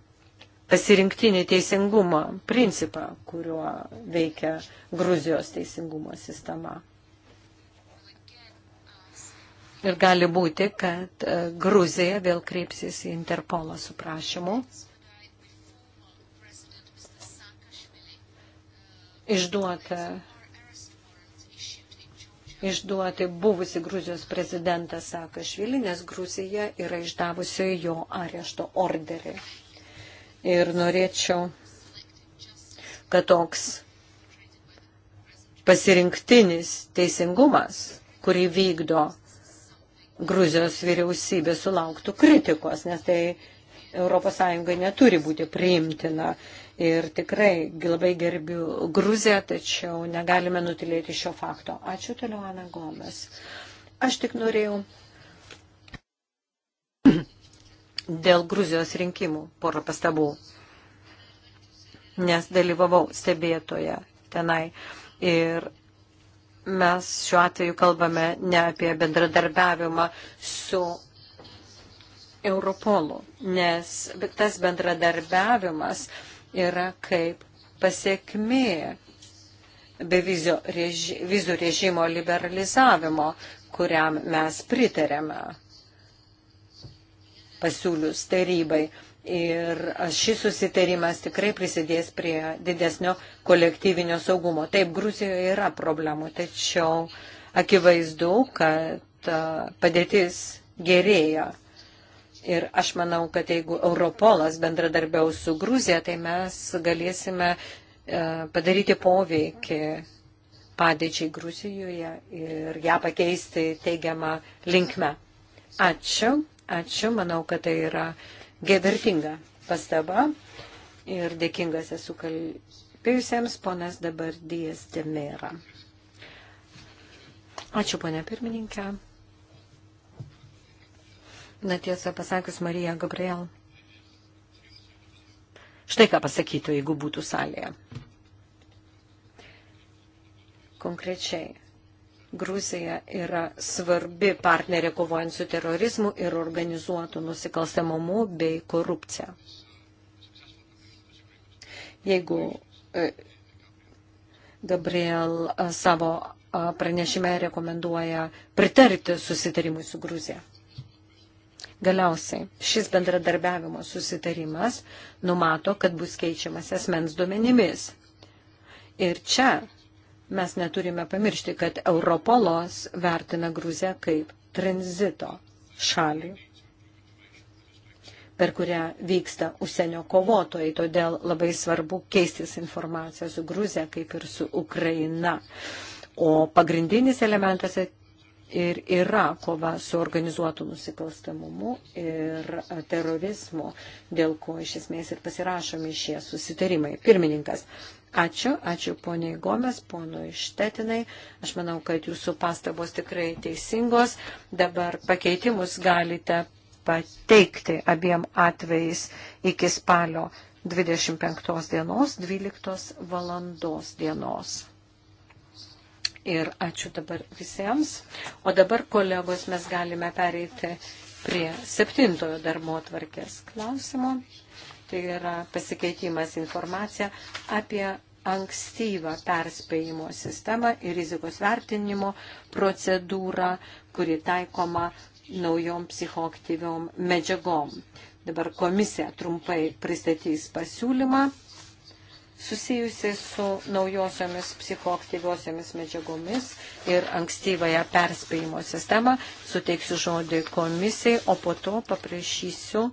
pasirinktinį teisingumo principą, kuriuo veikia Gruzijos teisingumo sistema. Ir gali būti, kad e, Gruzija vėl kreipsis į Interpolą su prašymu išduoti išduoti buvusi Gruzijos prezidentas Sakašvili, nes Gruzija yra išdavusi jo arešto orderį. Ir norėčiau, kad toks pasirinktinis teisingumas, kurį vykdo Gruzijos vyriausybė, sulauktų kritikos, nes tai ES neturi būti priimtina ir tikrai labai gerbiu Gruziją, tačiau negalime nutilėti šio fakto. Ačiū toliau, Ana Gomes. Aš tik norėjau dėl Gruzijos rinkimų porą pastabų, nes dalyvavau stebėtoje tenai ir mes šiuo atveju kalbame ne apie bendradarbiavimą su Europolu, nes tas bendradarbiavimas uh, yra kaip pasiekmė bevizio reži, vizų režimo liberalizavimo, kuriam mes pritarėme pasiūlius tarybai. Ir šis susitarimas tikrai prisidės prie didesnio kolektyvinio saugumo. Taip, Gruzijoje yra problemų, tačiau akivaizdu, kad padėtis gerėja. Ir aš manau, kad jeigu Europolas bendradarbiaus su Gruzija, tai mes galėsime e, padaryti poveikį padėčiai Gruzijoje ir ją pakeisti teigiamą linkmę. Ačiū, ačiū, manau, kad tai yra gevertinga pastaba ir dėkingas esu kalbėjusiems ponas dabar Dijas Demera. Ačiū, ponė pirmininkė. Na tiesą pasakius, Marija Gabriel. Štai ką pasakytų, jeigu būtų salėje. Konkrečiai, Gruzija yra svarbi partnerė kovojant su terorizmu ir organizuotų nusikalstamumu bei korupcija. Jeigu e, Gabriel e, savo e, pranešime rekomenduoja pritarti susitarimui su Gruzija. Galiausiai šis bendradarbiavimo susitarimas numato, kad bus keičiamas esmens duomenimis. Ir čia mes neturime pamiršti, kad Europolos vertina Gruziją kaip tranzito šalį, per kurią vyksta užsienio kovotojai. Todėl labai svarbu keistis informaciją su Gruzija kaip ir su Ukraina. O pagrindinis elementas ir yra kova su organizuotu nusikalstamumu ir terorizmu, dėl ko iš esmės ir pasirašomi šie susitarimai. Pirmininkas. Ačiū, ačiū poniai Gomes, ponui Štetinai. Aš manau, kad jūsų pastabos tikrai teisingos. Dabar pakeitimus galite pateikti abiem atvejais iki spalio 25 dienos, 12 valandos dienos. Ir ačiū dabar visiems. O dabar, kolegos, mes galime pereiti prie septintojo darbo tvarkės klausimo. Tai yra pasikeitimas informacija apie ankstyvą perspėjimo sistemą ir rizikos vertinimo procedūrą, kuri taikoma naujom psichoaktyviom medžiagom. Dabar komisija trumpai pristatys pasiūlymą susijusi su naujosiomis psichoaktyviosiomis medžiagomis ir ankstyvąją perspėjimo sistemą. Suteiksiu žodį komisijai, o po to paprašysiu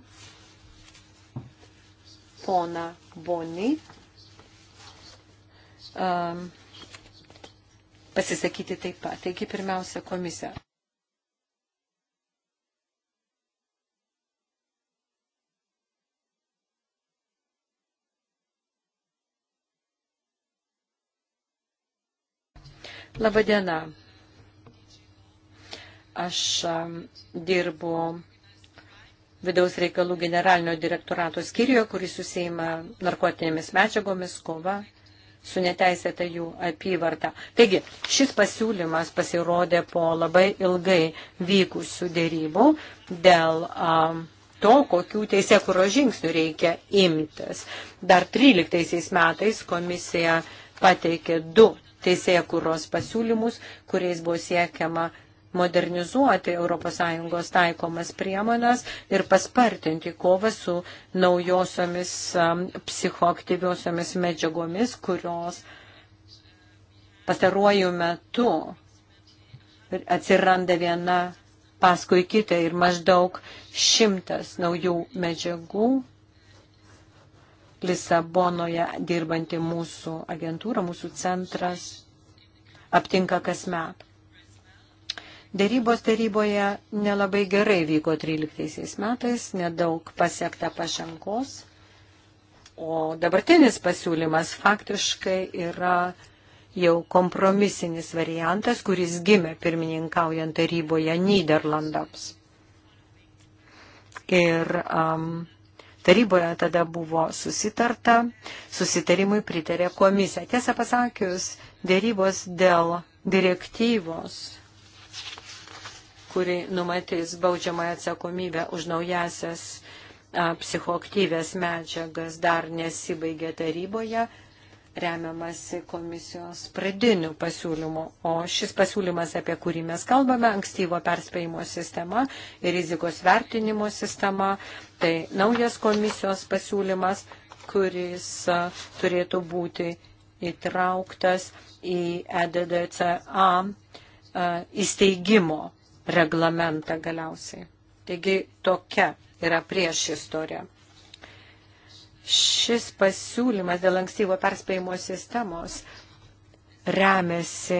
pona Boni um, pasisakyti taip pat. Taigi pirmiausia komisija. Labadiena. Aš dirbu vidaus reikalų generalinio direktorato skyriuje, kuris susima narkotinėmis medžiagomis, kova su neteisėta jų apyvarta. Taigi, šis pasiūlymas pasirodė po labai ilgai vykusių dėrybų dėl a, to, kokių teisėkuro žingsnių reikia imtis. Dar 13 metais komisija pateikė du teisėje kuros pasiūlymus, kuriais buvo siekiama modernizuoti ES taikomas priemonės ir paspartinti kovą su naujosiomis um, psichoaktyviosiomis medžiagomis, kurios pastaruoju metu atsiranda viena paskui kitą ir maždaug šimtas naujų medžiagų Lisabonoje dirbanti mūsų agentūra, mūsų centras aptinka kasmet. Dėrybos dėryboje nelabai gerai vyko 13 metais, nedaug pasiekta pažangos, o dabartinis pasiūlymas faktiškai yra jau kompromisinis variantas, kuris gimė pirmininkaujant taryboje Niderlandams. Ir um, Taryboje tada buvo susitarta, susitarimui pritarė komisija. Tiesą pasakius, dėrybos dėl direktyvos kuri numatys baudžiamąją atsakomybę už naujasias psichoaktyvės medžiagas dar nesibaigė taryboje, remiamasi komisijos pradinių pasiūlymų. O šis pasiūlymas, apie kurį mes kalbame, ankstyvo perspėjimo sistema ir rizikos vertinimo sistema, tai naujas komisijos pasiūlymas, kuris turėtų būti įtrauktas į EDDCA įsteigimo reglamentą galiausiai. Taigi tokia yra prieš istorija. Šis pasiūlymas dėl ankstyvo perspėjimo sistemos remiasi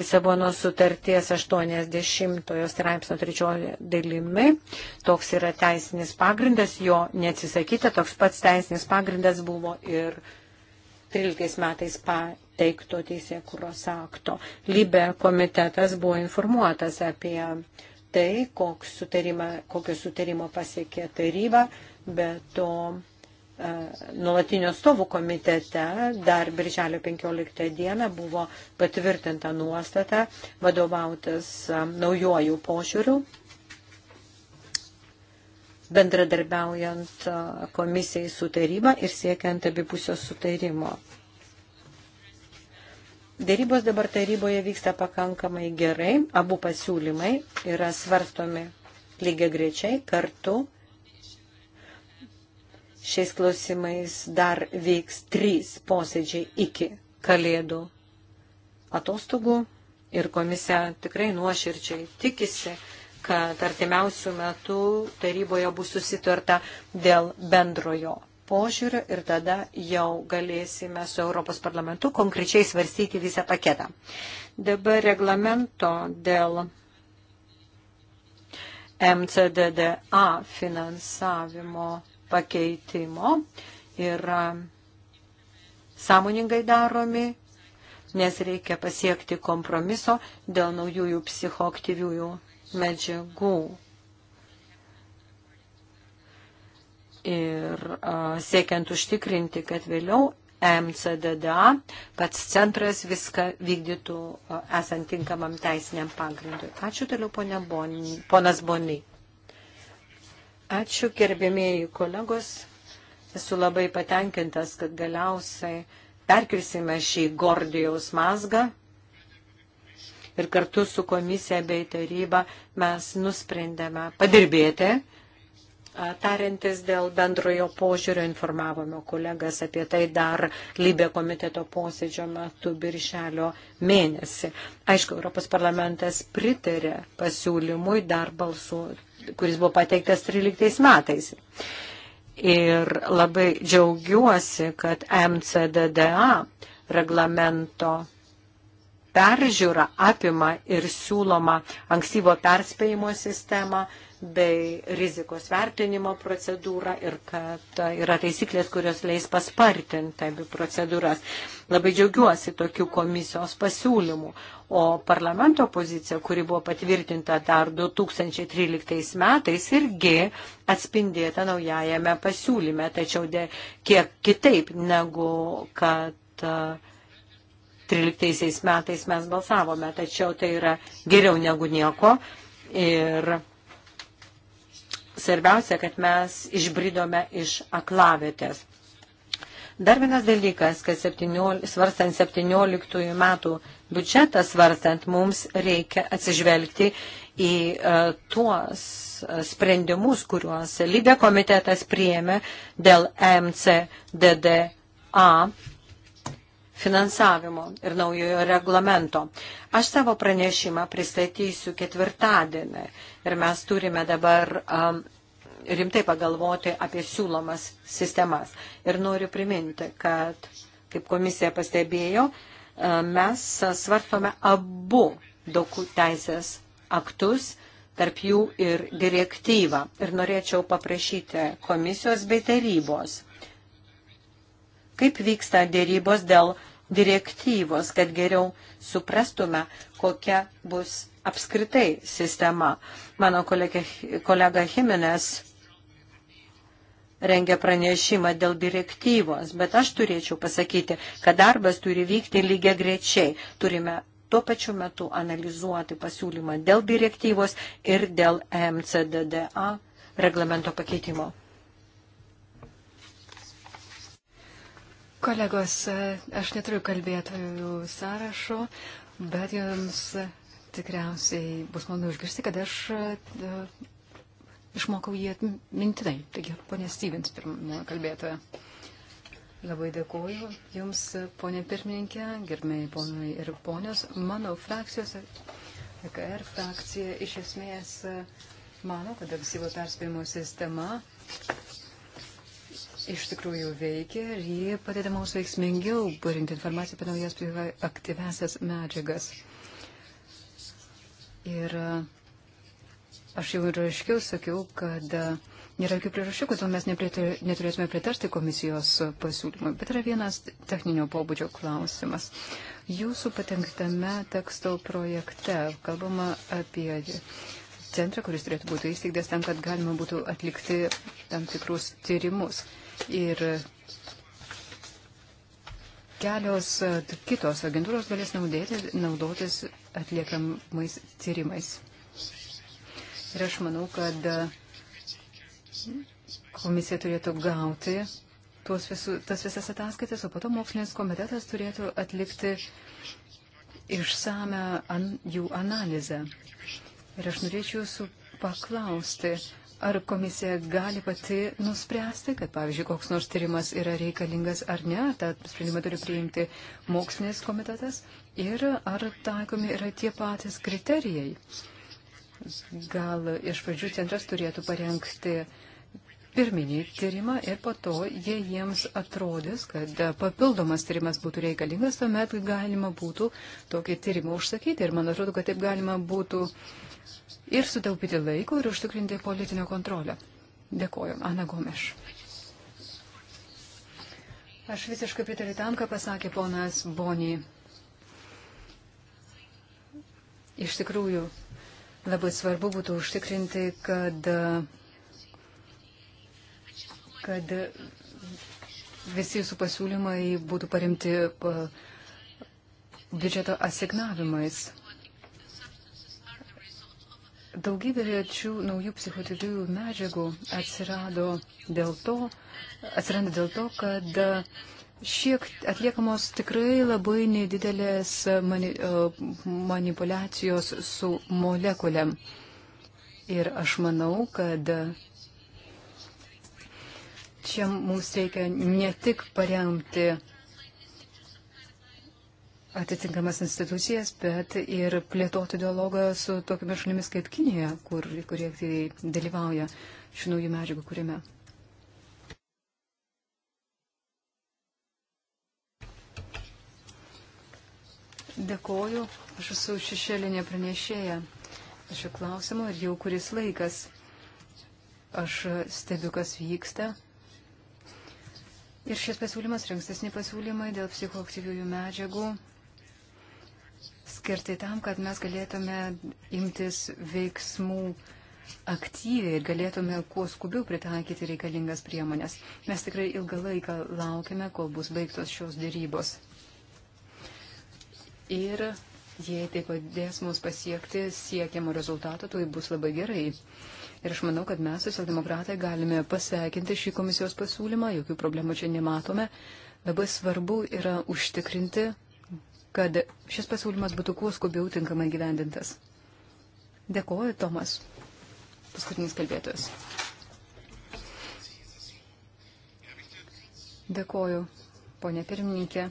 Lisabono sutarties 80 straipsnio 3 dalimi. Toks yra teisinis pagrindas, jo neatsisakyta, toks pats teisinis pagrindas buvo ir 13 metais pateikto teisėkuros akto. Libe komitetas buvo informuotas apie tai, koks sutarima, kokio sutarimo pasiekė taryba, bet to nuolatinio stovų komitete dar birželio 15 dieną buvo patvirtinta nuostata vadovautas naujojų požiūrių bendradarbiaujant komisijai su taryba ir siekiant abipusio sutarimo. Dėrybos dabar taryboje vyksta pakankamai gerai, abu pasiūlymai yra svarstomi lygiai grečiai kartu šiais klausimais dar vyks trys posėdžiai iki kalėdų atostogų ir komisija tikrai nuoširčiai tikisi, kad artimiausių metų taryboje bus susitarta dėl bendrojo požiūrio ir tada jau galėsime su Europos parlamentu konkrečiai svarstyti visą paketą. Dabar reglamento dėl MCDDA finansavimo pakeitimo yra sąmoningai daromi, nes reikia pasiekti kompromiso dėl naujųjų psichoaktyviųjų medžiagų. Ir a, siekiant užtikrinti, kad vėliau MCDDA pats centras viską vykdytų a, esant tinkamam teisiniam pagrindui. Ačiū toliau, ponas Boni. Ačiū, gerbėmėjai kolegos. Esu labai patenkintas, kad galiausiai perkirsime šį Gordijaus mazgą ir kartu su komisija bei taryba mes nusprendėme padirbėti tariantis dėl bendrojo požiūrio informavome kolegas apie tai dar Libė komiteto posėdžio metu birželio mėnesį. Aišku, Europos parlamentas pritarė pasiūlymui dar balsų, kuris buvo pateiktas 13 metais. Ir labai džiaugiuosi, kad MCDDA reglamento peržiūra apima ir siūloma ankstyvo perspėjimo sistemą bei rizikos vertinimo procedūrą ir kad yra taisyklės, kurios leis paspartinti abi procedūras. Labai džiaugiuosi tokių komisijos pasiūlymų. O parlamento pozicija, kuri buvo patvirtinta dar 2013 metais, irgi atspindėta naujajame pasiūlyme, tačiau de, kiek kitaip negu kad uh, 13 metais mes balsavome, tačiau tai yra geriau negu nieko. Ir svarbiausia, kad mes išbridome iš aklavėtės. Dar vienas dalykas, kad 17, svarstant 17 metų biudžetą, svarstant mums reikia atsižvelgti į uh, tuos sprendimus, kuriuos Libė komitetas priėmė dėl MCDDA finansavimo ir naujojo reglamento. Aš savo pranešimą pristatysiu ketvirtadienį ir mes turime dabar um, rimtai pagalvoti apie siūlomas sistemas. Ir noriu priminti, kad, kaip komisija pastebėjo, uh, mes svarstome abu daug teisės aktus, tarp jų ir direktyvą. Ir norėčiau paprašyti komisijos bei tarybos kaip vyksta dėrybos dėl direktyvos, kad geriau suprastume, kokia bus apskritai sistema. Mano kolega, kolega Jimenez rengia pranešimą dėl direktyvos, bet aš turėčiau pasakyti, kad darbas turi vykti lygia grečiai. Turime tuo pačiu metu analizuoti pasiūlymą dėl direktyvos ir dėl MCDDA reglamento pakeitimo. Kolegos, aš neturiu kalbėtojų sąrašo, bet jums tikriausiai bus malonu išgirsti, kad aš e, išmokau jį mintinai. Taigi, ponė Stevens, pirmoji kalbėtoja. Labai dėkuoju Jums, ponė pirmininkė, gerbėjai ponai ir ponios. Mano frakcijos, EKR frakcija, iš esmės e, mano, kad ankstyvo perspėjimo sistema iš tikrųjų veikia ir ji padeda mums veiksmingiau rinkti informaciją apie naujas aktyvesias medžiagas. Ir e, aš jau ir aiškiau sakiau, kad e, nėra jokių priežasčių, kodėl mes neturėtume pritarti komisijos pasiūlymui, bet yra vienas techninio pobūdžio klausimas. Jūsų patenktame teksto projekte kalbama apie centrą, kuris turėtų būti įsteigtas tam, kad galima būtų atlikti tam tikrus tyrimus. Ir kelios e, kitos agentūros galės naudėti, naudotis atliekamais tyrimais. Ir aš manau, kad e, komisija turėtų gauti tuos visu, tas visas ataskaitas, o po to mokslinis komitetas turėtų atlikti išsame an, jų analizę. Ir aš norėčiau jūsų paklausti, ar komisija gali pati nuspręsti, kad, pavyzdžiui, koks nors tyrimas yra reikalingas ar ne, tą sprendimą turi priimti mokslinis komitetas ir ar taikomi yra tie patys kriterijai. Gal iš pradžių centras turėtų parengti pirminį tyrimą ir po to, jei jiems atrodys, kad papildomas tyrimas būtų reikalingas, tuomet galima būtų tokį tyrimą užsakyti ir man atrodo, kad taip galima būtų uh, ir sutaupyti laiko ir užtikrinti politinę kontrolę. Dėkoju, Ana Gomeš. Aš visiškai pritariu tam, ką pasakė ponas Bonį. Iš tikrųjų, labai svarbu būtų užtikrinti, kad, kad visi jūsų pasiūlymai būtų paremti uh, biudžeto asignavimais. Daugybė šių naujų psichotyviųjų medžiagų atsirado dėl to, atsiranda dėl to, kad e, šiek atliekamos tikrai labai nedidelės mani, e, manipulacijos su molekulėm. Ir aš manau, kad e, čia mums reikia ne tik paremti atitinkamas institucijas, bet ir plėtoti dialogą su tokiamis šalimis kaip Kinija, kur, kurie aktyviai dalyvauja šių naujų medžiagų kūrime. Dėkoju, aš esu šešėlinė pranešėja šiuo klausimu ir jau kuris laikas aš stebiu, kas vyksta. Ir šis pasiūlymas, rinkstasni pasiūlymai dėl psichoaktyviųjų medžiagų skirti tam, kad mes galėtume imtis veiksmų aktyviai ir galėtume kuo skubiau pritaikyti reikalingas priemonės. Mes tikrai ilgą laiką laukime, kol bus baigtos šios dėrybos. Ir jei tai padės mums pasiekti siekiamo rezultato, tai bus labai gerai. Ir aš manau, kad mes, socialdemokratai, galime pasveikinti šį komisijos pasiūlymą, jokių problemų čia nematome. Labai svarbu yra užtikrinti, kad šis pasiūlymas būtų kuo skubiau tinkamai gyvendintas. Dėkuoju, Tomas. Paskutinis kalbėtojas. Dėkuoju, ponė pirmininkė.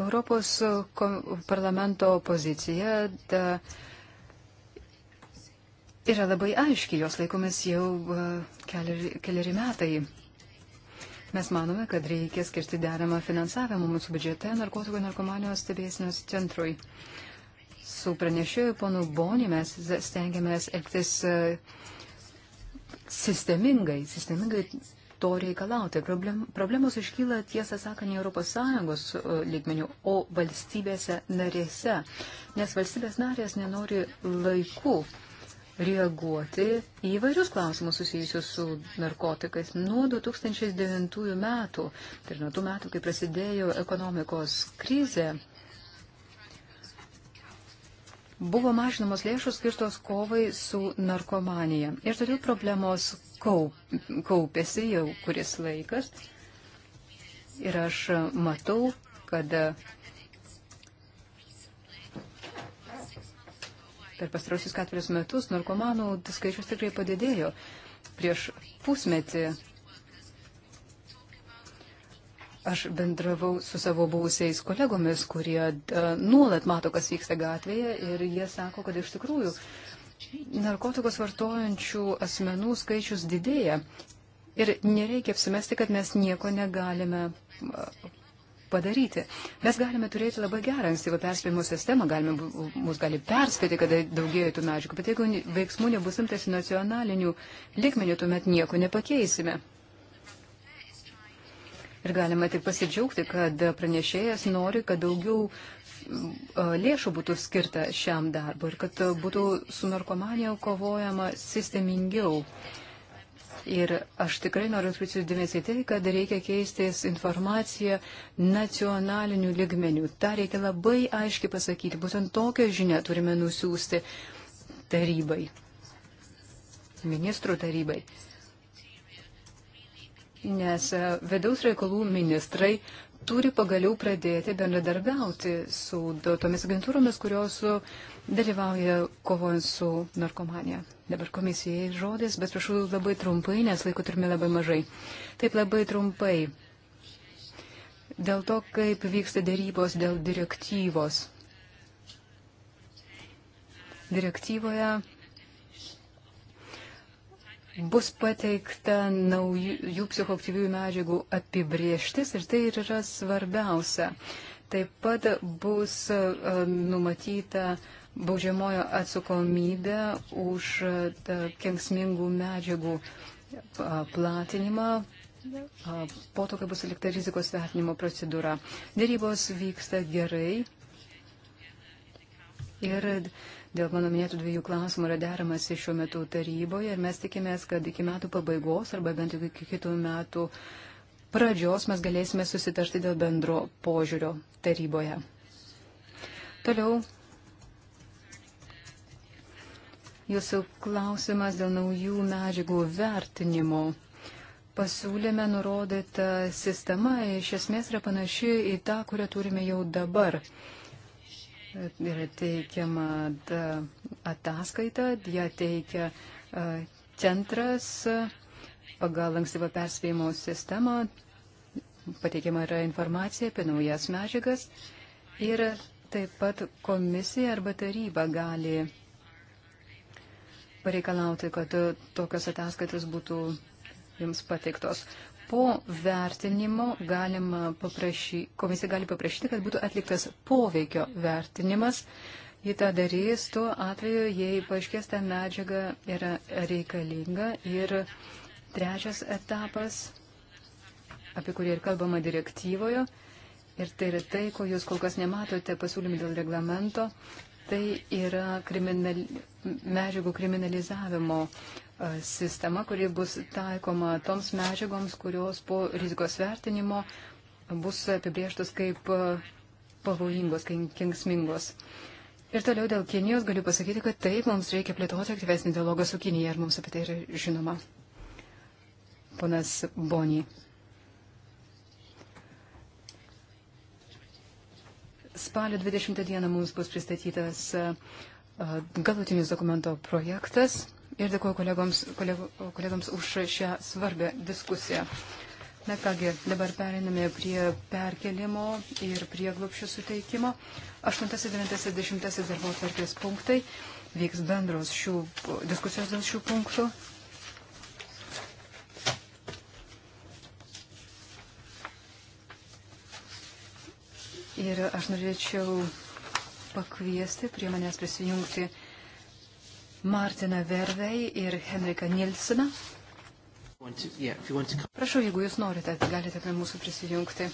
Europos parlamento pozicija da, yra labai aiški, jos laikomis jau uh, keliari, keliari metai. Mes manome, kad reikia skirti deramą finansavimą mūsų biudžete narkotikų ir narkomanijos stebėsinos centrui. Su pranešėju ponu Boni mes stengiamės elgtis e, sistemingai, sistemingai to reikalauti. Problem, problemos iškyla tiesą sakant ne ES e, lygmenių, o valstybėse narėse, nes valstybės narės nenori laikų reaguoti į vairius klausimus susijusius su narkotikais nuo 2009 metų. Tai nuo tų metų, kai prasidėjo ekonomikos krizė, buvo mažinamos lėšos skirtos kovai su narkomanija. Ir todėl problemos kaup, kaupėsi jau kuris laikas. Ir aš matau, kad Per pastarosius ketverius metus narkomanų skaičius tikrai padidėjo. Prieš pusmetį aš bendravau su savo buvusiais kolegomis, kurie uh, nuolat mato, kas vyksta gatvėje ir jie sako, kad iš tikrųjų narkotikus vartojančių asmenų skaičius didėja. Ir nereikia apsimesti, kad mes nieko negalime e, padaryti. Mes galime turėti labai gerą ankstyvą perspėjimo sistemą, galime, mus gali perspėti, kada daugėja tų medžiagų, bet jeigu veiksmų nebus imtasi nacionalinių likmenių, tuomet nieko nepakeisime. Ir galima tik pasidžiaugti, kad pranešėjas nori, kad daugiau lėšų būtų skirta šiam darbui ir kad būtų su narkomanija kovojama sistemingiau. Ir aš tikrai noriu atkreipti dėmesį į tai, kad reikia keistis informaciją nacionaliniu ligmeniu. Ta reikia labai aiškiai pasakyti. Būtent tokią žinią turime nusiųsti tarybai, ministrų tarybai. Nes e, vidaus reikalų ministrai turi pagaliau pradėti bendradarbiauti su tomis agentūromis, kurios dalyvauja kovojant su narkomanija. Dabar komisijai žodis, bet prašau labai trumpai, nes laiko turime labai mažai. Taip labai trumpai. Dėl to, kaip vyksta dėrybos dėl direktyvos. Direktyvoje bus pateikta naujų psichoktyviųjų medžiagų apibrieštis ir tai ir yra svarbiausia. Taip pat bus e, numatyta uh, baudžiamojo atsakomybę už e, kenksmingų medžiagų platinimą po to, kai bus atlikta rizikos vertinimo procedūra. Dėrybos vyksta gerai ir dėl mano minėtų dviejų klausimų yra deramasi šiuo metu taryboje ir mes tikimės, kad iki metų pabaigos arba bent jau iki kitų metų pradžios mes galėsime susitarti dėl bendro požiūrio taryboje. Toliau Jūsų klausimas dėl naujų medžiagų vertinimo. Pasiūlėme nurodytą sistemą, iš esmės yra panaši į tą, kurią turime jau dabar. Yra teikiama ataskaita, ją teikia centras pagal ankstyvą perspėjimo sistemą, pateikiama yra informacija apie naujas medžiagas ir taip pat komisija arba taryba gali pareikalauti, kad tokios ataskaitos būtų jums pateiktos. Po vertinimo galima paprašy, komisija gali paprašyti, kad būtų atliktas poveikio vertinimas. Ji tą darys tuo atveju, jei paaiškės ta medžiaga yra reikalinga. Ir trečias etapas, apie kurį ir kalbama direktyvoje, ir tai yra tai, ko jūs kol kas nematote pasiūlymį dėl reglamento, tai yra kriminal, medžiagų kriminalizavimo e, sistema, kuri bus taikoma toms medžiagoms, kurios po rizikos vertinimo bus apibrieštos kaip e, pavojingos, kenksmingos. Ir toliau dėl Kinijos galiu pasakyti, kad taip, mums reikia plėtoti aktyvesnį dialogą su Kinija ir mums apie tai yra žinoma. Ponas Boni. Spalio 20 dieną mums bus pristatytas uh, galutinis dokumento projektas ir dėkuoju kolegoms, kolego, kolegoms už šią svarbę diskusiją. Na kągi, dabar periname prie perkelimo ir prieglopščių suteikimo. 8.90 darbo atvarkės punktai vyks bendros šių diskusijos dėl šių punktų. Ir aš norėčiau pakviesti prie manęs prisijungti Martiną Vervei ir Henriką Nilsiną. Prašau, jeigu jūs norite, galite prie mūsų prisijungti.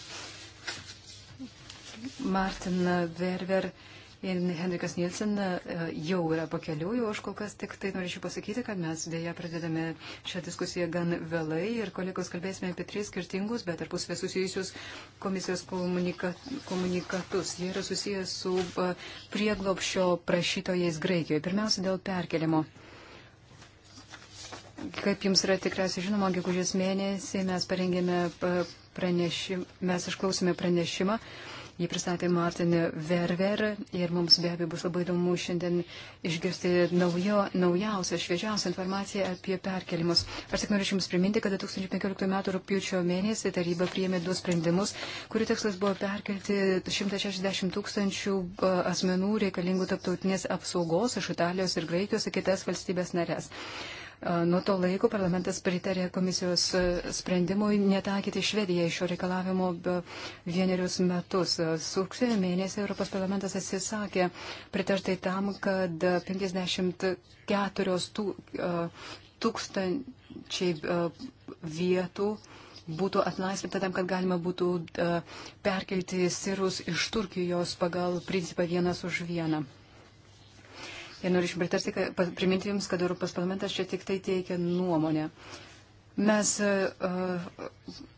Martina Verver. -Ver Henrikas Nilsen e, jau yra pakeliui, o aš kol kas tik tai norėčiau pasakyti, kad mes dėja pradedame šią diskusiją gan vėlai ir kolegos kalbėsime apie tris skirtingus, bet tarpusvė susijusius komisijos komunika, komunikatus. Jie yra susijęs su e, prieglopšio prašytojais Graikijoje. Pirmiausia, dėl perkelimo. Kaip jums yra tikriausiai žinoma, gegužės mėnesį mes parengėme e, pranešimą, mes išklausėme pranešimą Jį pristatė Martinė Verver ir mums be abejo bus labai įdomu šiandien išgirsti naujo, naujausią, šviežiausią informaciją apie perkelimus. Aš tik noriu Jums priminti, kad 2015 m. rūpiučio mėnesį taryba priėmė du sprendimus, kurių tikslas buvo perkelti 160 tūkstančių e, asmenų reikalingų taptautinės apsaugos iš Italijos ir Graikijos į kitas valstybės narės. Nuo to laiko parlamentas pritarė komisijos e, sprendimui netakyti Švedijai šio reikalavimo vienerius metus. Suksėjo mėnesį Europos parlamentas atsisakė pritartai tam, kad 54 tūkstančiai vietų būtų atlaisvinta tam, kad galima būtų perkelti sirus iš Turkijos pagal principą vienas už vieną. Ir norėčiau pritarti, priminti Jums, kad Europos parlamentas čia tik tai teikia nuomonę. Mes uh, e,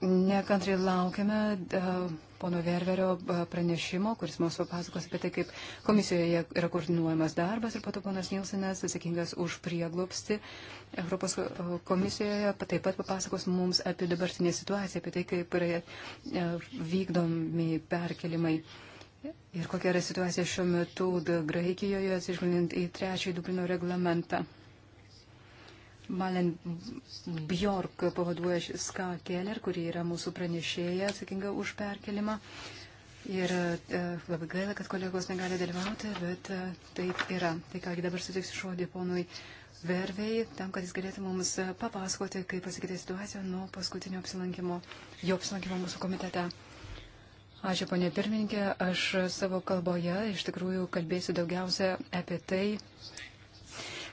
e, nekantrai laukiame uh, pono Ververio pranešimo, kuris mums papasakos apie tai, kaip komisijoje yra koordinuojamas darbas ir pato ponas Nilsinas, atsakingas už prieglopsti Europos komisijoje, taip pat papasakos mums apie dabartinę situaciją, apie tai, kaip yra vykdomi perkelimai. Uh, Ir kokia yra situacija šiuo metu Graikijoje, atsižvelgiant į trečiąjį Dublino reglamentą. Malen Bjork pavaduoja Ska Keller, kuri yra mūsų pranešėja atsakinga už perkelimą. Ir e, labai gaila, kad kolegos negali dalyvauti, bet e, taip yra. Tai kągi dabar sutiksiu žodį ponui Vervei, tam, kad jis galėtų mums papasakoti, kaip pasikeitė situacija nuo paskutinio apsilankimo, jo apsilankimo mūsų komitete. Ačiū, ponė pirmininkė. Aš savo kalboje iš tikrųjų kalbėsiu daugiausia apie tai,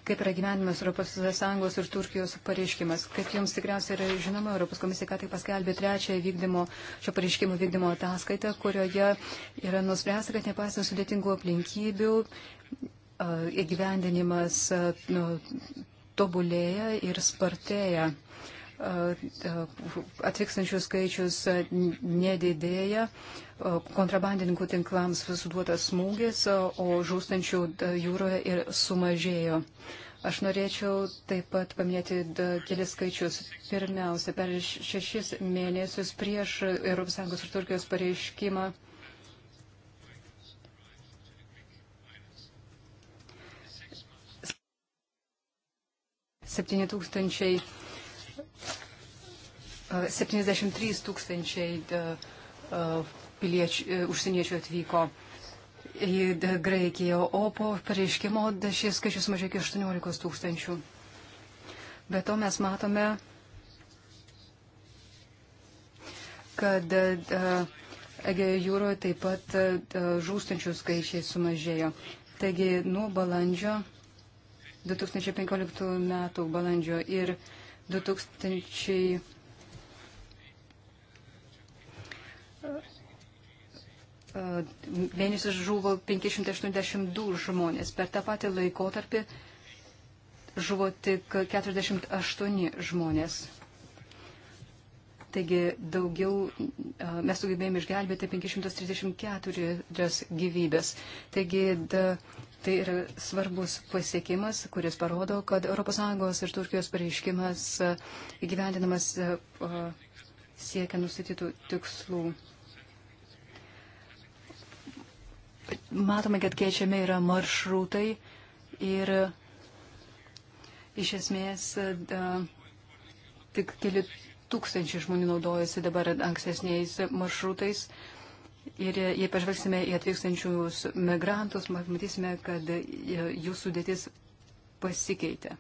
kaip yra gyvenimas ES ir Turkijos pareiškimas. Kaip jums tikriausiai yra žinoma, Europos komisija ką tik paskelbė trečiąją vykdymo, šio pareiškimo vykdymo ataskaitą, kurioje yra nuspręsta, kad nepaisant sudėtingų aplinkybių, įgyvendinimas nu, tobulėja ir spartėja atvykstančių skaičius nedidėja, kontrabandininkų tinklams suduotas smūgis, o žūstančių jūroje ir sumažėjo. Aš norėčiau taip pat paminėti kelis skaičius. Pirmiausia, per šešis mėnesius prieš ES ir Turkijos pareiškimą septyni tūkstančiai 73 tūkstančiai e, e, piliečių, e, užsieniečių atvyko į Graikiją, o po pareiškimo šis skaičius mažiau iki 18 tūkstančių. Be to mes matome, kad Egejo jūroje taip pat žūstančių skaičiai sumažėjo. Taigi nuo balandžio 2015 metų balandžio ir 2000. E, mėnesius žuvo 582 žmonės. Per tą patį laikotarpį žuvo tik 48 žmonės. Taigi daugiau e, mes sugebėjome išgelbėti 534 gyvybės. Taigi da, tai yra svarbus pasiekimas, kuris parodo, kad ES ir Turkijos pareiškimas e, įgyvendinamas siekia nustatytų tikslų. matome, kad keičiami yra maršrutai ir iš esmės e, tik keli tūkstančiai žmonių naudojasi dabar ankstesniais maršrutais. Ir jei pažvelgsime į atvykstančius migrantus, matysime, kad e, jų sudėtis pasikeitė.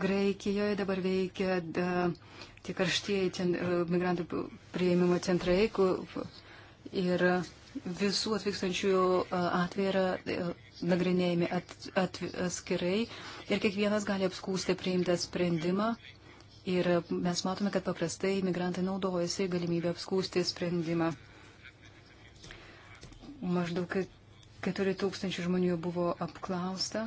Graikijoje dabar veikia da, e, uh, tie karštieji e, migrantų prieimimo centrai ir visų atvykstančių e, atveju yra e, nagrinėjami at, at, atskirai ir kiekvienas gali apskūsti priimtą sprendimą. Ir mes matome, kad paprastai migrantai naudojasi galimybę apskūsti sprendimą. Maždaug 4000 žmonių buvo apklausta.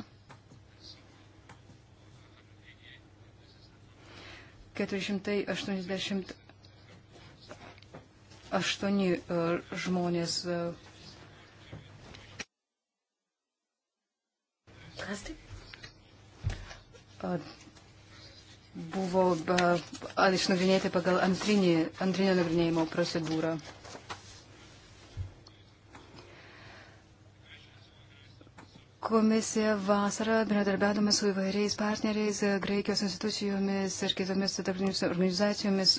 488 e, žmonės. E, buvo e, išnagrinėti pagal antrinį, antrinio nagrinėjimo procedūrą. Komisija vasarą, bendradarbiaudama su įvairiais partneriais, e, Graikijos institucijomis ir kitomis tarptautinėmis organizacijomis,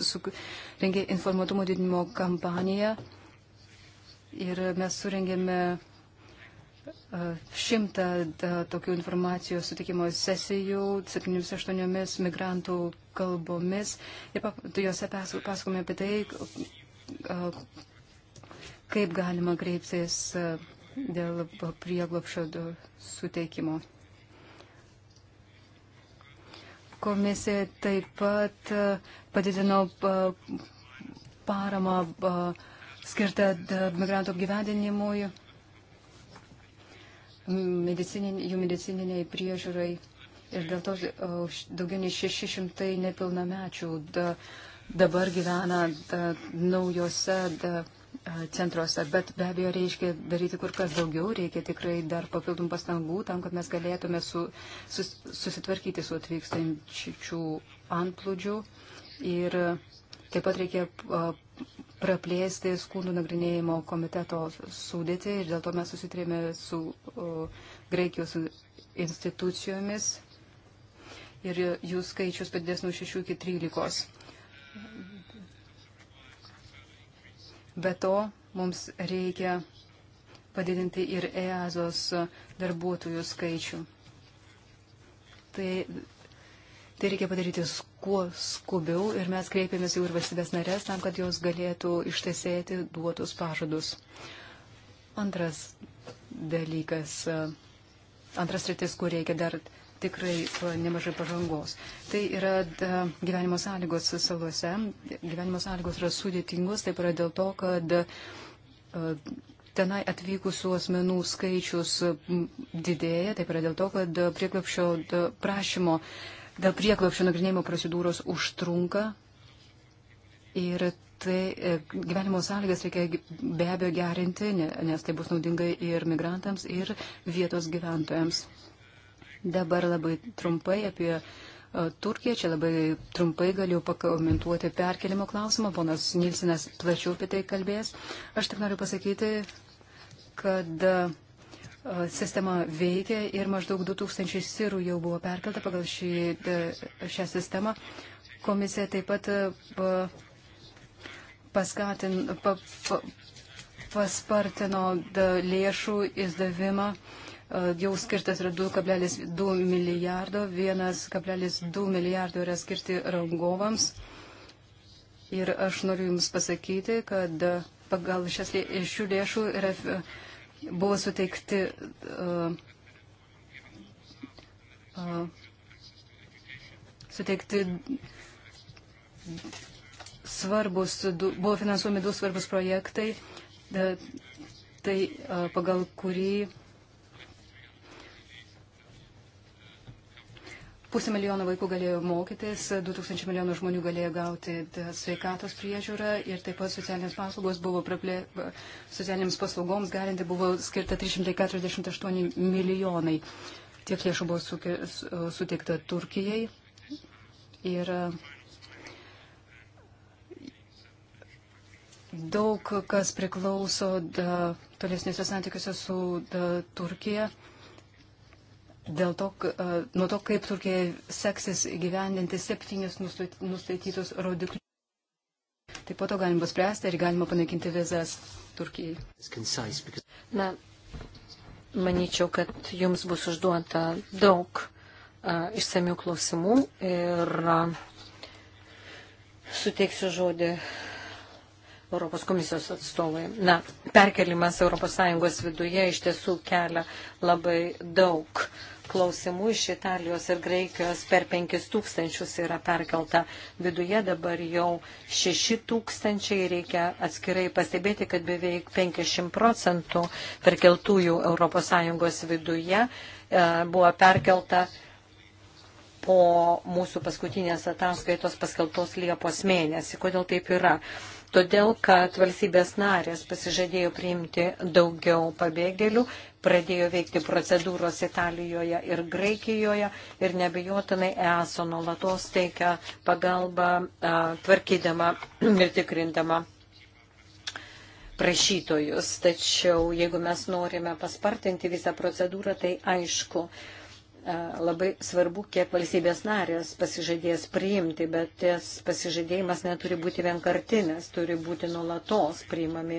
rengė informatumo didinimo kampaniją. Ir mes surengėme e, šimtą e, tokių informacijos sutikimo sesijų 7-8 migrantų kalbomis. Ir tai juose pasakome apie tai, kaip galima kreiptis dėl prieglopšio suteikimo. Komisija taip pat e, padidino paramą skirtą migrantų apgyvendinimui, medicinin, jų medicininiai priežiūrai ir dėl to e, daugiau nei 600 nepilnamečių da, dabar gyvena da, naujose da, centruose, bet be abejo reiškia daryti kur kas daugiau, reikia tikrai dar papildomų pastangų tam, kad mes galėtume su, sus, susitvarkyti su atvykstančių antplūdžių ir taip pat reikia praplėsti skundų nagrinėjimo komiteto sudėtį ir dėl to mes susitrėmė su o, Graikijos institucijomis ir jų skaičius padės nuo 6 iki 13. Be to, mums reikia padidinti ir EASOS darbuotojų skaičių. Tai, tai reikia padaryti kuo skubiau ir mes kreipėmės jau ir valstybės narės tam, kad jos galėtų ištesėti duotus pažadus. Antras dalykas, antras rytis, kur reikia dar tikrai nemažai pažangos. Tai yra gyvenimo sąlygos salose. Gyvenimo sąlygos yra sudėtingos, taip yra dėl to, kad tenai atvykusių asmenų skaičius didėja, taip yra dėl to, kad prieklapšio prašymo, dėl prieklapšio nagrinėjimo procedūros užtrunka ir tai e, gyvenimo sąlygas reikia be abejo gerinti, nes tai bus naudinga ir migrantams, ir vietos gyventojams. Dabar labai trumpai apie e, Turkiją. Čia labai trumpai galiu pakomentuoti perkelimo klausimą. Ponas Nilsinas plačiau apie tai kalbės. Aš tik noriu pasakyti, kad e, sistema veikia ir maždaug 2000 sirų jau buvo perkelta pagal šį, e, šią sistemą. Komisija taip pat paskatin, pa, pa, paspartino lėšų įsdavimą uh, jau skirtas yra 2,2 milijardo, 1,2 milijardo yra skirti rangovams. Ir aš noriu Jums pasakyti, kad pagal šias, šių lėšų yra, e, buvo suteikti uh, uh, suteikti svarbus, du, buvo finansuomi du svarbus projektai, da, tai uh, pagal kurį Pusę milijono vaikų galėjo mokytis, 2000 milijonų žmonių galėjo gauti e, sveikatos priežiūrą ir taip pat socialinės paslaugos buvo praplė, socialinėms paslaugoms galinti buvo skirta 348 milijonai. Tiek lėšų buvo suteikta Turkijai. Ir e, daug kas priklauso da, e, tolesnėse santykiuose su da, Turkija dėl to, nuo to, kaip Turkija seksis gyvendinti septynis nustatytus rodiklius. Tai po to galima spręsti ir galima panaikinti vizas Turkijai. Na, manyčiau, kad jums bus užduota daug a, išsamių klausimų ir a, suteiksiu žodį Europos komisijos atstovai. Na, perkelimas ES viduje iš tiesų kelia labai daug klausimų iš Italijos ir Graikijos per 5000 yra perkelta viduje, dabar jau 6000 reikia atskirai pastebėti, kad beveik 50 procentų perkeltųjų ES viduje e, buvo perkelta po mūsų paskutinės ataskaitos paskeltos Liepos mėnesį. Kodėl taip yra? todėl kad valstybės narės pasižadėjo priimti daugiau pabėgėlių, pradėjo veikti procedūros Italijoje ir Graikijoje ir nebejotinai ESO nuolatos teikia pagalbą tvarkydama ir tikrindama prašytojus. Tačiau jeigu mes norime paspartinti visą procedūrą, tai aišku, uh, labai svarbu, kiek valstybės narės pasižadės priimti, bet tas pasižadėjimas neturi būti vienkartinis, turi būti nulatos priimami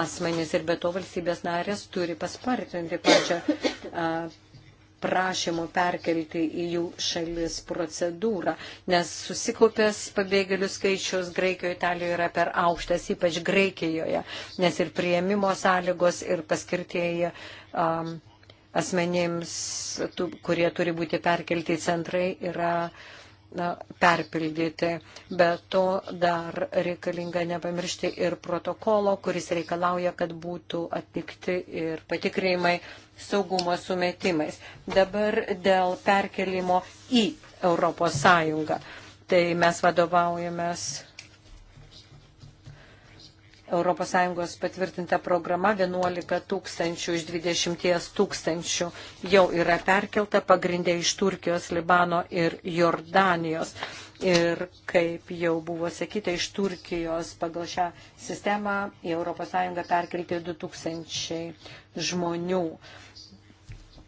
asmenys ir be to valstybės narės turi paspartinti pačią prašymų perkelti į jų šalis procedūrą, nes susikaupęs pabėgėlių skaičius Graikijoje, Italijoje yra per aukštas, ypač Graikijoje, nes ir prieimimo sąlygos ir paskirtieji um, asmenėms, tų, kurie turi būti perkelti į centrai, yra na, perpildyti. Be to dar reikalinga nepamiršti ir protokolo, kuris reikalauja, kad būtų atlikti ir patikrinimai saugumo sumetimais. Dabar dėl perkelimo į Europos Sąjungą. Tai mes vadovaujamės ES patvirtinta programa 11 tūkstančių iš 20 tūkstančių jau yra perkelta pagrindė iš Turkijos, Libano ir Jordanijos. Ir kaip jau buvo sakyta, iš Turkijos pagal šią sistemą į ES perkelti 2000 žmonių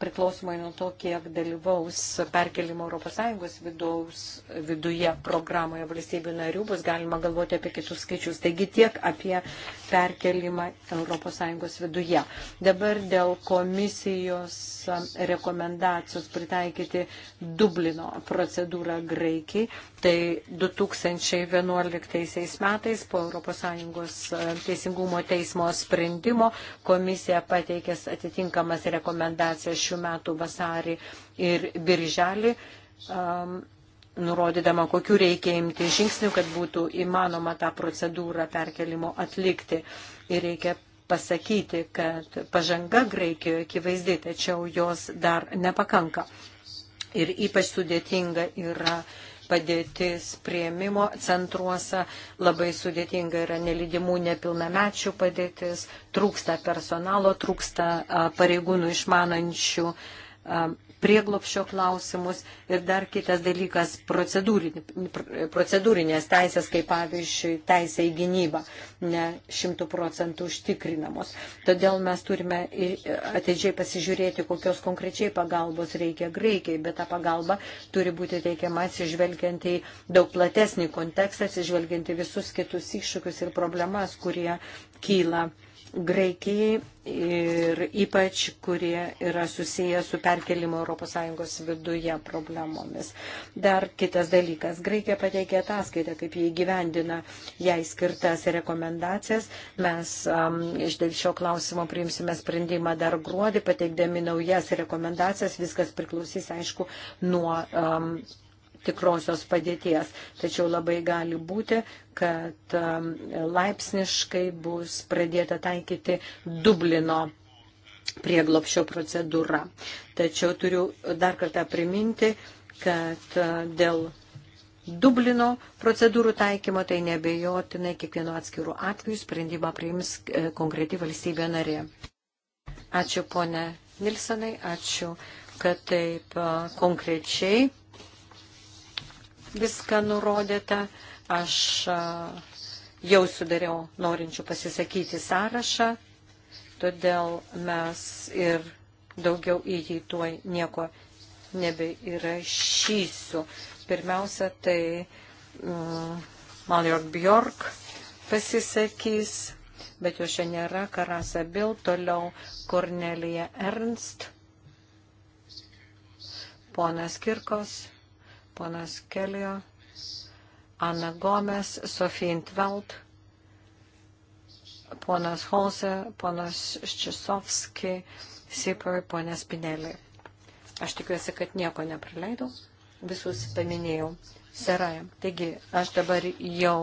priklausomai nuo to, kiek dalyvaus perkelimo ES vidaus, viduje programoje valstybių narių, bus galima galvoti apie kitus skaičius. Taigi tiek apie perkelimą ES viduje. Dabar dėl komisijos um, rekomendacijos pritaikyti Dublino procedūrą Graikijai. Tai 2011 metais po ES um, teisingumo teismo sprendimo komisija pateikė atitinkamas rekomendacijas šiuo šių metų vasarį ir birželį, um, nurodydama, kokiu reikia imti žingsnių, kad būtų įmanoma tą procedūrą perkelimo atlikti. Ir reikia pasakyti, kad pažanga Graikijoje akivaizdi, tačiau jos dar nepakanka. Ir ypač sudėtinga yra uh, padėtis prieimimo centruose, labai sudėtinga yra nelydimų nepilnamečių padėtis, trūksta personalo, trūksta pareigūnų išmanančių prieglopšio klausimus ir dar kitas dalykas procedūrinės teisės, kaip pavyzdžiui, teisė į gynybą, ne šimtų procentų užtikrinamos. Todėl mes turime atidžiai pasižiūrėti, kokios konkrečiai pagalbos reikia Graikijai, bet ta pagalba turi būti teikiama atsižvelgiant į daug platesnį kontekstą, atsižvelgiant į visus kitus iššūkius ir problemas, kurie kyla Graikijai ir ypač, kurie yra susiję su perkelimo ES viduje problemomis. Dar kitas dalykas. Graikija pateikė ataskaitę, kaip jie gyvendina jai skirtas rekomendacijas. Mes um, iš dėl šio klausimo priimsime sprendimą dar gruodį, pateikdami naujas rekomendacijas. Viskas priklausys, aišku, nuo. Um, tikrosios padėties. Tačiau labai gali būti, kad um, laipsniškai bus pradėta taikyti Dublino prieglopšio procedūra. Tačiau turiu dar kartą priminti, kad uh, dėl Dublino procedūrų taikymo, tai nebejotinai kiekvienu atskirų atveju sprendimą priims e, konkreti valstybė narė. Ačiū ponė Nilsonai, ačiū, kad taip e, konkrečiai viską nurodėte. Aš jau sudariau norinčių pasisakyti sąrašą, todėl mes ir daugiau į jį tuoj nieko nebeįrašysiu. Pirmiausia, tai mm, Maljork Bjork pasisakys, bet jo šiandien nėra, Karasa Bil, toliau Kornelija Ernst, ponas Kirkos ponas Kelio, Anna Gomes, Sofija Intveld, ponas Holse, ponas Ščisovski, Sipar, ponas Pinelė. Aš tikiuosi, kad nieko nepraleidau, visus paminėjau. Serajam. Taigi, aš dabar jau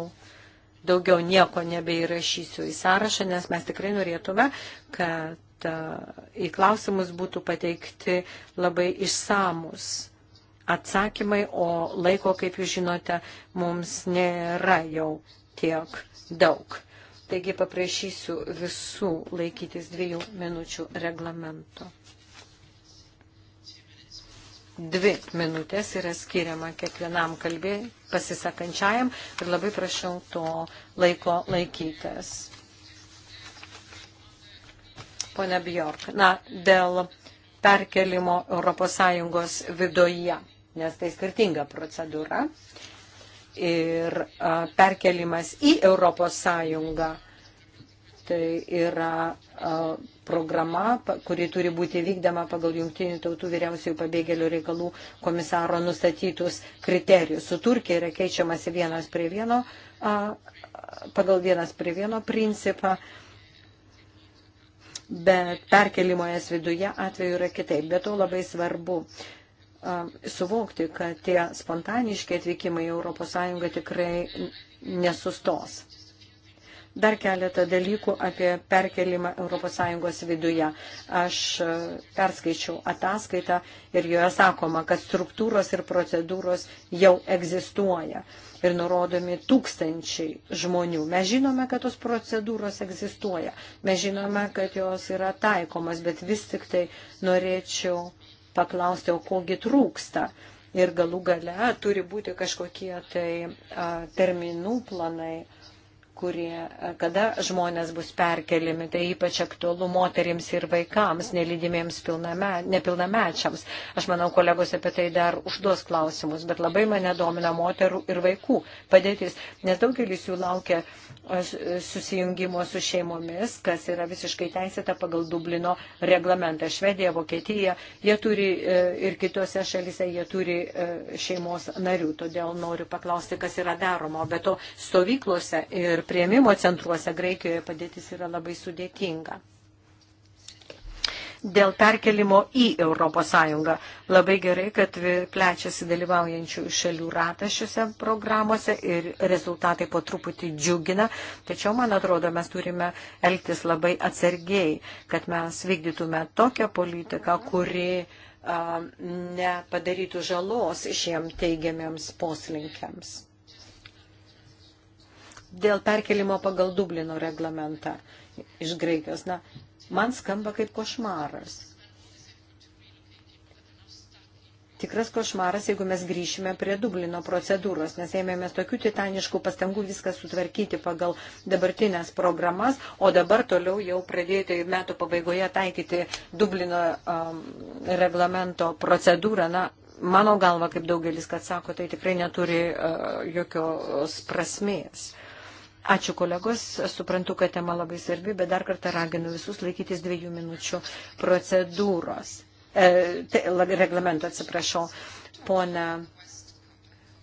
daugiau nieko nebeįrašysiu į sąrašą, nes mes tikrai norėtume, kad e, į klausimus būtų pateikti labai išsamus atsakymai, o laiko, kaip jūs žinote, mums nėra jau tiek daug. Taigi paprašysiu visų laikytis dviejų minučių reglamento. Dvi minutės yra skiriama kiekvienam kalbė pasisakančiajam ir labai prašau to laiko laikytis. Pone Bjork, na, dėl perkelimo ES viduje nes tai skirtinga procedūra. Ir a, perkelimas į Europos Sąjungą tai yra a, programa, kuri turi būti vykdama pagal Junktinių tautų vyriausiųjų pabėgėlių reikalų komisaro nustatytus kriterijus. Su Turkija yra keičiamasi vienas prie vieno, a, pagal vienas prie vieno principą, bet perkelimo jas viduje atveju yra kitaip. Bet to labai svarbu Um, suvokti, kad tie spontaniški atvykimai į ES tikrai nesustos. Dar keletą dalykų apie perkelimą ES viduje. Aš uh, perskaičiau ataskaitą ir joje sakoma, kad struktūros ir procedūros jau egzistuoja ir nurodomi tūkstančiai žmonių. Mes žinome, kad tos procedūros egzistuoja, mes žinome, kad jos yra taikomas, bet vis tik tai norėčiau paklausti, o kogi trūksta. Ir galų gale turi būti kažkokie tai a, terminų planai, kurie, a, kada žmonės bus perkeliami, tai ypač aktualu moterims ir vaikams, nelydimiems pilname, nepilnamečiams. Aš manau, kolegos apie tai dar užduos klausimus, bet labai mane domina moterų ir vaikų padėtis, nes daugelis jų laukia E, susijungimo su šeimomis, kas yra visiškai teisėta pagal Dublino reglamentą. Švedija, Vokietija, jie turi e, ir kitose šalise jie turi e, šeimos narių. Todėl noriu paklausti, kas yra daroma. Be to, stovyklose ir prieimimo centruose Graikijoje padėtis yra labai sudėtinga dėl perkelimo į ES. Labai gerai, kad plečiasi dalyvaujančių šalių ratas šiuose programuose ir rezultatai po truputį džiugina. Tačiau, man atrodo, mes turime elgtis labai atsargiai, kad mes vykdytume tokią politiką, kuri a, nepadarytų žalos šiem teigiamiams poslinkiams dėl perkelimo pagal Dublino reglamentą iš Graikijos. Na, man skamba kaip košmaras. Tikras košmaras, jeigu mes grįšime prie Dublino procedūros, nes ėmėmės tokių titaniškų pastangų viską sutvarkyti pagal dabartinės programas, o dabar toliau jau pradėti metų pabaigoje taikyti Dublino um, reglamento procedūrą. Na, mano galva, kaip daugelis, kad sako, tai tikrai neturi uh, jokios prasmės. Ačiū kolegos, suprantu, kad tema labai svarbi, bet dar kartą raginu visus laikytis dviejų minučių procedūros. E, te, reglamento atsiprašau, ponia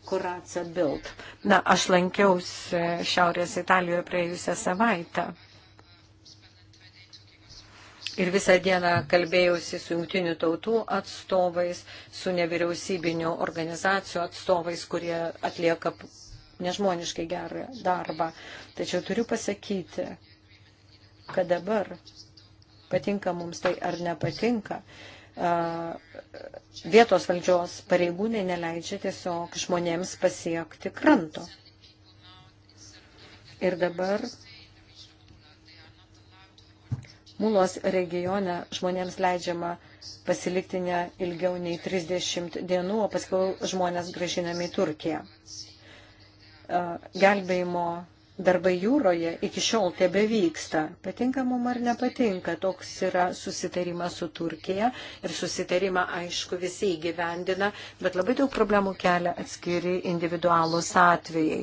Kuratsa Bild. Na, aš lankiausi Šiaurės Italijoje praėjusią savaitę. Ir visą dieną kalbėjausi su jungtinių tautų atstovais, su nevyriausybinių organizacijų atstovais, kurie atlieka nežmoniškai gerą darbą. Tačiau turiu pasakyti, kad dabar, patinka mums tai ar nepatinka, vietos valdžios pareigūnai neleidžia tiesiog žmonėms pasiekti kranto. Ir dabar Mūlos regione žmonėms leidžiama pasilikti ne ilgiau nei 30 dienų, o paskui žmonės gražinami į Turkiją gelbėjimo darbai jūroje iki šiol tebe vyksta. Patinka mum ar nepatinka, toks yra susitarimas su Turkija ir susitarimą aišku visi įgyvendina, bet labai daug problemų kelia atskiri individualūs atvejai.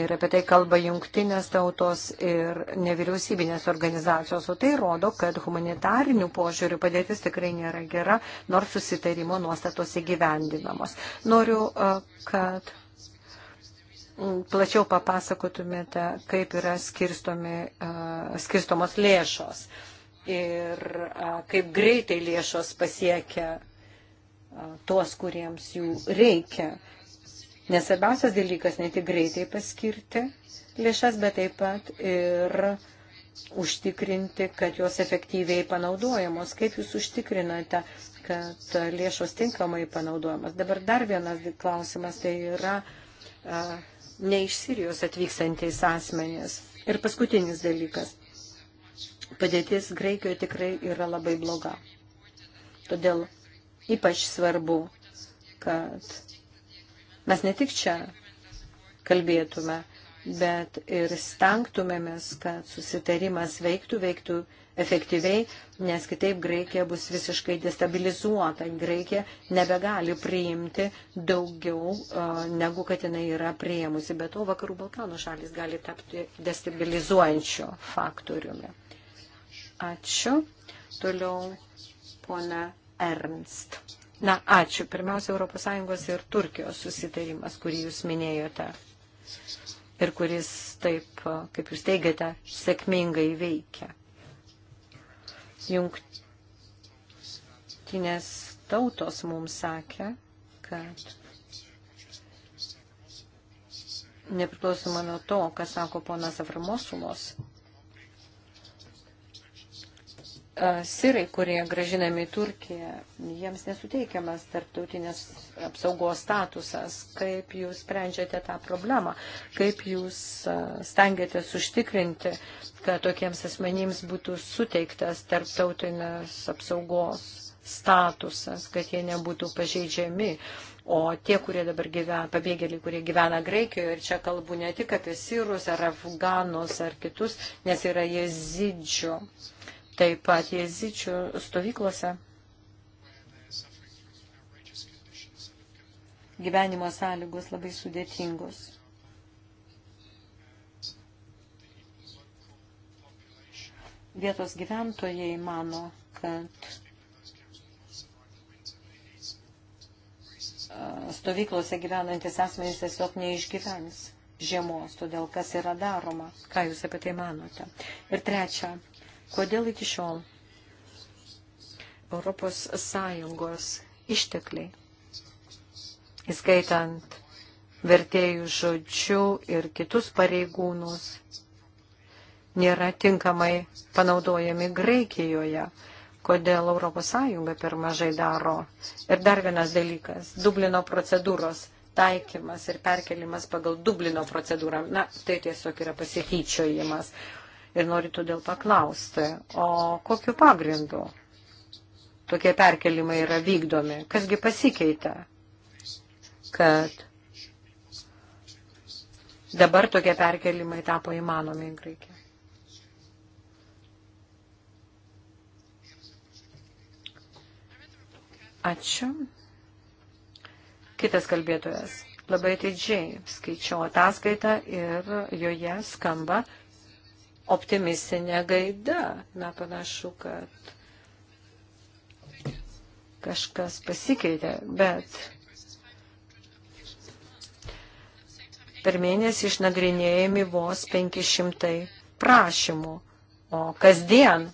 Ir apie tai kalba jungtinės tautos ir nevyriausybinės organizacijos, o tai rodo, kad humanitarinių požiūrių padėtis tikrai nėra gera, nors susitarimo nuostatos įgyvendinamos. Noriu, kad plačiau papasakotumėte, kaip yra skirstomos lėšos ir kaip greitai lėšos pasiekia tuos, kuriems jų reikia. Nes svarbiausias dalykas ne tik greitai paskirti lėšas, bet taip pat ir užtikrinti, kad jos efektyviai panaudojamos. Kaip jūs užtikrinate, kad lėšos tinkamai panaudojamos? Dabar dar vienas klausimas, tai yra ne iš Sirijos atvykstantis asmenės. Ir paskutinis dalykas. Padėtis Graikijoje tikrai yra labai bloga. Todėl ypač svarbu, kad mes ne tik čia kalbėtume, bet ir stengtumėmės, kad susitarimas veiktų, veiktų efektyviai, nes kitaip Graikija bus visiškai destabilizuota. Graikija nebegali priimti daugiau, negu kad jinai yra priėmusi. Be to, Vakarų Balkanų šalis gali tapti destabilizuojančiu faktoriumi. Ačiū. Toliau pona Ernst. Na, ačiū. Pirmiausia, ES ir Turkijos susitarimas, kurį jūs minėjote ir kuris taip, kaip jūs teigiate, sėkmingai veikia. Jungtinės tautos mums sakė, kad nepriklausoma nuo to, kas sako ponas Avramosulos, sirai, kurie gražinami į Turkiją, jiems nesuteikiamas tarptautinės apsaugos statusas. Kaip jūs sprendžiate tą problemą? Kaip jūs stengiatės užtikrinti, kad tokiems asmenims būtų suteiktas tarptautinės apsaugos statusas, kad jie nebūtų pažeidžiami? O tie, kurie dabar gyvena, pabėgėliai, kurie gyvena Graikijoje, ir čia kalbu ne tik apie sirus ar afganus ar kitus, nes yra jezidžių. Uh, taip pat jezičių stovyklose gyvenimo sąlygos labai sudėtingos. Vietos gyventojai mano, kad stovyklose gyvenantis asmenys tiesiog neišgyvens žiemos, todėl kas yra daroma, ką jūs apie tai manote. Ir trečia, Kodėl iki šiol Europos Sąjungos ištekliai, įskaitant vertėjų žodžių ir kitus pareigūnus, nėra tinkamai panaudojami Graikijoje, kodėl Europos Sąjunga per mažai daro. Ir dar vienas dalykas – Dublino procedūros taikymas ir perkelimas pagal Dublino procedūrą. Na, tai tiesiog yra pasikyčiojimas ir noriu todėl paklausti, o kokiu pagrindu tokie perkelimai yra vykdomi? Kasgi pasikeitė, kad dabar tokie perkelimai tapo įmanomi į Graikiją? Ačiū. Kitas kalbėtojas labai atidžiai skaičiau ataskaitą ir joje skamba optimistinė gaida. Na, panašu, kad kažkas pasikeitė, bet per mėnesį išnagrinėjami vos 500 prašymų, o kasdien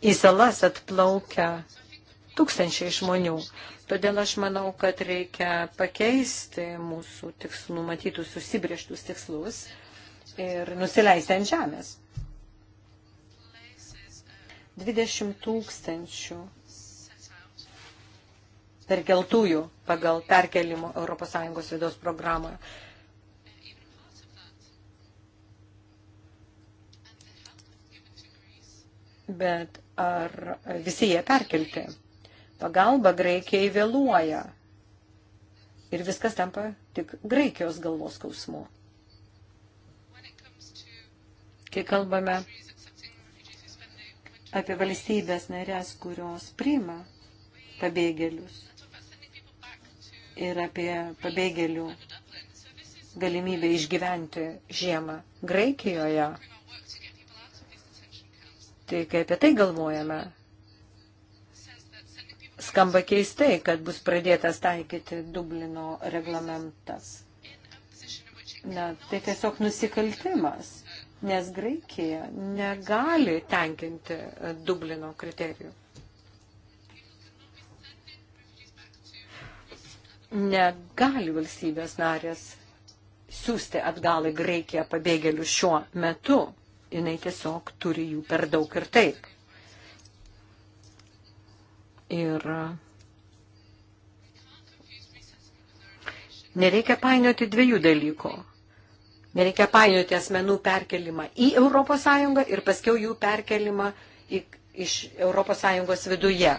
į salas atplaukia tūkstančiai žmonių. Todėl aš manau, kad reikia pakeisti mūsų tikslų, numatytus susibrieštus tikslus ir nusileisti ant žemės. 20 tūkstančių perkeltųjų pagal perkelimo ES vidaus programoje. Bet ar visi jie perkelti? Pagalba Graikijai vėluoja. Ir viskas tampa tik Graikijos galvos skausmu kai kalbame apie valstybės narės, kurios priima pabėgėlius ir apie pabėgėlių galimybę išgyventi žiemą Graikijoje. Tai kai apie tai galvojame, skamba keistai, kad bus pradėtas taikyti Dublino reglamentas. Na, tai tiesiog nusikaltimas nes Graikija negali tenkinti Dublino kriterijų. Negali valstybės narės siūsti atgal į Graikiją pabėgėlių šiuo metu. Jinai tiesiog turi jų per daug ir taip. Ir nereikia painioti dviejų dalykų Nereikia painioti asmenų perkelimą į ES ir paskiau jų perkelimą į, iš ES viduje.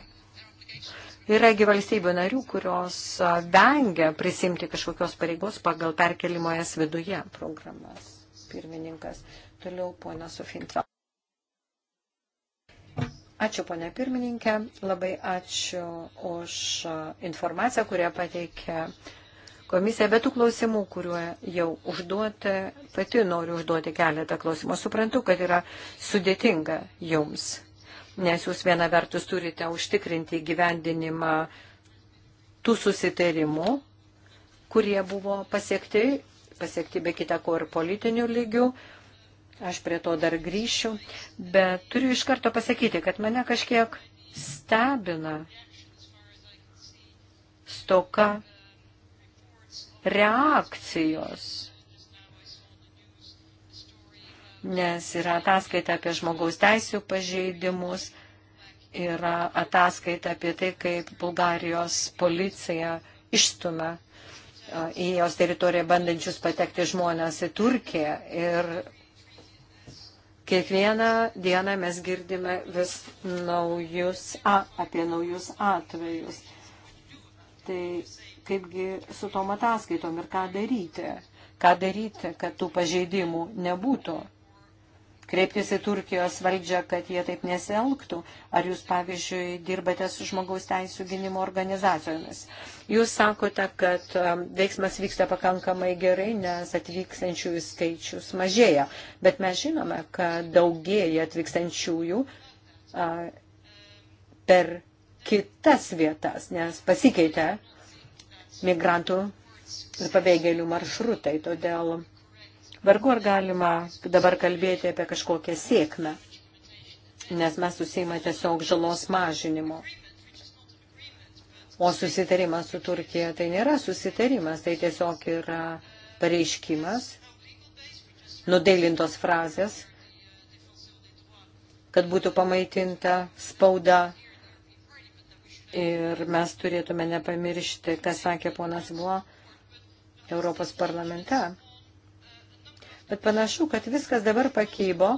Yragi valstybių narių, kurios vengia prisimti kažkokios pareigos pagal perkelimo es viduje programas. Pirmininkas. Toliau ponas Sufintra. Ačiū, ponia pirmininkė. Labai ačiū už informaciją, kurią pateikė uh, komisiją, bet tų klausimų, kuriuo jau užduota, pati noriu užduoti keletą klausimų. Suprantu, kad yra sudėtinga jums, nes jūs viena vertus turite užtikrinti gyvendinimą tų susitarimų, kurie buvo pasiekti, pasiekti be kita ko ir politinių lygių. Aš prie to dar grįšiu, bet turiu iš karto pasakyti, kad mane kažkiek stebina stoka reakcijos nes yra ataskaita apie žmogaus teisų pažeidimus, yra ataskaita apie tai, kaip Bulgarijos policija išstumia į jos teritoriją bandančius patekti žmonės į Turkiją. Ir kiekvieną dieną mes girdime vis naujus, a, apie naujus atvejus. Tai kaipgi su tom ataskaitom ir ką daryti, ką daryti, kad tų pažeidimų nebūtų. Kreiptis į Turkijos valdžią, kad jie taip nesielgtų, ar jūs, pavyzdžiui, dirbate su žmogaus teisų gynimo organizacijomis. Jūs sakote, kad um, veiksmas vyksta pakankamai gerai, nes atvykstančiųjų skaičius mažėja, bet mes žinome, kad daugėja atvykstančiųjų per kitas vietas, nes pasikeitė uh, migrantų ir pabėgėlių maršrutai. Todėl vargu ar galima dabar kalbėti apie kažkokią sėkmę, nes mes susima tiesiog žalos mažinimo. O susitarimas su Turkija tai nėra susitarimas, tai tiesiog yra pareiškimas, nudėlintos frazės, kad būtų pamaitinta spauda Ir mes turėtume nepamiršti, kas sakė ponas buvo Europos parlamente. Bet panašu, kad viskas dabar pakybo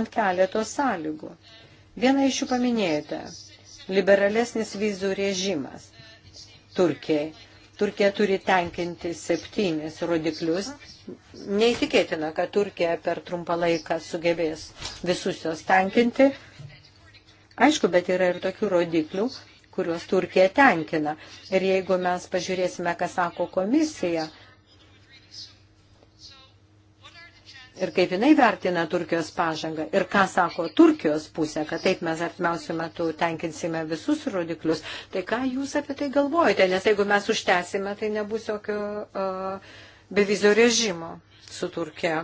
ant keleto sąlygų. Vieną iš jų paminėjote - liberalesnis vizų režimas Turkijai. Turkija turi tenkinti septynis rodiklius. Neįtikėtina, kad Turkija per trumpą laiką sugebės visus jos tenkinti. Aišku, bet yra ir tokių rodiklių, kuriuos Turkija tenkina. Ir jeigu mes pažiūrėsime, ką sako komisija ir kaip jinai vertina Turkijos pažangą ir ką sako Turkijos pusė, kad taip mes artimiausių metų tenkinsime visus rodiklius, tai ką jūs apie tai galvojate, nes jeigu mes užtęsime, tai nebus jokio uh, bevizio režimo su Turkija.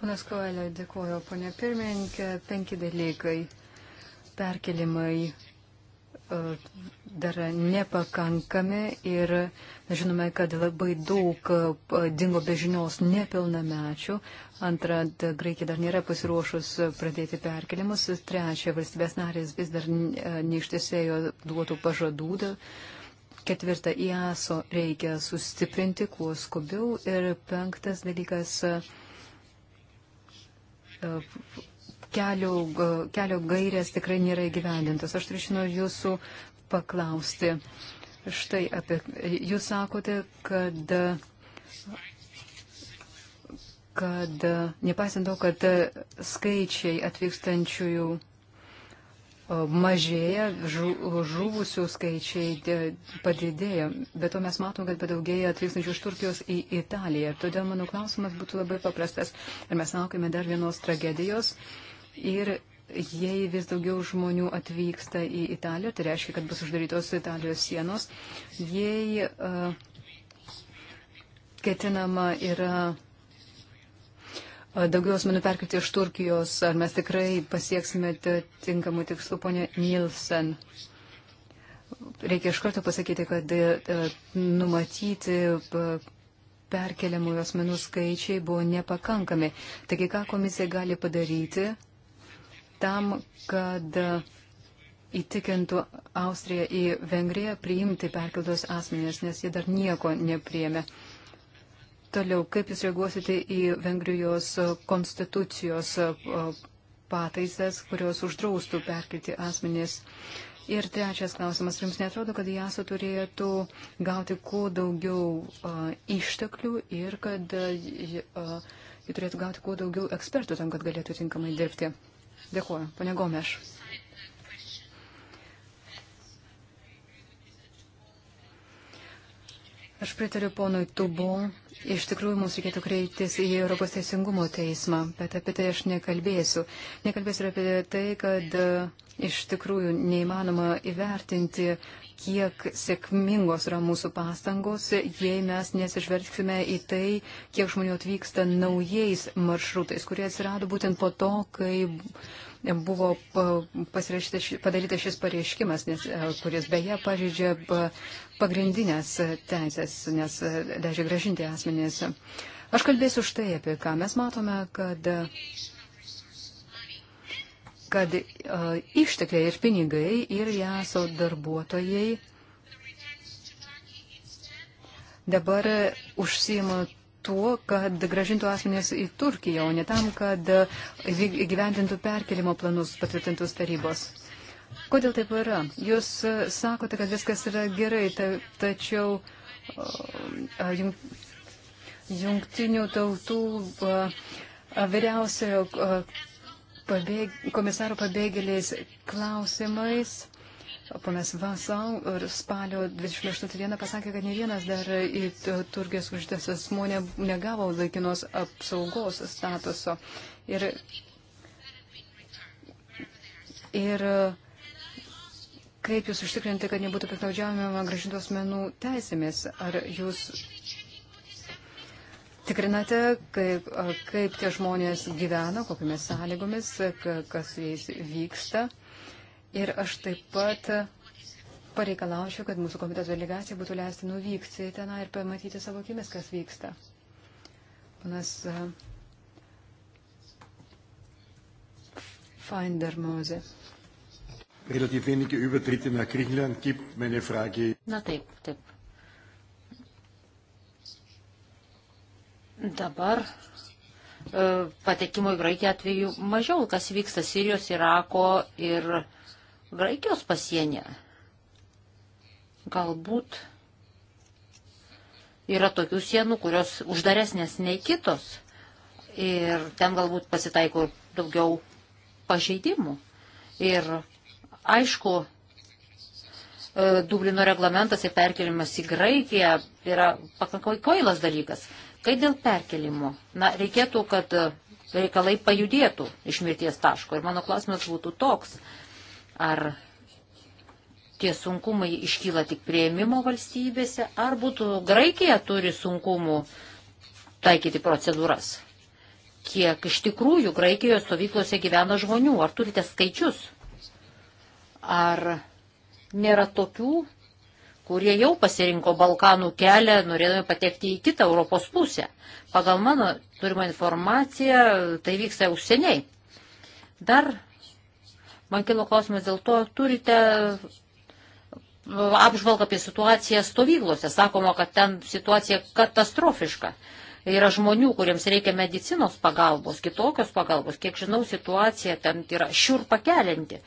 Panas Koelė, dėkuoju, ponė pirmininkė, penki dalykai. Perkelimai dar nepakankami ir žinome, kad labai daug e, dingo be žinios nepilnamečių. Antra, Graikija dar nėra pasiruošus pradėti perkelimus. Trečia, valstybės narės vis dar e, neištisėjo duotų pažadų. Ketvirta, IASO reikia sustiprinti kuo skubiau. Ir penktas dalykas e, kelio, kelio gairės tikrai nėra įgyvendintos. Aš turiu nuo jūsų paklausti. Štai apie. Jūs sakote, kad kad nepaisant to, kad skaičiai atvykstančiųjų mažėja, žuvusių skaičiai padidėja, bet to mes matome, kad padaugėja atvykstančių iš Turkijos į Italiją. Ir todėl mano klausimas būtų labai paprastas. Ir mes laukime dar vienos tragedijos, Ir jei vis daugiau žmonių atvyksta į Italiją, tai reiškia, kad bus uždarytos Italijos sienos. Jei uh, ketinama yra e, daugiau asmenų perkelti iš Turkijos, ar mes tikrai pasieksime tinkamų tikslų, ponė Nilsen. Reikia iš karto pasakyti, kad e, numatyti perkeliamųjų asmenų skaičiai buvo nepakankami. Taigi, ką komisija gali padaryti, tam, kad įtikintų Austriją į Vengriją priimti perkeltos asmenės, nes jie dar nieko nepriemė. Toliau, kaip jūs reaguosite į Vengrijos konstitucijos pataisas, kurios uždraustų perkelti asmenės? Ir trečias klausimas, jums netrodo, kad JASO turėtų gauti kuo daugiau uh, išteklių ir kad uh, jie turėtų gauti kuo daugiau ekspertų tam, kad galėtų tinkamai dirbti? Dėkuoju, ponė Gomeš. Aš pritariu ponui Tubu Iš tikrųjų, mums reikėtų kreiptis į Europos Teisingumo teismą, bet apie tai aš nekalbėsiu. Nekalbėsiu ir apie tai, kad e, iš tikrųjų neįmanoma įvertinti, kiek sėkmingos yra mūsų pastangos, jei mes nesižvelgsime į tai, kiek žmonių atvyksta naujais maršrutais, kurie atsirado būtent po to, kai buvo padarytas šis pareiškimas, nes, e, kuris beje pažydžia pagrindinės teisės, nes leidžia gražinti asmenys. Aš kalbėsiu štai apie ką. Mes matome, kad, kad uh, ištekliai ir pinigai ir jaso darbuotojai dabar užsima tuo, kad gražintų asmenės į Turkiją, o ne tam, kad gyventintų perkelimo planus patvirtintus tarybos. Kodėl taip yra? Jūs e, sakote, kad viskas yra gerai, ta, tačiau a, jung, jungtinių tautų a, a, vyriausiojo a, pabėg, komisaro pabėgėliais klausimais. Ponas Vasau spalio 28 dieną pasakė, kad ne vienas dar į Turkijos uždės asmuo ne, negavo laikinos apsaugos statuso. Ir, ir uh, Kaip jūs užtikrinti, kad nebūtų piknaudžiavimo gražintos menų teisėmis? Ar jūs tikrinate, kaip, kaip tie žmonės gyvena, kokiamis sąlygomis, kas jais vyksta? Ir aš taip pat pareikalaučiau, kad mūsų komiteto delegacija būtų leisti nuvykti tenai ir pamatyti savo akimis, kas vyksta. Panas e, Feindermose. Uh, relativ wenige Übertritte nach Griechenland gibt. Meine Frage. Na taip, taip. Dabar e, patekimo į Graikiją atveju mažiau, kas vyksta Sirijos, Irako ir Graikijos pasienė. Galbūt yra tokių sienų, kurios uždaresnės nei kitos. Ir ten galbūt pasitaiko daugiau pažeidimų. Ir Aišku, e, Dublino reglamentas ir perkelimas į Graikiją yra pakankamai koilas dalykas. Kai dėl perkelimo, na, reikėtų, kad e, reikalai pajudėtų iš mirties taško. Ir mano klausimas būtų toks, ar tie sunkumai iškyla tik prieimimo valstybėse, ar būtų Graikija turi sunkumų taikyti procedūras. Kiek iš tikrųjų Graikijoje stovyklose gyvena žmonių, ar turite skaičius? Ar nėra tokių, kurie jau pasirinko Balkanų kelią, norėdami patekti į kitą Europos pusę? Pagal mano turimą informaciją, tai vyksta jau seniai. Dar man kilo klausimas dėl to, turite apžvalgą apie situaciją stovyklose. Sakoma, kad ten situacija katastrofiška. Yra žmonių, kuriems reikia medicinos pagalbos, kitokios pagalbos. Kiek žinau, situacija ten yra šiurpa kelianti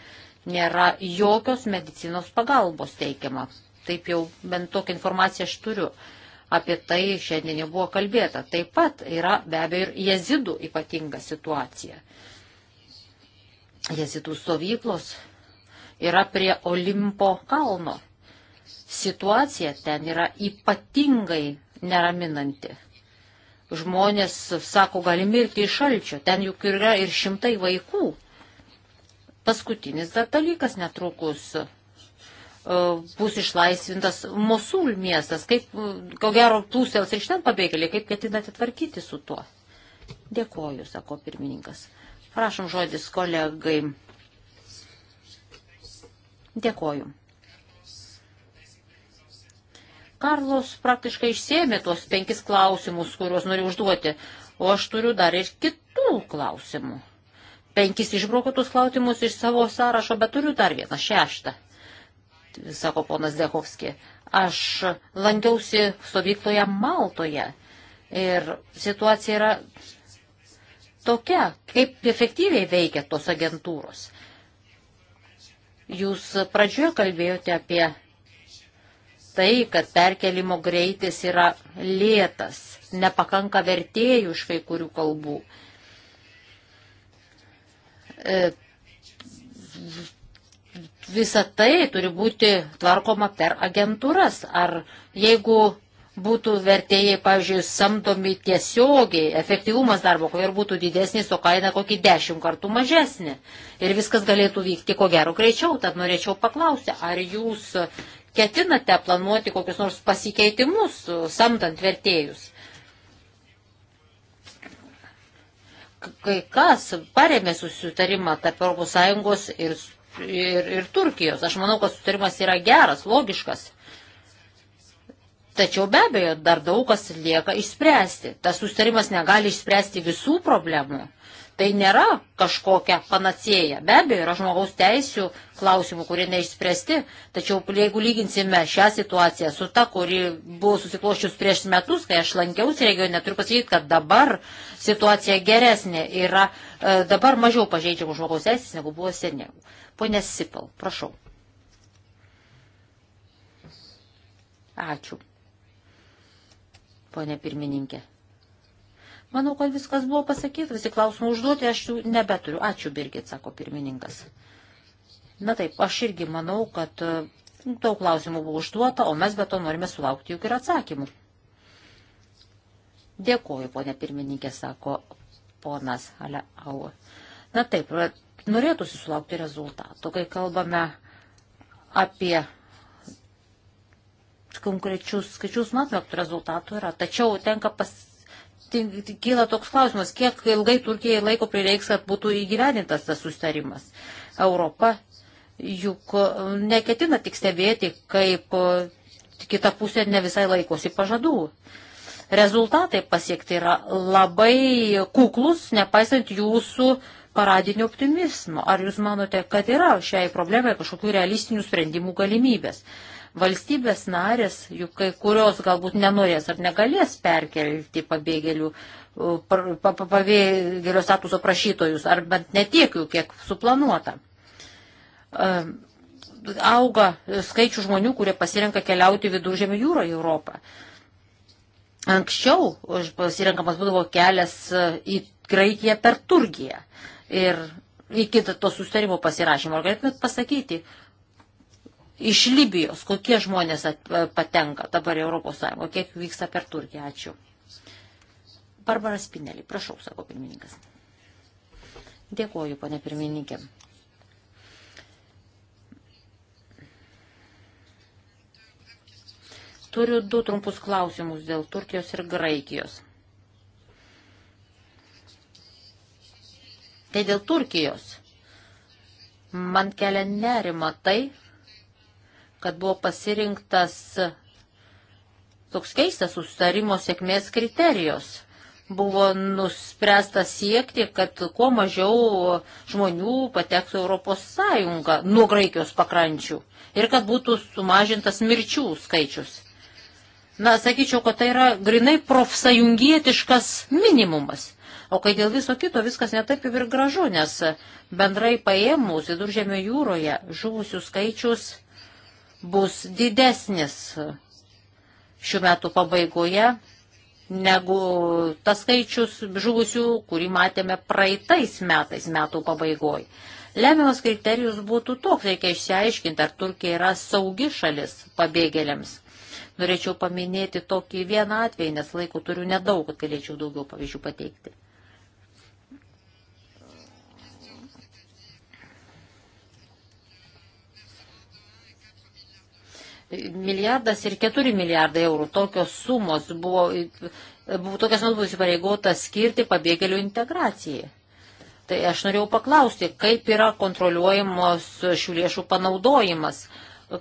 nėra jokios medicinos pagalbos teikiama. Taip jau bent tokią informaciją aš turiu. Apie tai šiandien jau buvo kalbėta. Taip pat yra be abejo ir jezidų ypatinga situacija. Jezidų stovyklos yra prie Olimpo kalno. Situacija ten yra ypatingai neraminanti. Žmonės sako, gali mirti iš šalčio. Ten juk yra ir šimtai vaikų. Paskutinis dar dalykas netrukus e, bus išlaisvintas Mosul miestas. Kaip, e, ko gero, plūstels ir iš ten pabėgėliai, kaip ketinate tvarkyti su tuo? Dėkoju, sako pirmininkas. Prašom žodis kolegai. Dėkoju. Karlos praktiškai išsėmė tuos penkis klausimus, kuriuos noriu užduoti, o aš turiu dar ir kitų klausimų penkis išbraukotus klausimus iš savo sąrašo, bet turiu dar vieną šeštą, sako ponas Dekovski. Aš lankiausi stovykloje Maltoje ir situacija yra tokia, kaip efektyviai veikia tos agentūros. Jūs pradžioje kalbėjote apie tai, kad perkelimo greitis yra lėtas, nepakanka vertėjų iš kai kurių kalbų. E, visa tai turi būti tvarkoma per agentūras. Ar jeigu būtų vertėjai, pavyzdžiui, samdomi tiesiogiai, efektyvumas darbo, ko ir būtų didesnis, o kaina kokį dešimt kartų mažesnė. Ir viskas galėtų vykti ko gero greičiau. Tad norėčiau paklausti, ar jūs ketinate planuoti kokius nors pasikeitimus, samdant vertėjus? kai kas paremė susitarimą tarp ES ir, ir, ir Turkijos. Aš manau, kad susitarimas yra geras, logiškas. Tačiau be abejo, dar daug kas lieka išspręsti. Tas susitarimas negali išspręsti visų problemų tai nėra kažkokia panacėja. Be abejo, yra žmogaus teisų klausimų, kurie neišspręsti, tačiau jeigu lyginsime šią situaciją su ta, kuri buvo susikloščius prieš metus, kai aš lankiausi regione, turiu pasakyti, kad dabar situacija geresnė yra e, dabar mažiau pažeidžiamų žmogaus teisės, negu buvo seniau. Pone Sipal, prašau. Ačiū. Pone pirmininkė. Manau, kad viskas buvo pasakyta, visi klausimai užduoti, aš jų nebeturiu. Ačiū, Birgit, sako pirmininkas. Na taip, aš irgi manau, kad e, daug klausimų buvo užduota, o mes be to norime sulaukti juk ir atsakymų. Dėkuoju, ponė pirmininkė, sako ponas Ale Au. Na taip, e, norėtųsi sulaukti rezultatų, kai kalbame apie konkrečius skaičius, matome, kad rezultatų yra. Tačiau tenka pas, kyla toks klausimas, kiek ilgai Turkijai laiko prireiks, kad būtų įgyvenintas tas sustarimas. Europa juk e, neketina tik stebėti, kaip e, kita pusė ne visai laikosi pažadų. Rezultatai pasiekti yra labai kuklus, nepaisant jūsų paradinio optimizmo. Ar jūs manote, kad yra šiai problemai kažkokių realistinių sprendimų galimybės? Uh, Valstybės narės, juk kai kurios galbūt nenorės ar negalės perkelti pabėgėlių, pabėgėlių statuso prašytojus, ar bent netiek jų, kiek suplanuota. E, auga skaičių žmonių, kurie pasirenka keliauti viduržėmio jūrą į Europą. Anksčiau pasirenkamas būdavo kelias e, į Graikiją per Turgiją. Ir iki to sustarimo pasirašymo. Ar galėtumėt pasakyti, iš Libijos, kokie žmonės at, e, patenka dabar į Europos Sąjungą, kiek vyksta per Turkiją. Ačiū. Barbara Spinelį, prašau, sako pirmininkas. Dėkuoju, pane pirmininkė. Turiu du trumpus klausimus dėl Turkijos ir Graikijos. Tai dėl Turkijos man kelia nerima tai, kad buvo pasirinktas toks keistas sustarimo sėkmės kriterijos. Buvo nuspręsta siekti, kad kuo mažiau žmonių patektų Europos Sąjungą nuo Graikijos pakrančių ir kad būtų sumažintas mirčių skaičius. Na, sakyčiau, kad tai yra grinai profsąjungietiškas minimumas. O kai dėl viso kito viskas netaip ir gražu, nes bendrai paėmus viduržėmio jūroje žuvusių skaičius bus didesnis šių metų pabaigoje negu tas skaičius žuvusių, kurį matėme praeitais metais metų pabaigoje. Lemiamas kriterijus būtų toks, reikia išsiaiškinti, ar Turkija yra saugi šalis pabėgėliams. Norėčiau paminėti tokį vieną atvejį, nes laiko turiu nedaug, kad galėčiau daugiau pavyzdžių pateikti. Milijardas ir 4 milijardai eurų tokios sumos buvo, buvo tokias sumos buvo įsipareigota skirti pabėgėlių integracijai. Tai aš norėjau paklausti, kaip yra kontroliuojamos šių lėšų panaudojimas,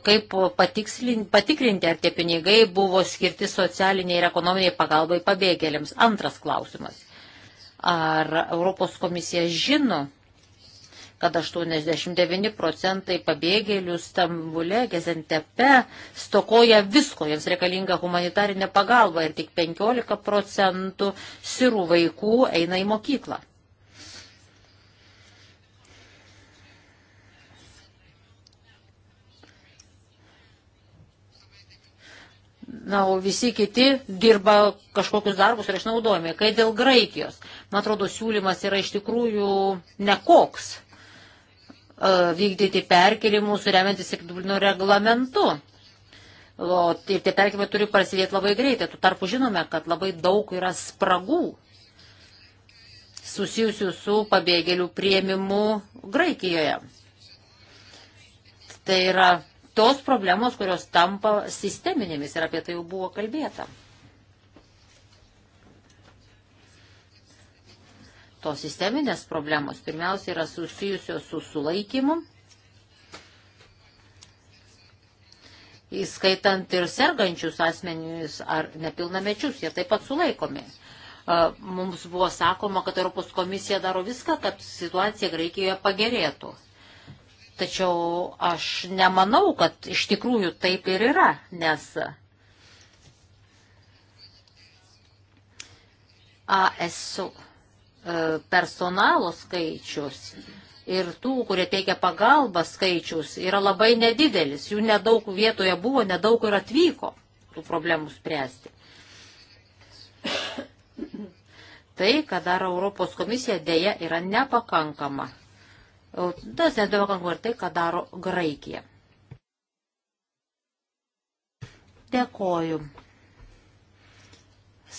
kaip patikrinti, ar tie pinigai buvo skirti socialiniai ir ekonominiai pagalbai pabėgėliams. Antras klausimas. Ar Europos komisija žino, kad 89 procentai pabėgėlių Stambule, Gezentepe stokoja visko, jiems reikalinga humanitarinė pagalba ir tik 15 procentų sirų vaikų eina į mokyklą. na, o visi kiti dirba kažkokius darbus ir išnaudojami. Kai dėl Graikijos, man atrodo, siūlymas yra iš tikrųjų nekoks. E, vykdyti perkelimus remiantis ir Dublino reglamentu. O ir tie perkelimai turi prasidėti labai greitai. Tuo tarpu žinome, kad labai daug yra spragų susijusių su pabėgėlių prieimimu Graikijoje. Tai yra tos problemos, kurios tampa sisteminėmis ir apie tai jau buvo kalbėta. tos sisteminės problemos pirmiausia yra susijusios su sulaikymu, įskaitant ir sergančius asmenys ar nepilnamečius, jie taip pat sulaikomi. Mums buvo sakoma, kad Europos komisija daro viską, kad situacija Graikijoje pagerėtų. Tačiau aš nemanau, kad iš tikrųjų taip ir yra, nes ASU E, personalo skaičius ir tų, kurie teikia pagalbą skaičius, yra labai nedidelis. Jų nedaug vietoje buvo, nedaug ir atvyko tų problemų spręsti. Tai, ką daro Europos komisija, dėja yra nepakankama. E, tas nebepakankama ir tai, ką daro Graikija. Dėkoju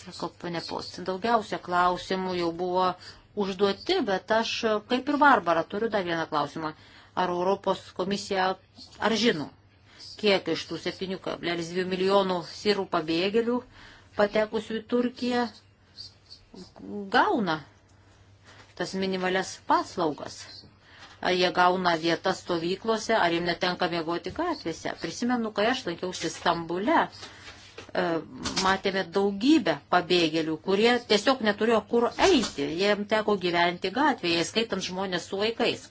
sako pane Post. Daugiausia klausimų jau buvo užduoti, bet aš, kaip ir Barbara, turiu dar vieną klausimą. Ar Europos komisija, ar žino, kiek iš tų 7,2 milijonų sirų pabėgėlių patekusių į Turkiją gauna tas minimalias paslaugas? Ar jie gauna vietas stovyklose, ar jiems netenka mėgoti gatvėse? Prisimenu, kai aš lankiausi Stambule, E, matėme daugybę pabėgėlių, kurie tiesiog neturėjo kur eiti, jiem teko gyventi gatvėje, skaitant žmonės su vaikais.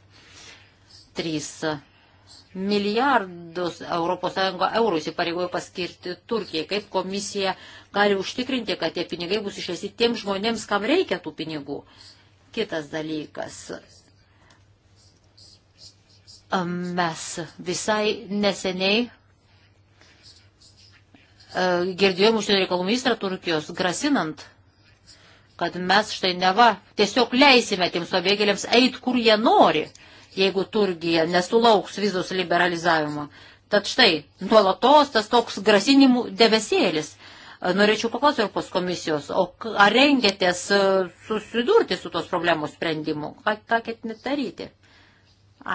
3 milijardus ES eurų įsipareigojo paskirti Turkijai. Kaip komisija gali užtikrinti, kad tie pinigai bus išleisti tiem žmonėms, kam reikia tų pinigų? Kitas dalykas. Mes visai neseniai E, girdėjom užsienio reikalų ministrą Turkijos grasinant, kad mes štai neva tiesiog leisime tiems pabėgėliams eiti, kur jie nori, jeigu Turkija nesulauks vizos liberalizavimo. Tad štai, nuolatos tas toks grasinimų debesėlis. E, norėčiau paklausti Europos komisijos, o ar rengėtės e, susidurti su tos problemos sprendimu? Ką, ką ketinate daryti?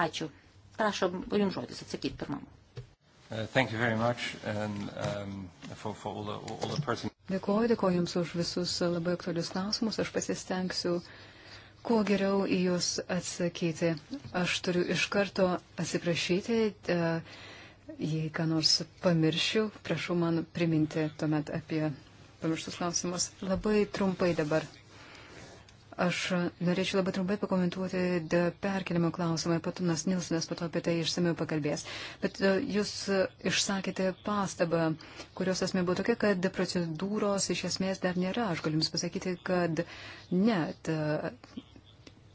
Ačiū. Prašom, jums žodis atsakyti pirmam. Uh, thank you very much and, um, for, for all the, all the person... Dėkuoju, dėkuoju Jums už visus labai aktualius klausimus. Aš pasistengsiu kuo geriau į Jūs atsakyti. Aš turiu iš karto atsiprašyti, uh, jei ką nors pamiršiu, prašau man priminti tuomet apie pamirštus klausimus. Labai trumpai dabar. Aš norėčiau labai trumpai pakomentuoti perkelimo klausimą, patunas Nilsonas pato apie tai išsamiau pakalbės. Bet e, jūs e, išsakėte pastabą, kurios esmė buvo tokia, kad procedūros iš esmės dar nėra. Aš galiu jums pasakyti, kad net e,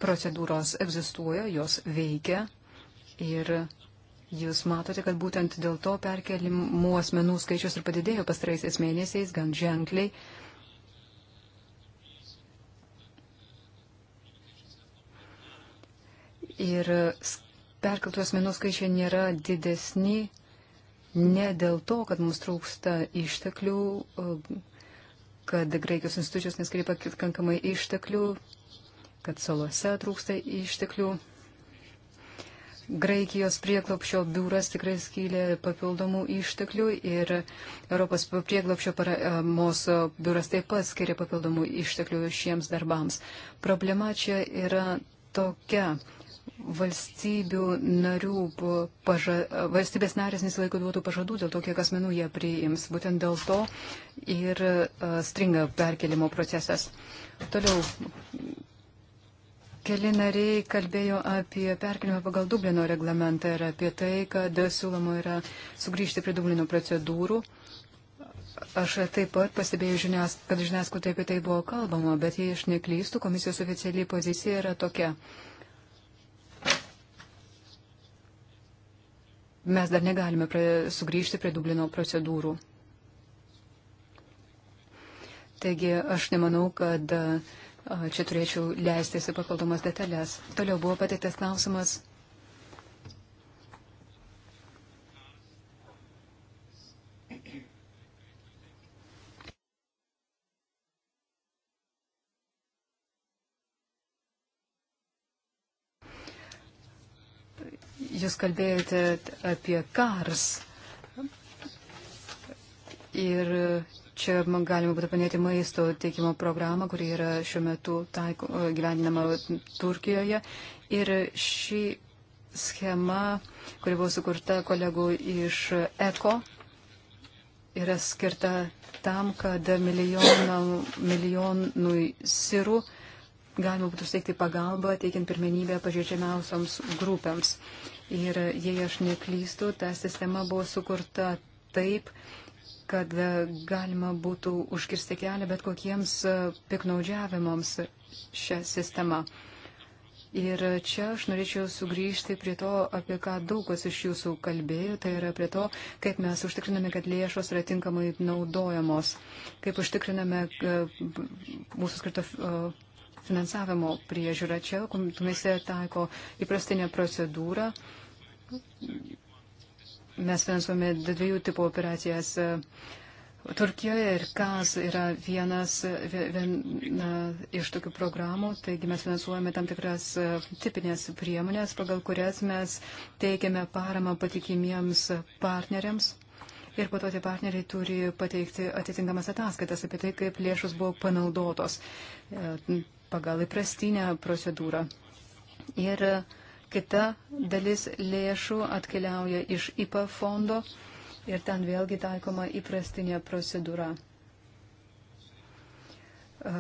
procedūros egzistuoja, jos veikia ir Jūs matote, kad būtent dėl to perkelimų asmenų skaičius ir padidėjo pastaraisiais mėnesiais gan ženkliai. Ir perkeltų asmenų skaičiai nėra didesni ne dėl to, kad mums trūksta išteklių, kad Graikijos institucijos neskreipa pakankamai išteklių, kad salose trūksta išteklių. Graikijos prieklopšio biuras tikrai skylė papildomų išteklių ir Europos prieklopšio paramos biuras taip pat skiria papildomų išteklių šiems darbams. Problema čia yra tokia, valstybių narių paža, valstybės narės nesilaiko duotų pažadų dėl to, kiek asmenų jie priims. Būtent dėl to ir stringa perkelimo procesas. Toliau. Keli nariai kalbėjo apie perkelimą pagal Dublino reglamentą ir apie tai, kad siūloma yra sugrįžti prie Dublino procedūrų. Aš taip pat pastebėjau, žinias, kad žiniasklaidai apie tai buvo kalbama, bet jei aš neklystu, komisijos oficialiai pozicija yra tokia. Uh, mes dar negalime prie, sugrįžti prie Dublino procedūrų. Taigi aš nemanau, kad čia turėčiau leistis į papildomas detalės. Toliau buvo pateiktas klausimas Jūs kalbėjote apie kars. Ir čia man galima būtų panėti maisto teikimo programą, kuri yra šiuo metu taiko, gyvendinama Turkijoje. Ir ši schema, kuri buvo sukurta kolegų iš ECO, yra skirta tam, kad milijonui sirų galima būtų steigti pagalbą, teikiant pirmenybę pažeidžiamiausioms grupėms. Uh, Ir jei aš neklystu, ta sistema buvo sukurta taip, kad galima būtų užkirsti kelią bet kokiems piknaudžiavimams šią sistemą. Ir čia aš norėčiau sugrįžti prie to, apie ką daug kas iš jūsų kalbėjo, tai yra prie to, kaip mes užtikriname, kad lėšos yra tinkamai naudojamos, kaip užtikriname e, mūsų skirto e, finansavimo priežiūrą. Čia komisija taiko įprastinę procedūrą. Uh, Mes finansuojame dviejų tipų operacijas. Turkijoje ir KAS yra vienas viena iš tokių programų, taigi mes finansuojame tam tikras e, tipinės priemonės, pagal kurias mes teikiame paramą patikimiems partneriams. Ir po to tie partneriai turi pateikti atitinkamas ataskaitas apie tai, kaip lėšus buvo panaudotos e, pagal įprastinę procedūrą. Ir uh, kita dalis lėšų atkeliauja iš IPA fondo ir ten vėlgi taikoma įprastinė procedūra e,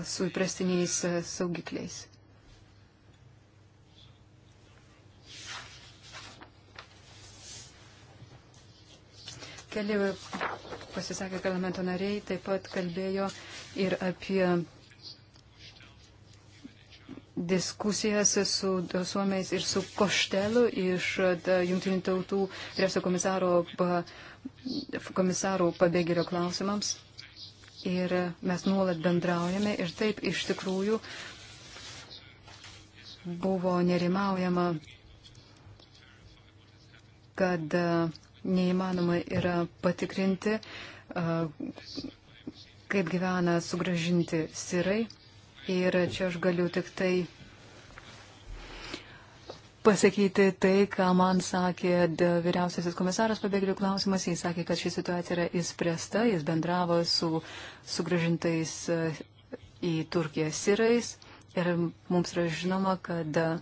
su įprastiniais e, saugikliais. Keli pasisakė parlamento nariai, taip pat kalbėjo ir apie diskusijas su Suomiais ir su Koštelu iš Junktinių tautų vyriausio komisaro, komisaro pabėgėlio klausimams. Ir mes nuolat bendraujame ir taip iš tikrųjų buvo nerimaujama, kad neįmanoma yra patikrinti, kaip gyvena sugražinti sirai. Ir čia aš galiu tik tai pasakyti tai, ką man sakė vyriausiasis komisaras pabėgėlių klausimas. Jis sakė, kad ši situacija yra įspręsta, jis bendravo su sugražintais e, į Turkiją sirais. Ir mums yra žinoma, kad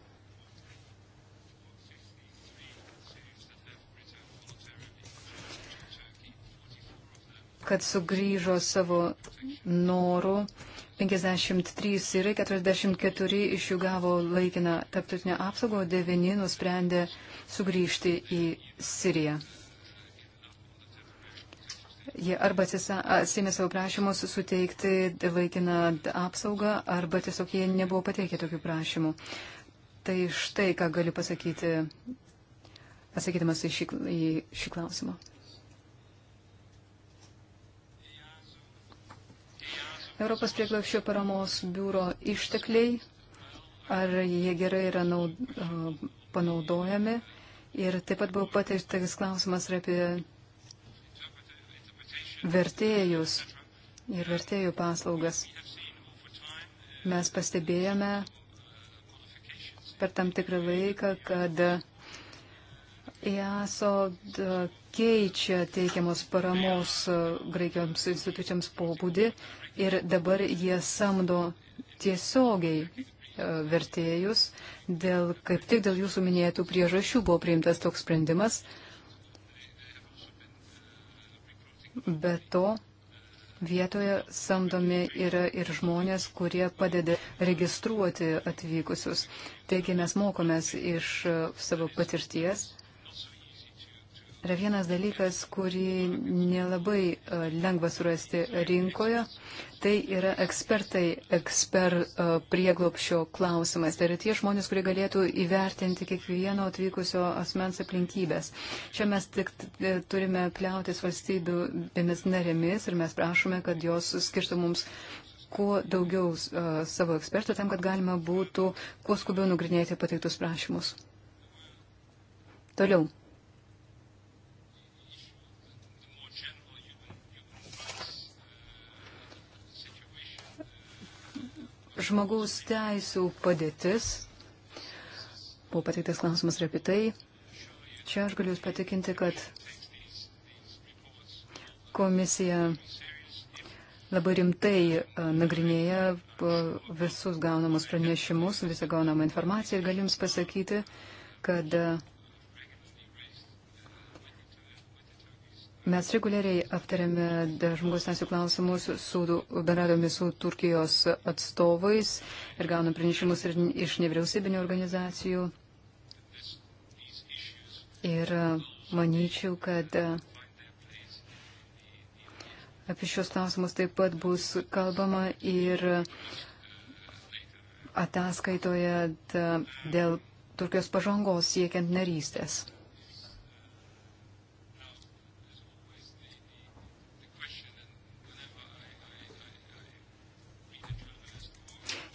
kad sugrįžo savo norų 53 ir 44 iš jų gavo laikiną tarptautinę apsaugą, o 9 nusprendė sugrįžti į Siriją. Jie arba atsėmė savo prašymus suteikti laikiną apsaugą, arba tiesiog jie nebuvo pateikę tokių prašymų. Tai štai, ką galiu pasakyti, atsakydamas į šį, į šį klausimą. Europos prieglapščio paramos biuro ištekliai, ar jie gerai yra naud, panaudojami. Ir taip pat buvo pateiktas klausimas ir apie vertėjus ir vertėjų paslaugas. Mes pastebėjome per tam tikrą laiką, kad EASO keičia teikiamos paramos graikiams institucijams pobūdį ir dabar jie samdo tiesiogiai e, vertėjus, dėl, kaip tik dėl jūsų minėtų priežasčių buvo priimtas toks sprendimas. Be to, vietoje samdomi yra ir žmonės, kurie padeda registruoti atvykusius. Taigi mes mokomės iš e, savo patirties yra vienas dalykas, kurį nelabai e, lengva surasti rinkoje. Tai yra ekspertai, eksper e, prieglopšio klausimas. Tai yra tie žmonės, kurie galėtų įvertinti kiekvieno atvykusio asmens aplinkybės. Čia mes tik e, turime kliautis valstybėmis narėmis ir mes prašome, kad jos skirtų mums kuo daugiau savo ekspertų tam, kad galima būtų kuo skubiau nagrinėti pateiktus prašymus. Toliau. žmogaus teisų padėtis. Buvo pateiktas klausimas ir apie tai. Čia aš galiu Jūs patikinti, kad komisija labai rimtai nagrinėja visus gaunamus pranešimus, visą gaunamą informaciją ir galiu Jums pasakyti, kad Mes reguliariai aptarėme žmogus teisų klausimus su bendradomis su Turkijos atstovais ir gaunam pranešimus ir iš nevyriausybinio organizacijų. Ir manyčiau, kad apie šios klausimus taip pat bus kalbama ir ataskaitoje dėl Turkijos pažangos siekiant narystės.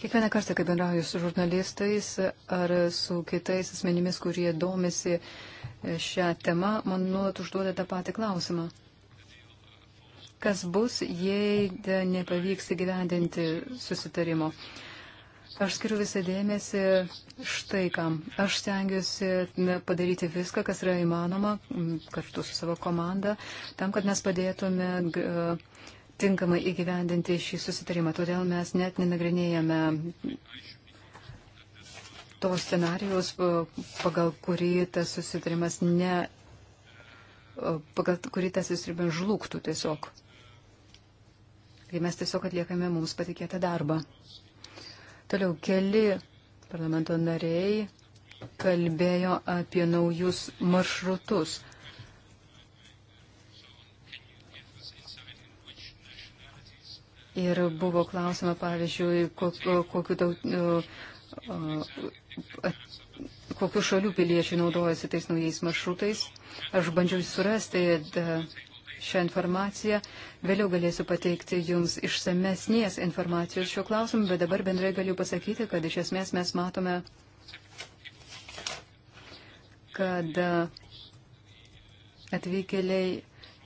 Kiekvieną kartą, kai bendrauju su žurnalistais ar su kitais asmenimis, kurie domisi e, šią temą, man nuolat užduoda tą patį klausimą. Kas bus, jei nepavyks įgyvendinti susitarimo? Aš skiriu visą dėmesį štai kam. Aš stengiuosi padaryti viską, kas yra įmanoma, kartu su savo komanda, tam, kad mes padėtume tinkamai įgyvendinti šį susitarimą. Todėl mes net nenagrinėjame to scenarijos, pagal kurį tas susitarimas ne pagal kurį tas susitarimas žlugtų tiesiog. Tai mes tiesiog atliekame mums patikėtą darbą. Toliau keli parlamento nariai kalbėjo apie naujus maršrutus, Ir buvo klausima, pavyzdžiui, kokiu, kokiu šalių piliečiai naudojasi tais naujais maršrutais. Aš bandžiau surasti šią informaciją. Vėliau galėsiu pateikti jums išsamesnės informacijos šiuo klausimu, bet dabar bendrai galiu pasakyti, kad iš esmės mes matome, kad atvykėliai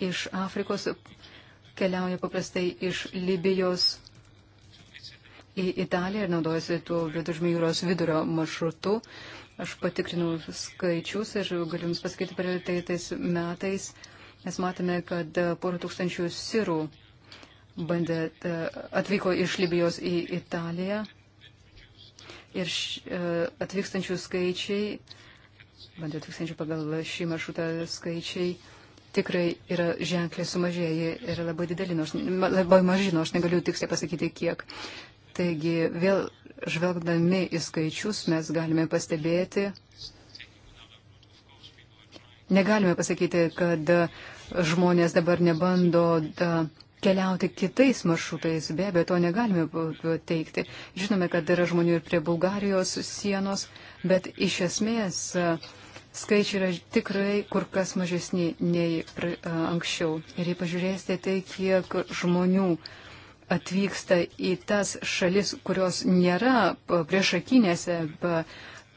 iš Afrikos keliauja paprastai iš Libijos į Italiją ir naudojasi tuo viduržmį jūros vidurio maršrutu. Aš patikrinau skaičius ir galiu Jums pasakyti, paralelitais metais mes matome, kad porą tūkstančių sirų bandė, e, atvyko iš Libijos į Italiją ir e, atvykstančių skaičiai, bandė atvykstančių pagal šį maršrutą skaičiai tikrai yra ženkliai sumažėję ir labai dideli, nors labai maži, nors negaliu tiksliai pasakyti kiek. Taigi vėl žvelgdami į skaičius mes galime pastebėti, negalime pasakyti, kad žmonės dabar nebando da, keliauti kitais maršrutais, be abejo, to negalime teikti. Žinome, kad yra žmonių ir prie Bulgarijos sienos, bet iš esmės. Uh, skaičiai yra tikrai kur kas mažesni nei anksčiau. Ir jei pažiūrėsite tai, kiek žmonių atvyksta į tas šalis, kurios nėra priešakinėse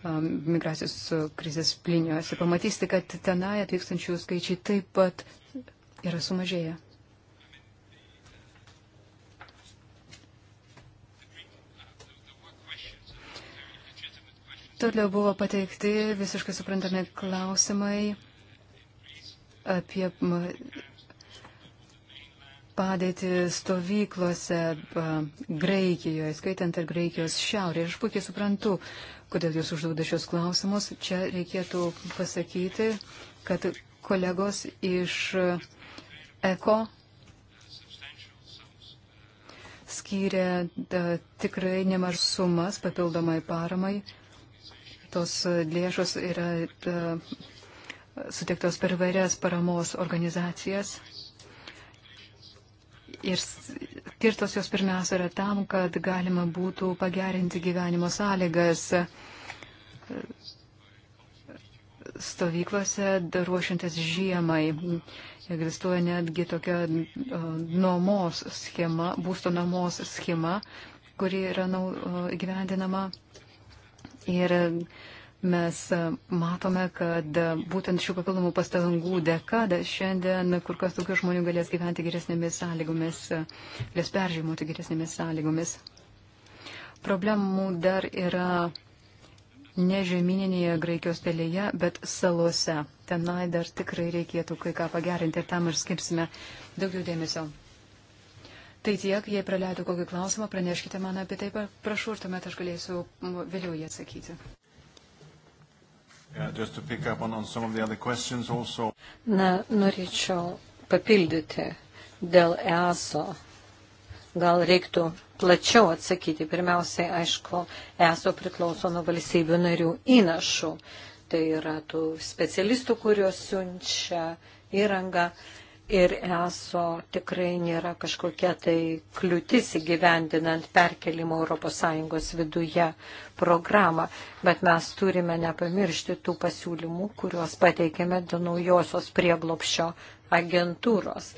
migracijos krizės linijose, pamatysite, kad tenai atvykstančių skaičiai taip pat yra sumažėję. Toliau buvo pateikti visiškai suprantami klausimai apie padėtį stovyklose Graikijoje, skaitant ir Graikijos šiaurė. Aš puikiai suprantu, kodėl jūs užduoda šios klausimus. Čia reikėtų pasakyti, kad kolegos iš ECO skyrė tikrai nemaž sumas papildomai paramai tos lėšos yra e, sutiktos per vairias paramos organizacijas. Ir skirtos jos pirmiausia yra tam, kad galima būtų pagerinti gyvenimo sąlygas e, stovyklose, ruošiantis žiemai. Egzistuoja netgi tokia e, nuomos schema, būsto nuomos schema, kuri yra gyvendinama Ir mes matome, kad būtent šių papildomų pastangų dėka šiandien kur kas daugiau žmonių galės gyventi geresnėmis sąlygomis, galės peržymoti geresnėmis sąlygomis. Problemų dar yra ne žemyninėje Graikijos dalyje, bet salose. Tenai dar tikrai reikėtų kai ką pagerinti ir tam ir skirsime daugiau dėmesio. Tai tiek, jei praleido kokį klausimą, praneškite man apie tai, prašau, ir tuomet aš galėsiu vėliau jį atsakyti. Yeah, Na, norėčiau papildyti dėl ESO. Gal reiktų plačiau atsakyti. Pirmiausiai, aišku, ESO priklauso nuo valstybių narių įnašų. Tai yra tų specialistų, kuriuos siunčia įranga. Uh, ir ESO tikrai nėra kažkokia tai kliūtis įgyvendinant perkelimo ES viduje programą, bet mes turime nepamiršti tų pasiūlymų, kuriuos pateikėme dėl naujosios prieglopščio agentūros.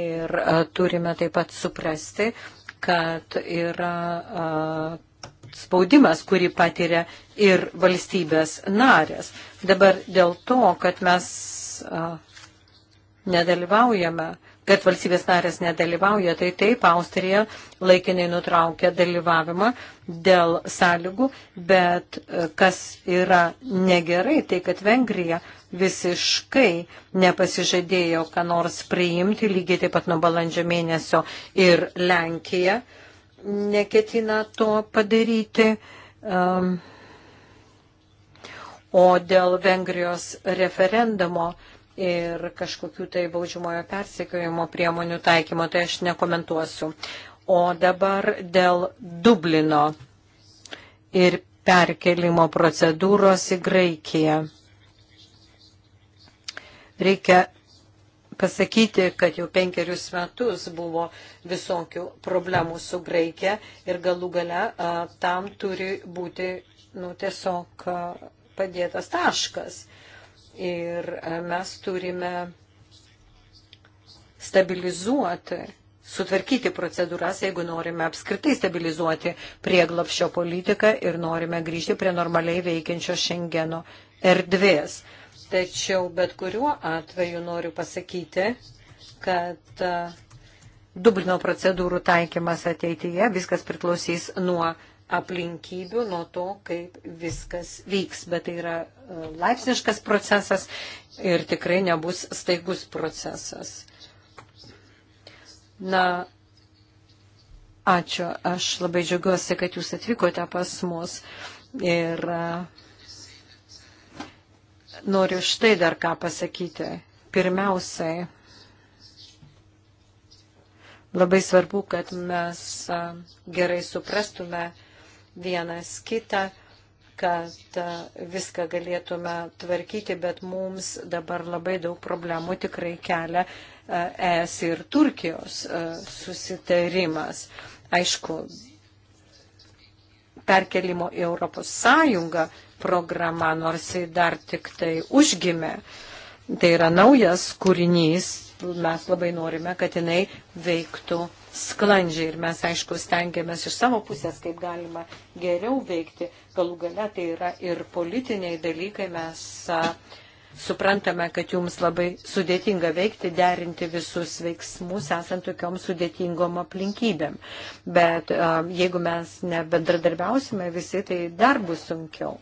Ir a, e, turime taip pat suprasti, kad yra a, e, spaudimas, kurį patiria ir valstybės narės. Dabar dėl to, kad mes a, e, nedalyvaujame, kad valstybės narės nedalyvauja, tai taip Austrija laikinai nutraukia dalyvavimą dėl sąlygų, bet e, kas yra negerai, tai kad Vengrija visiškai nepasižadėjo, ką nors priimti, lygiai taip pat nuo balandžio mėnesio ir Lenkija neketina to padaryti. Um, o dėl Vengrijos referendumo uh, ir kažkokių tai baudžiamojo persekiojimo priemonių taikymo, tai aš nekomentuosiu. O dabar dėl Dublino ir perkelimo procedūros į Graikiją. Reikia pasakyti, kad jau penkerius metus buvo visokių problemų su Graikija ir galų gale a, tam turi būti nu, tiesiog a, padėtas taškas. A, ir e, mes turime stabilizuoti, sutvarkyti procedūras, jeigu norime apskritai stabilizuoti prieglapščio politiką ir norime grįžti prie normaliai veikiančio Šengeno erdvės. Tačiau bet kuriuo atveju noriu pasakyti, kad e, Dublino procedūrų taikymas ateityje viskas priklausys nuo aplinkybių nuo to, kaip viskas vyks. Bet tai yra e, laipsniškas procesas ir tikrai nebus staigus procesas. Na, ačiū. Aš labai džiaugiuosi, kad jūs atvykote pas mus. Ir e, noriu štai dar ką pasakyti. Pirmiausiai, labai svarbu, kad mes e, gerai suprastume, vienas kitą, kad e, viską galėtume tvarkyti, bet mums dabar labai daug problemų tikrai kelia ES e ir Turkijos e, susitarimas. Aišku, perkelimo į Europos Sąjungą programa, nors jis dar tik tai užgimė. Tai yra naujas kūrinys, mes labai norime, kad jinai veiktų sklandžiai ir mes, aišku, stengiamės iš savo pusės, kaip galima geriau veikti. Galų gale tai yra ir politiniai dalykai, mes a, suprantame, kad jums labai sudėtinga veikti, derinti visus veiksmus, esant tokiom sudėtingom aplinkybėm. Bet um, jeigu mes nebendradarbiausime visi, tai dar bus sunkiau.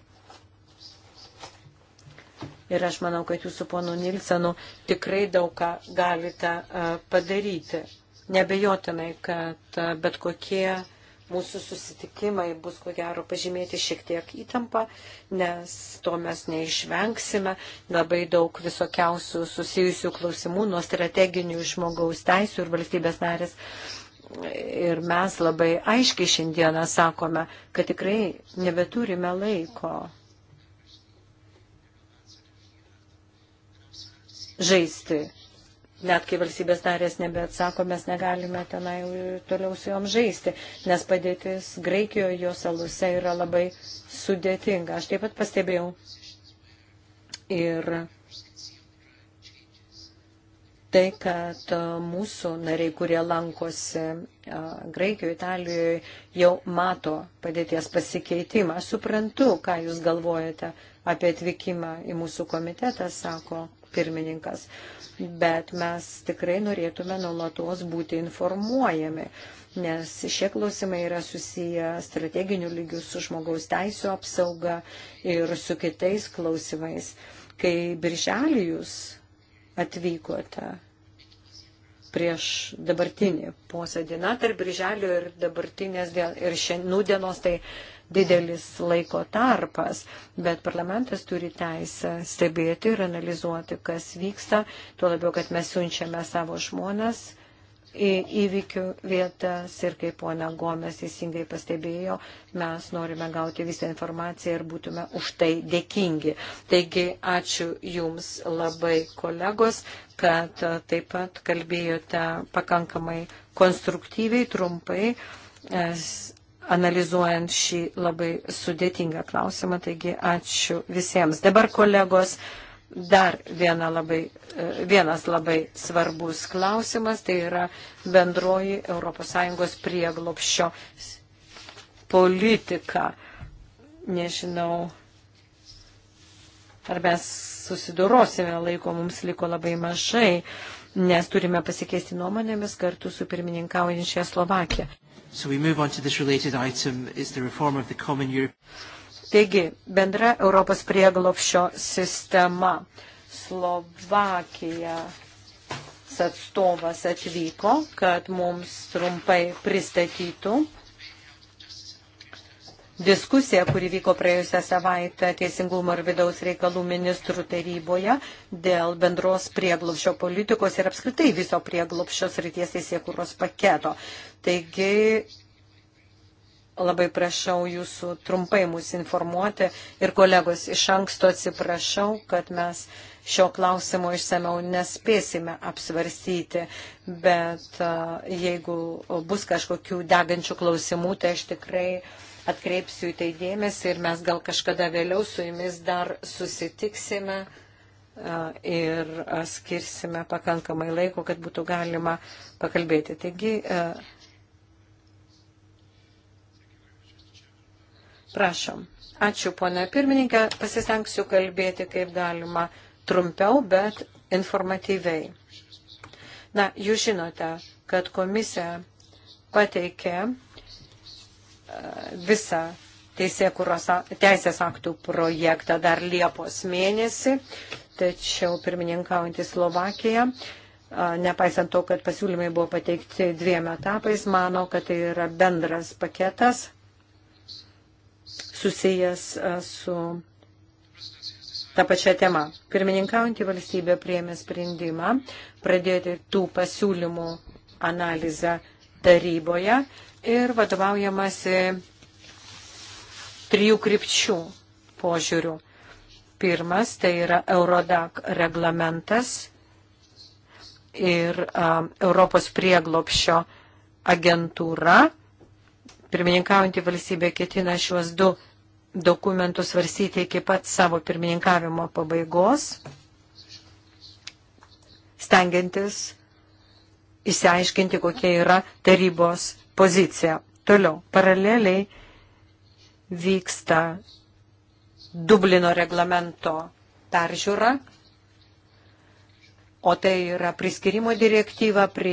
Ir aš manau, kad jūs su ponu Nilsenu tikrai daug ką galite uh, padaryti. Nebejotinai, kad e, bet kokie mūsų susitikimai bus ko gero pažymėti šiek tiek įtampą, nes to mes neišvengsime. Labai daug visokiausių susijusių klausimų nuo strateginių žmogaus teisų ir valstybės narės. Ir mes labai aiškiai šiandieną sakome, kad tikrai nebeturime laiko žaisti net kai valstybės narės nebeatsako, mes negalime tenai toliau su jom žaisti, nes padėtis Graikijoje, jos salose yra labai sudėtinga. Aš taip pat pastebėjau ir tai, kad mūsų nariai, kurie lankosi Graikijoje, Italijoje, jau mato padėties pasikeitimą. Aš suprantu, ką jūs galvojate apie atvykimą į mūsų komitetą, sako pirmininkas, bet mes tikrai norėtume nuolatos būti informuojami, nes šie klausimai yra susiję strateginių lygių su žmogaus teisų apsauga ir su kitais klausimais. Kai birželį jūs atvykote prieš dabartinį posėdį, na, tarp birželio ir dabartinės dien, ir šiandienos, tai didelis laiko tarpas, bet parlamentas turi teisę stebėti ir analizuoti, kas vyksta, tuo labiau, kad mes siunčiame savo žmonas į įvykių vietas ir kaip pona Gomes teisingai pastebėjo, mes norime gauti visą informaciją ir būtume už tai dėkingi. Taigi ačiū Jums labai kolegos, kad taip pat kalbėjote pakankamai konstruktyviai, trumpai analizuojant šį labai sudėtingą klausimą. Taigi ačiū visiems. Dabar kolegos. Dar viena labai, e, vienas labai svarbus klausimas, tai yra bendroji ES prieglopščio politika. Nežinau, ar mes susidurosime, laiko mums liko labai mažai, nes turime pasikeisti nuomonėmis kartu su pirmininkaujančia Slovakija. So we move on to this related item is the reform of the common Europe. Taigi, bendra Europos prieglopščio sistema. Slovakija atstovas atvyko, kad mums trumpai pristatytų diskusiją, kuri vyko praėjusią savaitę Teisingumo ir vidaus reikalų ministrų taryboje dėl bendros prieglopščio politikos ir apskritai viso prieglopščio srities teisėkūros paketo. Taigi labai prašau jūsų trumpai mus informuoti ir kolegos iš anksto atsiprašau, kad mes šio klausimo išsameu nespėsime apsvarstyti, bet jeigu bus kažkokių degančių klausimų, tai aš tikrai uh, atkreipsiu į tai dėmesį ir mes gal kažkada vėliau su jumis dar susitiksime ir skirsime pakankamai laiko, kad būtų galima pakalbėti. Taigi, prašom. Ačiū, ponia pirmininkė. Pasistengsiu kalbėti kaip galima trumpiau, bet informatyviai. Na, jūs žinote, kad komisija pateikė visą teisės aktų projektą dar Liepos mėnesį, tačiau pirmininkaujantį Slovakiją, nepaisant to, kad pasiūlymai buvo pateikti dviem etapais, mano, kad tai yra bendras paketas susijęs su tą pačią temą. Pirmininkaujantį valstybę priėmė sprendimą pradėti tų pasiūlymų analizę taryboje ir vadovaujamasi trijų krypčių požiūrių. Pirmas tai yra Eurodak reglamentas ir um, Europos prieglopšio agentūra. Pirmininkaujantį valstybę ketina šiuos du dokumentus svarstyti iki pat savo pirmininkavimo pabaigos, stengiantis įsiaiškinti, kokie yra tarybos poziciją. Toliau, paraleliai vyksta Dublino reglamento peržiūra, o tai yra priskirimo direktyva pri,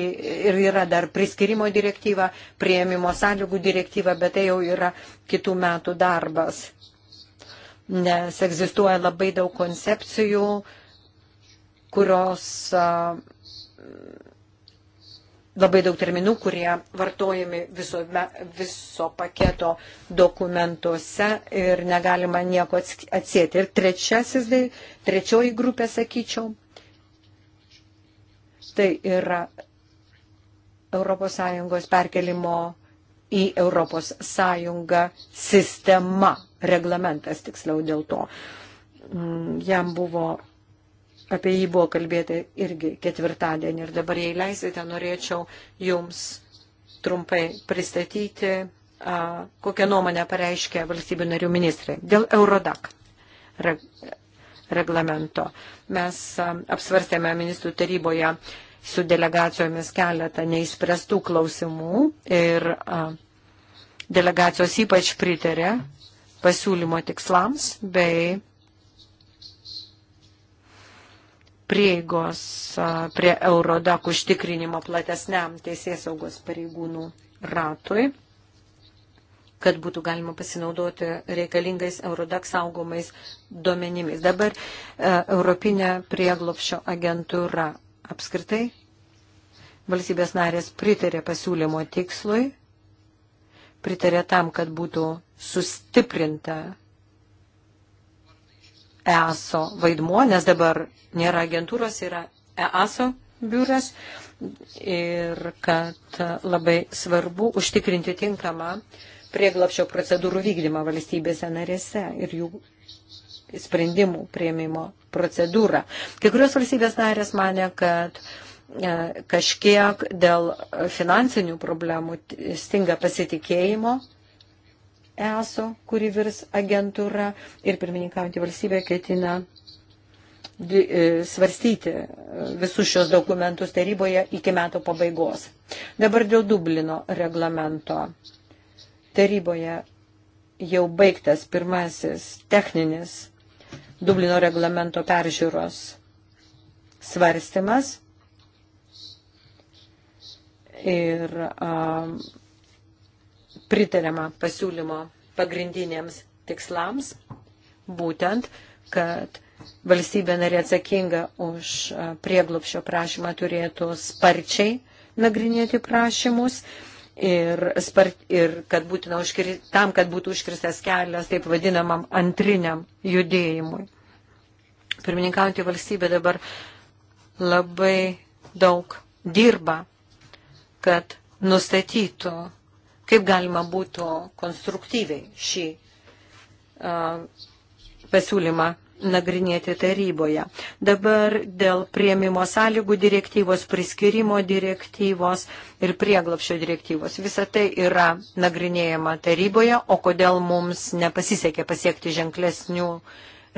ir yra dar priskirimo direktyva, prieimimo sąlygų direktyva, bet tai jau yra kitų metų darbas, nes egzistuoja labai daug koncepcijų, kurios a, labai daug terminų, kurie vartojami viso, viso paketo dokumentuose ir negalima nieko atsėti. Ir trečiasis, trečioji grupė, sakyčiau, tai yra ES perkelimo į ES sistema, reglamentas tiksliau dėl to. Mm, jam buvo apie jį buvo kalbėta irgi ketvirtadienį. Ir dabar, jei leisite, norėčiau jums trumpai pristatyti, kokią nuomonę pareiškia valstybių narių ministrai dėl Eurodak reglamento. Mes apsvarstėme ministrų taryboje su delegacijomis keletą neįspręstų klausimų ir delegacijos ypač pritarė pasiūlymo tikslams bei prieigos prie Eurodak užtikrinimo platesniam teisės saugos pareigūnų ratui, kad būtų galima pasinaudoti reikalingais Eurodak saugomais duomenimis. Dabar Europinė prieglopščio agentūra apskritai valstybės narės pritarė pasiūlymo tikslui, pritarė tam, kad būtų sustiprinta EASO vaidmuo, nes dabar nėra agentūros, yra EASO biuras ir kad labai svarbu užtikrinti tinkamą prieglapšio procedūrų vykdymą valstybėse narėse ir jų sprendimų prieimimo procedūrą. Kai kurios valstybės narės mane, kad e, kažkiek dėl finansinių problemų stinga pasitikėjimo ESO, kuri virs agentūra ir pirmininkaujantį valstybę ketina e, svarstyti e, visus šios dokumentus taryboje iki metų pabaigos. Dabar dėl Dublino reglamento. Taryboje jau baigtas pirmasis techninis Dublino reglamento peržiūros svarstymas. Ir um, pritariama pasiūlymo pagrindiniams tikslams, būtent, kad valstybė narė atsakinga už prieglupšio prašymą turėtų sparčiai nagrinėti prašymus ir, spar, ir kad būtina užkir, tam, kad būtų užkirstas kelias taip vadinamam antriniam judėjimui. Pirmininkaujantį valstybę dabar labai daug dirba, kad nustatytų kaip galima būtų konstruktyviai šį uh, pasiūlymą nagrinėti taryboje. Dabar dėl prieimimo sąlygų direktyvos, priskirimo direktyvos ir prieglapšio direktyvos. Visa tai yra nagrinėjama taryboje, o kodėl mums nepasisekė pasiekti ženklesnių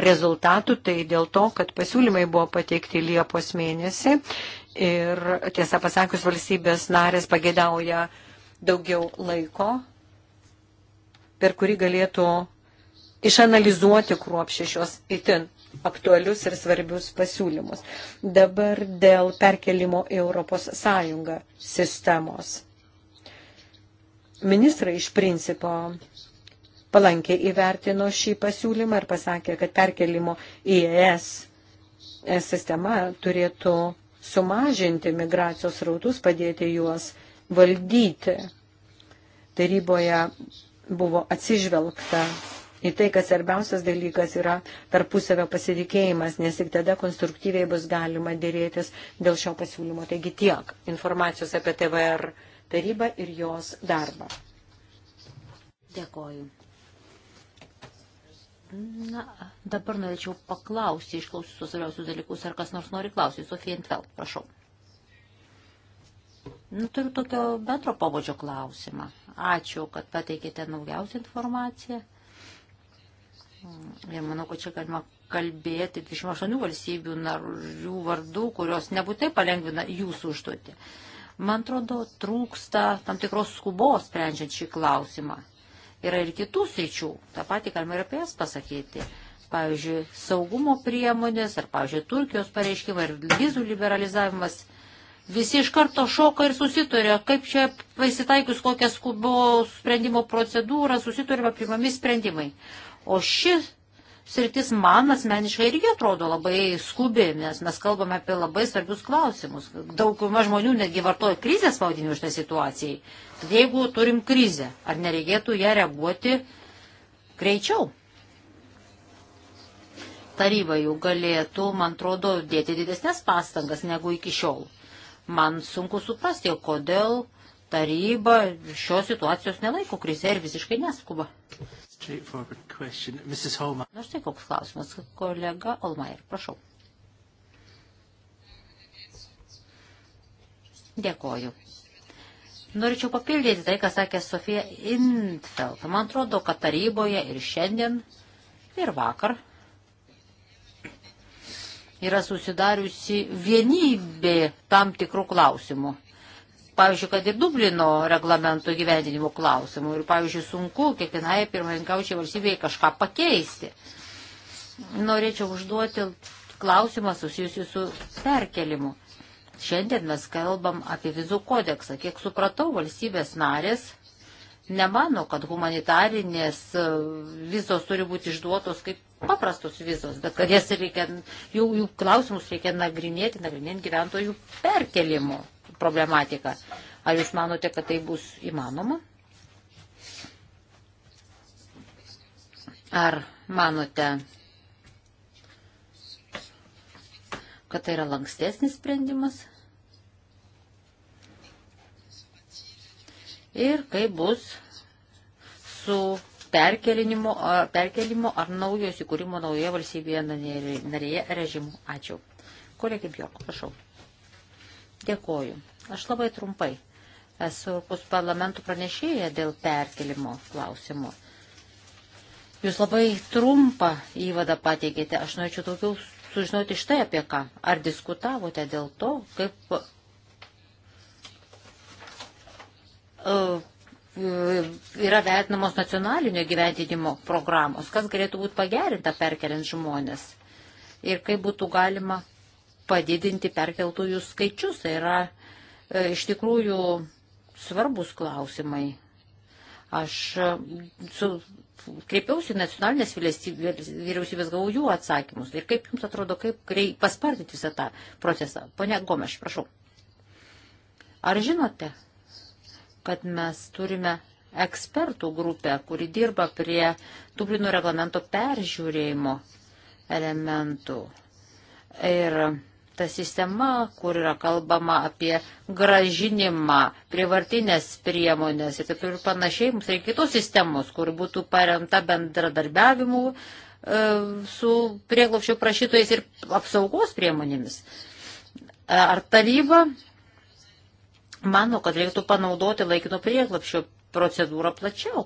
rezultatų, tai dėl to, kad pasiūlymai buvo pateikti Liepos mėnesį ir tiesą pasakius valstybės narės pagėdauja uh, daugiau laiko, per kurį galėtų išanalizuoti kruopšį šios itin aktualius ir svarbius pasiūlymus. Dabar dėl perkelimo Europos Sąjungą sistemos. Ministrai iš principo palankiai įvertino šį pasiūlymą ir pasakė, kad perkelimo į ES sistema turėtų sumažinti migracijos rautus, padėti juos valdyti. Taryboje buvo atsižvelgta į tai, kad svarbiausias dalykas yra tarpusavio pasitikėjimas, nes tik tada konstruktyviai bus galima dėrėtis dėl šio pasiūlymo. Taigi tiek informacijos apie TVR tarybą ir jos darbą. Dėkoju. Na, dabar norėčiau paklausti, išklausius svarbiausius dalykus, ar kas nors nori klausyti. Sofija Intveld, prašau. Nu, turiu tokio bendro pobūdžio klausimą. Ačiū, kad pateikėte naujausią informaciją. Ir manau, kad čia galima kalbėti 28 valstybių narių vardų, kurios nebūtai palengvina jūsų užduotį. Man atrodo, trūksta tam tikros skubos sprendžiant šį klausimą. Yra ir kitų sričių, tą patį galima ir apie jas pasakyti. Pavyzdžiui, saugumo priemonės, ar, pavyzdžiui, Turkijos pareiškimai, ar vizų liberalizavimas Visi iš karto šoka ir susituria, kaip čia pasitaikius kokią skubo sprendimo procedūrą, susiturima primami sprendimai. O ši sritis man asmeniškai irgi atrodo labai skubi, nes mes kalbame apie labai svarbius klausimus. Dauguma žmonių netgi vartoja krizės pavadinimu šitai situacijai. Tad jeigu turim krizę, ar nereikėtų ją reaguoti greičiau? taryba jau galėtų, man atrodo, dėti didesnės pastangas negu iki šiol. Man sunku suprasti, kodėl taryba šios situacijos nelaiko krize ir visiškai neskuba. Na štai koks klausimas, kolega Olmair, prašau. Dėkoju. Norėčiau papildyti tai, ką sakė Sofija Intfeld. Man atrodo, kad taryboje ir šiandien, ir vakar yra susidariusi vienybė tam tikrų klausimų. Pavyzdžiui, kad ir Dublino reglamento gyvendinimo klausimų. Ir, pavyzdžiui, sunku kiekvienai pirmininkaučiai valstybėje kažką pakeisti. Norėčiau užduoti klausimą susijusiu su perkelimu. Šiandien mes kalbam apie vizų kodeksą. Kiek supratau, valstybės narės nemano, kad humanitarinės e, vizos turi būti išduotos kaip paprastos vizos, bet kad jas reikia, jų, jų klausimus reikia nagrinėti, nagrinėti gyventojų perkelimo problematiką. Ar jūs manote, kad tai bus įmanoma? Ar manote, kad tai yra lankstesnis sprendimas? ir kaip bus su perkelimo, perkelimo ar naujo įsikūrimo naujoje valstybėje narėje režimu. Ačiū. Kolegė Bjork, prašau. Dėkoju. Aš labai trumpai esu Europos parlamentų pranešėja dėl perkelimo klausimų. Jūs labai trumpą įvadą pateikėte. Aš norėčiau daugiau sužinoti štai apie ką. Ar diskutavote dėl to, kaip E, e, yra vertinamos nacionalinio gyventinimo programos, kas galėtų būti pagerinta perkeliant žmonės ir kaip būtų galima padidinti perkeltųjų skaičius. Tai yra e, iš tikrųjų svarbus klausimai. Aš e, su, kreipiausi nacionalinės vyriausybės, gavau jų atsakymus. Ir kaip jums atrodo, kaip grei, paspartinti visą tą procesą? Pone Gomeš, prašau. Ar žinote, kad mes turime ekspertų grupę, kuri dirba prie Dublino reglamento peržiūrėjimo elementų. Ir ta sistema, kur yra kalbama apie gražinimą, privartinės priemonės ir taip ir panašiai, mums reikia kitos sistemos, kur būtų paremta bendradarbiavimu e, su prieglopščio prašytojais ir apsaugos priemonėmis. E, ar taryba mano, kad reiktų panaudoti laikino prieglapšio procedūrą plačiau.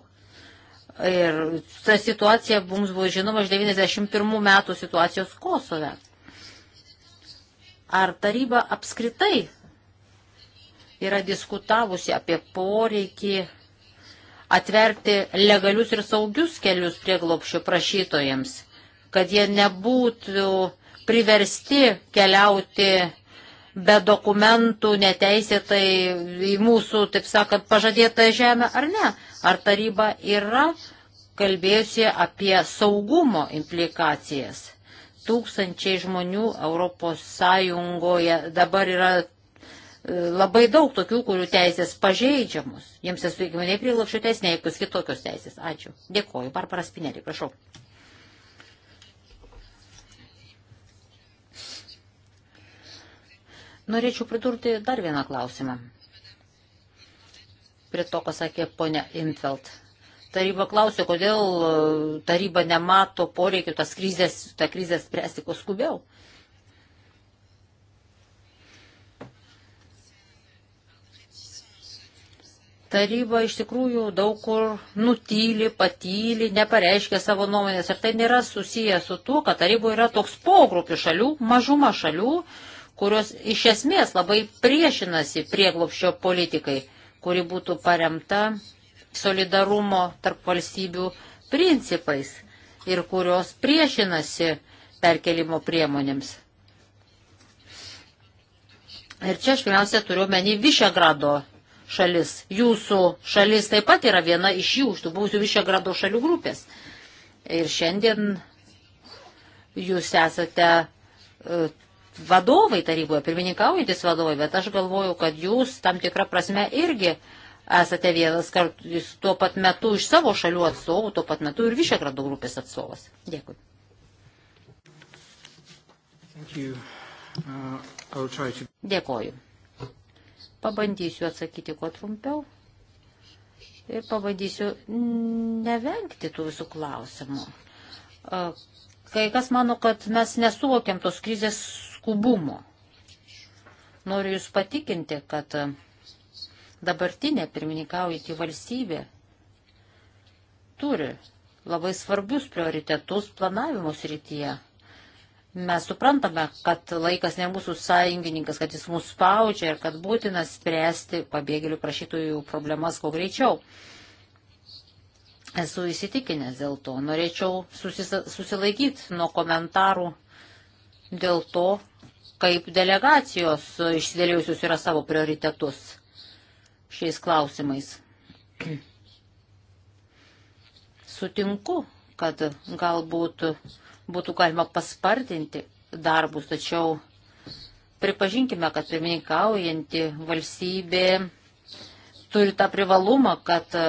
Ir ta situacija mums buvo žinoma iš 91 metų situacijos Kosove. Ar taryba apskritai yra diskutavusi apie poreikį atverti legalius ir saugius kelius prieglopšio prašytojams, kad jie nebūtų priversti keliauti be dokumentų neteisėtai į mūsų, taip sakant, pažadėtą žemę ar ne? Ar taryba yra kalbėjusi apie saugumo implikacijas? Tūkstančiai žmonių Europos Sąjungoje dabar yra e, labai daug tokių, kurių teisės pažeidžiamos. Jiems esu įgiminiai prilakščių teisė, nei kitokios teisės. Ačiū. Dėkoju. Barbara Spinelį, prašau. Norėčiau pridurti dar vieną klausimą. Prie to, ką sakė ponia Infeld. Taryba klausė, kodėl e, taryba nemato poreikio tas krizės, tą krizę spręsti kuo skubiau. taryba iš tikrųjų daug kur nutyli, patyli, nepareiškia savo nuomonės. Ir tai nėra susiję su tuo, kad taryboje yra toks pogrupis šalių, mažuma šalių, kurios iš esmės labai priešinasi prieglopščio politikai, kuri būtų paremta solidarumo tarp valstybių principais ir kurios priešinasi perkelimo priemonėms. Ir čia aš pirmiausia turiu menį Višegrado šalis. Jūsų šalis taip pat yra viena iš jų, iš tų buvusių Višegrado šalių grupės. Ir šiandien jūs esate e, vadovai taryboje, pirmininkaujantis vadovai, bet aš galvoju, kad jūs tam tikrą prasme irgi esate vienas kartus tuo pat metu iš savo šalių atstovų, tuo pat metu ir Višegrado grupės atstovas. Dėkui. Uh, to... Dėkoju. Pabandysiu atsakyti kuo trumpiau ir pabandysiu nevengti tų visų klausimų. Uh, kai kas mano, kad mes nesuvokiam tos krizės skubumo. Noriu Jūs patikinti, kad dabartinė pirmininkaujantį valstybė turi labai svarbius prioritetus planavimo srityje. Mes suprantame, kad laikas ne mūsų sąjungininkas, kad jis mūsų spaudžia ir kad būtina spręsti pabėgėlių prašytojų problemas kuo greičiau. Esu įsitikinęs dėl to. Norėčiau susilaikyti nuo komentarų dėl to, kaip delegacijos išsidėlėjusius yra savo prioritetus šiais klausimais. Sutinku, kad galbūt būtų galima paspartinti darbus, tačiau pripažinkime, kad pirmininkaujanti valstybė turi tą privalumą, kad e,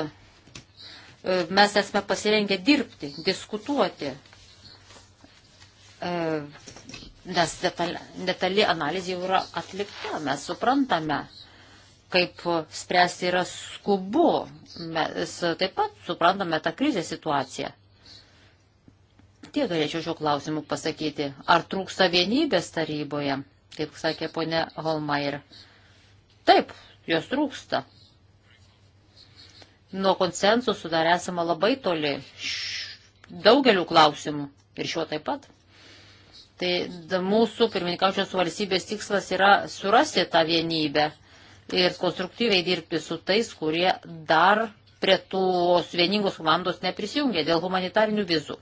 mes esame pasirengę dirbti, diskutuoti. E, nes detali, detali analizė jau yra atlikta, mes suprantame, kaip spręsti yra skubu, mes taip pat suprantame tą krizę situaciją. Tiek galėčiau šiuo klausimu pasakyti, ar trūksta vienybės taryboje, kaip sakė ponė Holmair. Taip, jos trūksta. Nuo konsensusų dar esame labai toli daugelių klausimų ir šiuo taip pat. Tai da, mūsų pirmininkaučios valstybės tikslas yra surasti tą vienybę ir konstruktyviai dirbti su tais, kurie dar prie tos vieningos komandos neprisijungė dėl humanitarinių vizų.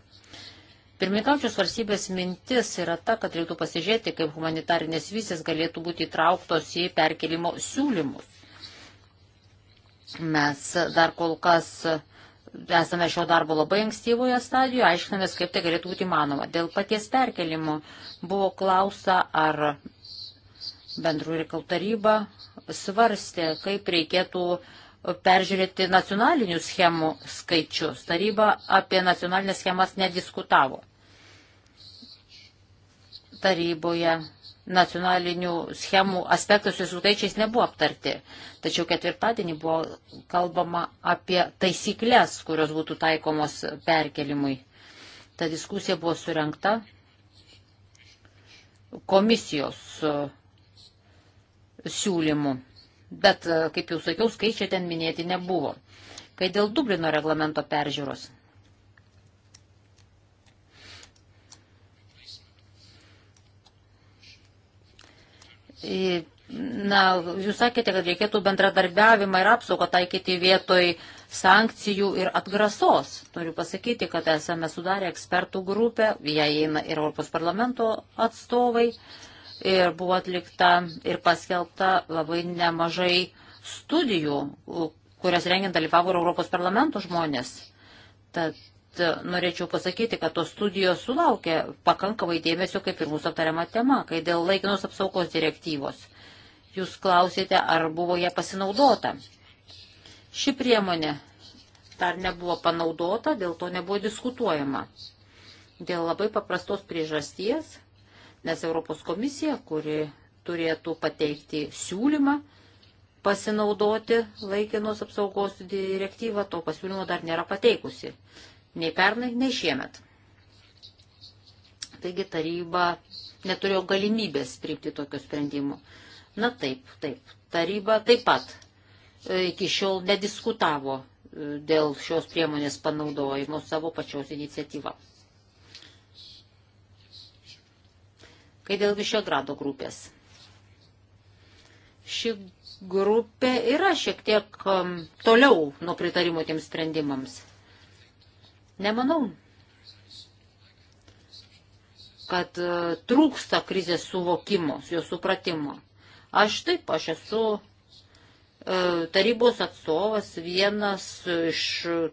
Pirmininkaučios valstybės mintis yra ta, kad reiktų pasižiūrėti, kaip humanitarinės vizės galėtų būti įtrauktos į perkelimo siūlymus. Mes dar kol kas uh, esame šio darbo labai ankstyvoje stadijoje, aiškinamės, kaip tai galėtų būti įmanoma. Dėl paties perkelimo buvo klausa, ar bendrų reikalų taryba svarstė, kaip reikėtų peržiūrėti nacionalinių schemų skaičius. Taryba apie nacionalinės schemas nediskutavo. Taryboje nacionalinių schemų aspektus ir sutaičiais nebuvo aptarti. Tačiau ketvirtadienį buvo kalbama apie taisyklės, kurios būtų taikomos perkelimui. Ta diskusija buvo surenkta komisijos e, siūlymų. Bet, e, kaip jau sakiau, skaičiai ten minėti nebuvo. Kai dėl Dublino reglamento peržiūros Na, jūs sakėte, kad reikėtų bendradarbiavimą ir apsaugą taikyti vietoj sankcijų ir atgrasos. Noriu pasakyti, kad esame sudarę ekspertų grupę, jie įeina ir Europos parlamento atstovai ir buvo atlikta ir paskelbta labai nemažai studijų, kurias rengiant dalyvavo ir Europos parlamento žmonės. Tad pat norėčiau pasakyti, kad tos studijos sulaukė pakankamai dėmesio, kaip ir mūsų aptariama tema, kai dėl laikinos apsaugos direktyvos. Jūs klausėte, ar buvo ją pasinaudota. Ši priemonė dar nebuvo panaudota, dėl to nebuvo diskutuojama. Dėl labai paprastos priežasties, nes Europos komisija, kuri turėtų pateikti siūlymą, pasinaudoti laikinos apsaugos direktyvą, to pasiūlymo dar nėra pateikusi nei pernai, nei šiemet. Taigi taryba neturėjo galimybės priimti tokių sprendimų. Na taip, taip. Taryba taip pat e, iki šiol nediskutavo e, dėl šios priemonės panaudojimo savo pačios iniciatyvą. Kai dėl Višegrado grupės. Ši grupė yra šiek tiek toliau nuo pritarimo tiems sprendimams. Nemanau, kad e, trūksta krizės suvokimo, jo supratimo. Aš taip, aš esu e, tarybos atstovas, vienas iš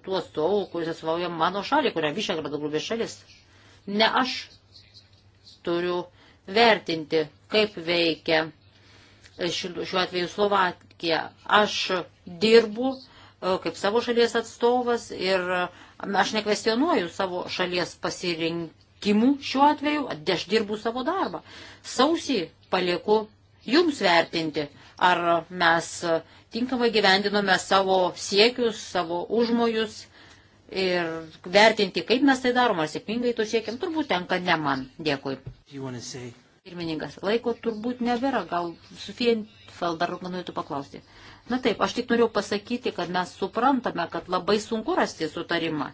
tų atstovų, kuris atstovauja mano šalį, kurią Višegrado grubė šalis. Ne aš turiu vertinti, kaip veikia e, šiuo atveju Slovakija. Aš dirbu kaip savo šalies atstovas ir Aš nekvestionuoju savo šalies pasirinkimų šiuo atveju, aš dirbu savo darbą. Sausį palieku jums vertinti, ar mes tinkamai gyvendinome savo siekius, savo užmojus ir vertinti, kaip mes tai darom, ar sėkmingai to siekiam, turbūt tenka ne man. Dėkui. Pirmininkas, laiko turbūt nebėra, gal Sufija Feldar norėtų paklausti. Na taip, aš tik noriu pasakyti, kad mes suprantame, kad labai sunku rasti sutarimą,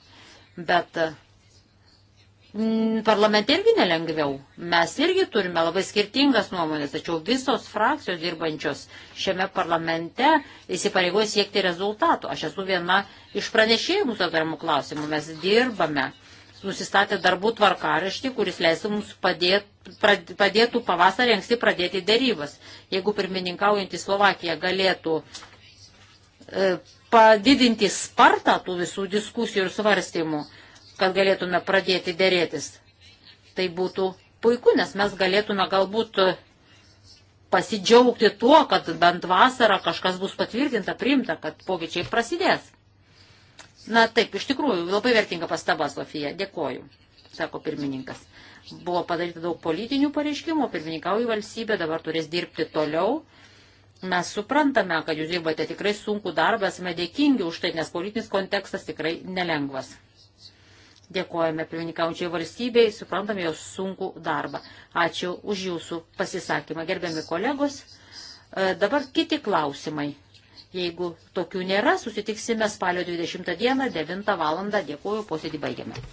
bet mm, parlamente irgi nelengviau. Mes irgi turime labai skirtingas nuomonės, tačiau visos frakcijos dirbančios šiame parlamente įsipareigoja siekti rezultatų. Aš esu viena iš pranešėjų mūsų aptariamų klausimų. Mes dirbame nusistatę darbų tvarkaraštį, kuris leistų mums padėt, prad, padėtų pavasarį anksti pradėti dėrybas. Jeigu pirmininkaujantį Slovakiją galėtų e, padidinti spartą tų visų diskusijų ir svarstymų, kad galėtume pradėti dėrėtis, tai būtų puiku, nes mes galėtume galbūt pasidžiaugti tuo, kad bent vasarą kažkas bus patvirtinta, priimta, kad pokyčiai prasidės. Na taip, iš tikrųjų, labai vertinga pastaba, Sofija. Dėkoju, sako pirmininkas. Buvo padaryta daug politinių pareiškimų, pirmininkauju valstybė, dabar turės dirbti toliau. Mes suprantame, kad jūs dirbate tikrai sunku darbą, esame dėkingi už tai, nes politinis kontekstas tikrai nelengvas. Dėkojame pirmininkaujančiai valstybei, suprantame jos sunku darbą. Ačiū už jūsų pasisakymą, gerbiami kolegos. E, dabar kiti klausimai. Jeigu tokių nėra, susitiksime spalio 20 dieną, 9 val. Dėkuoju, posėdį baigiame.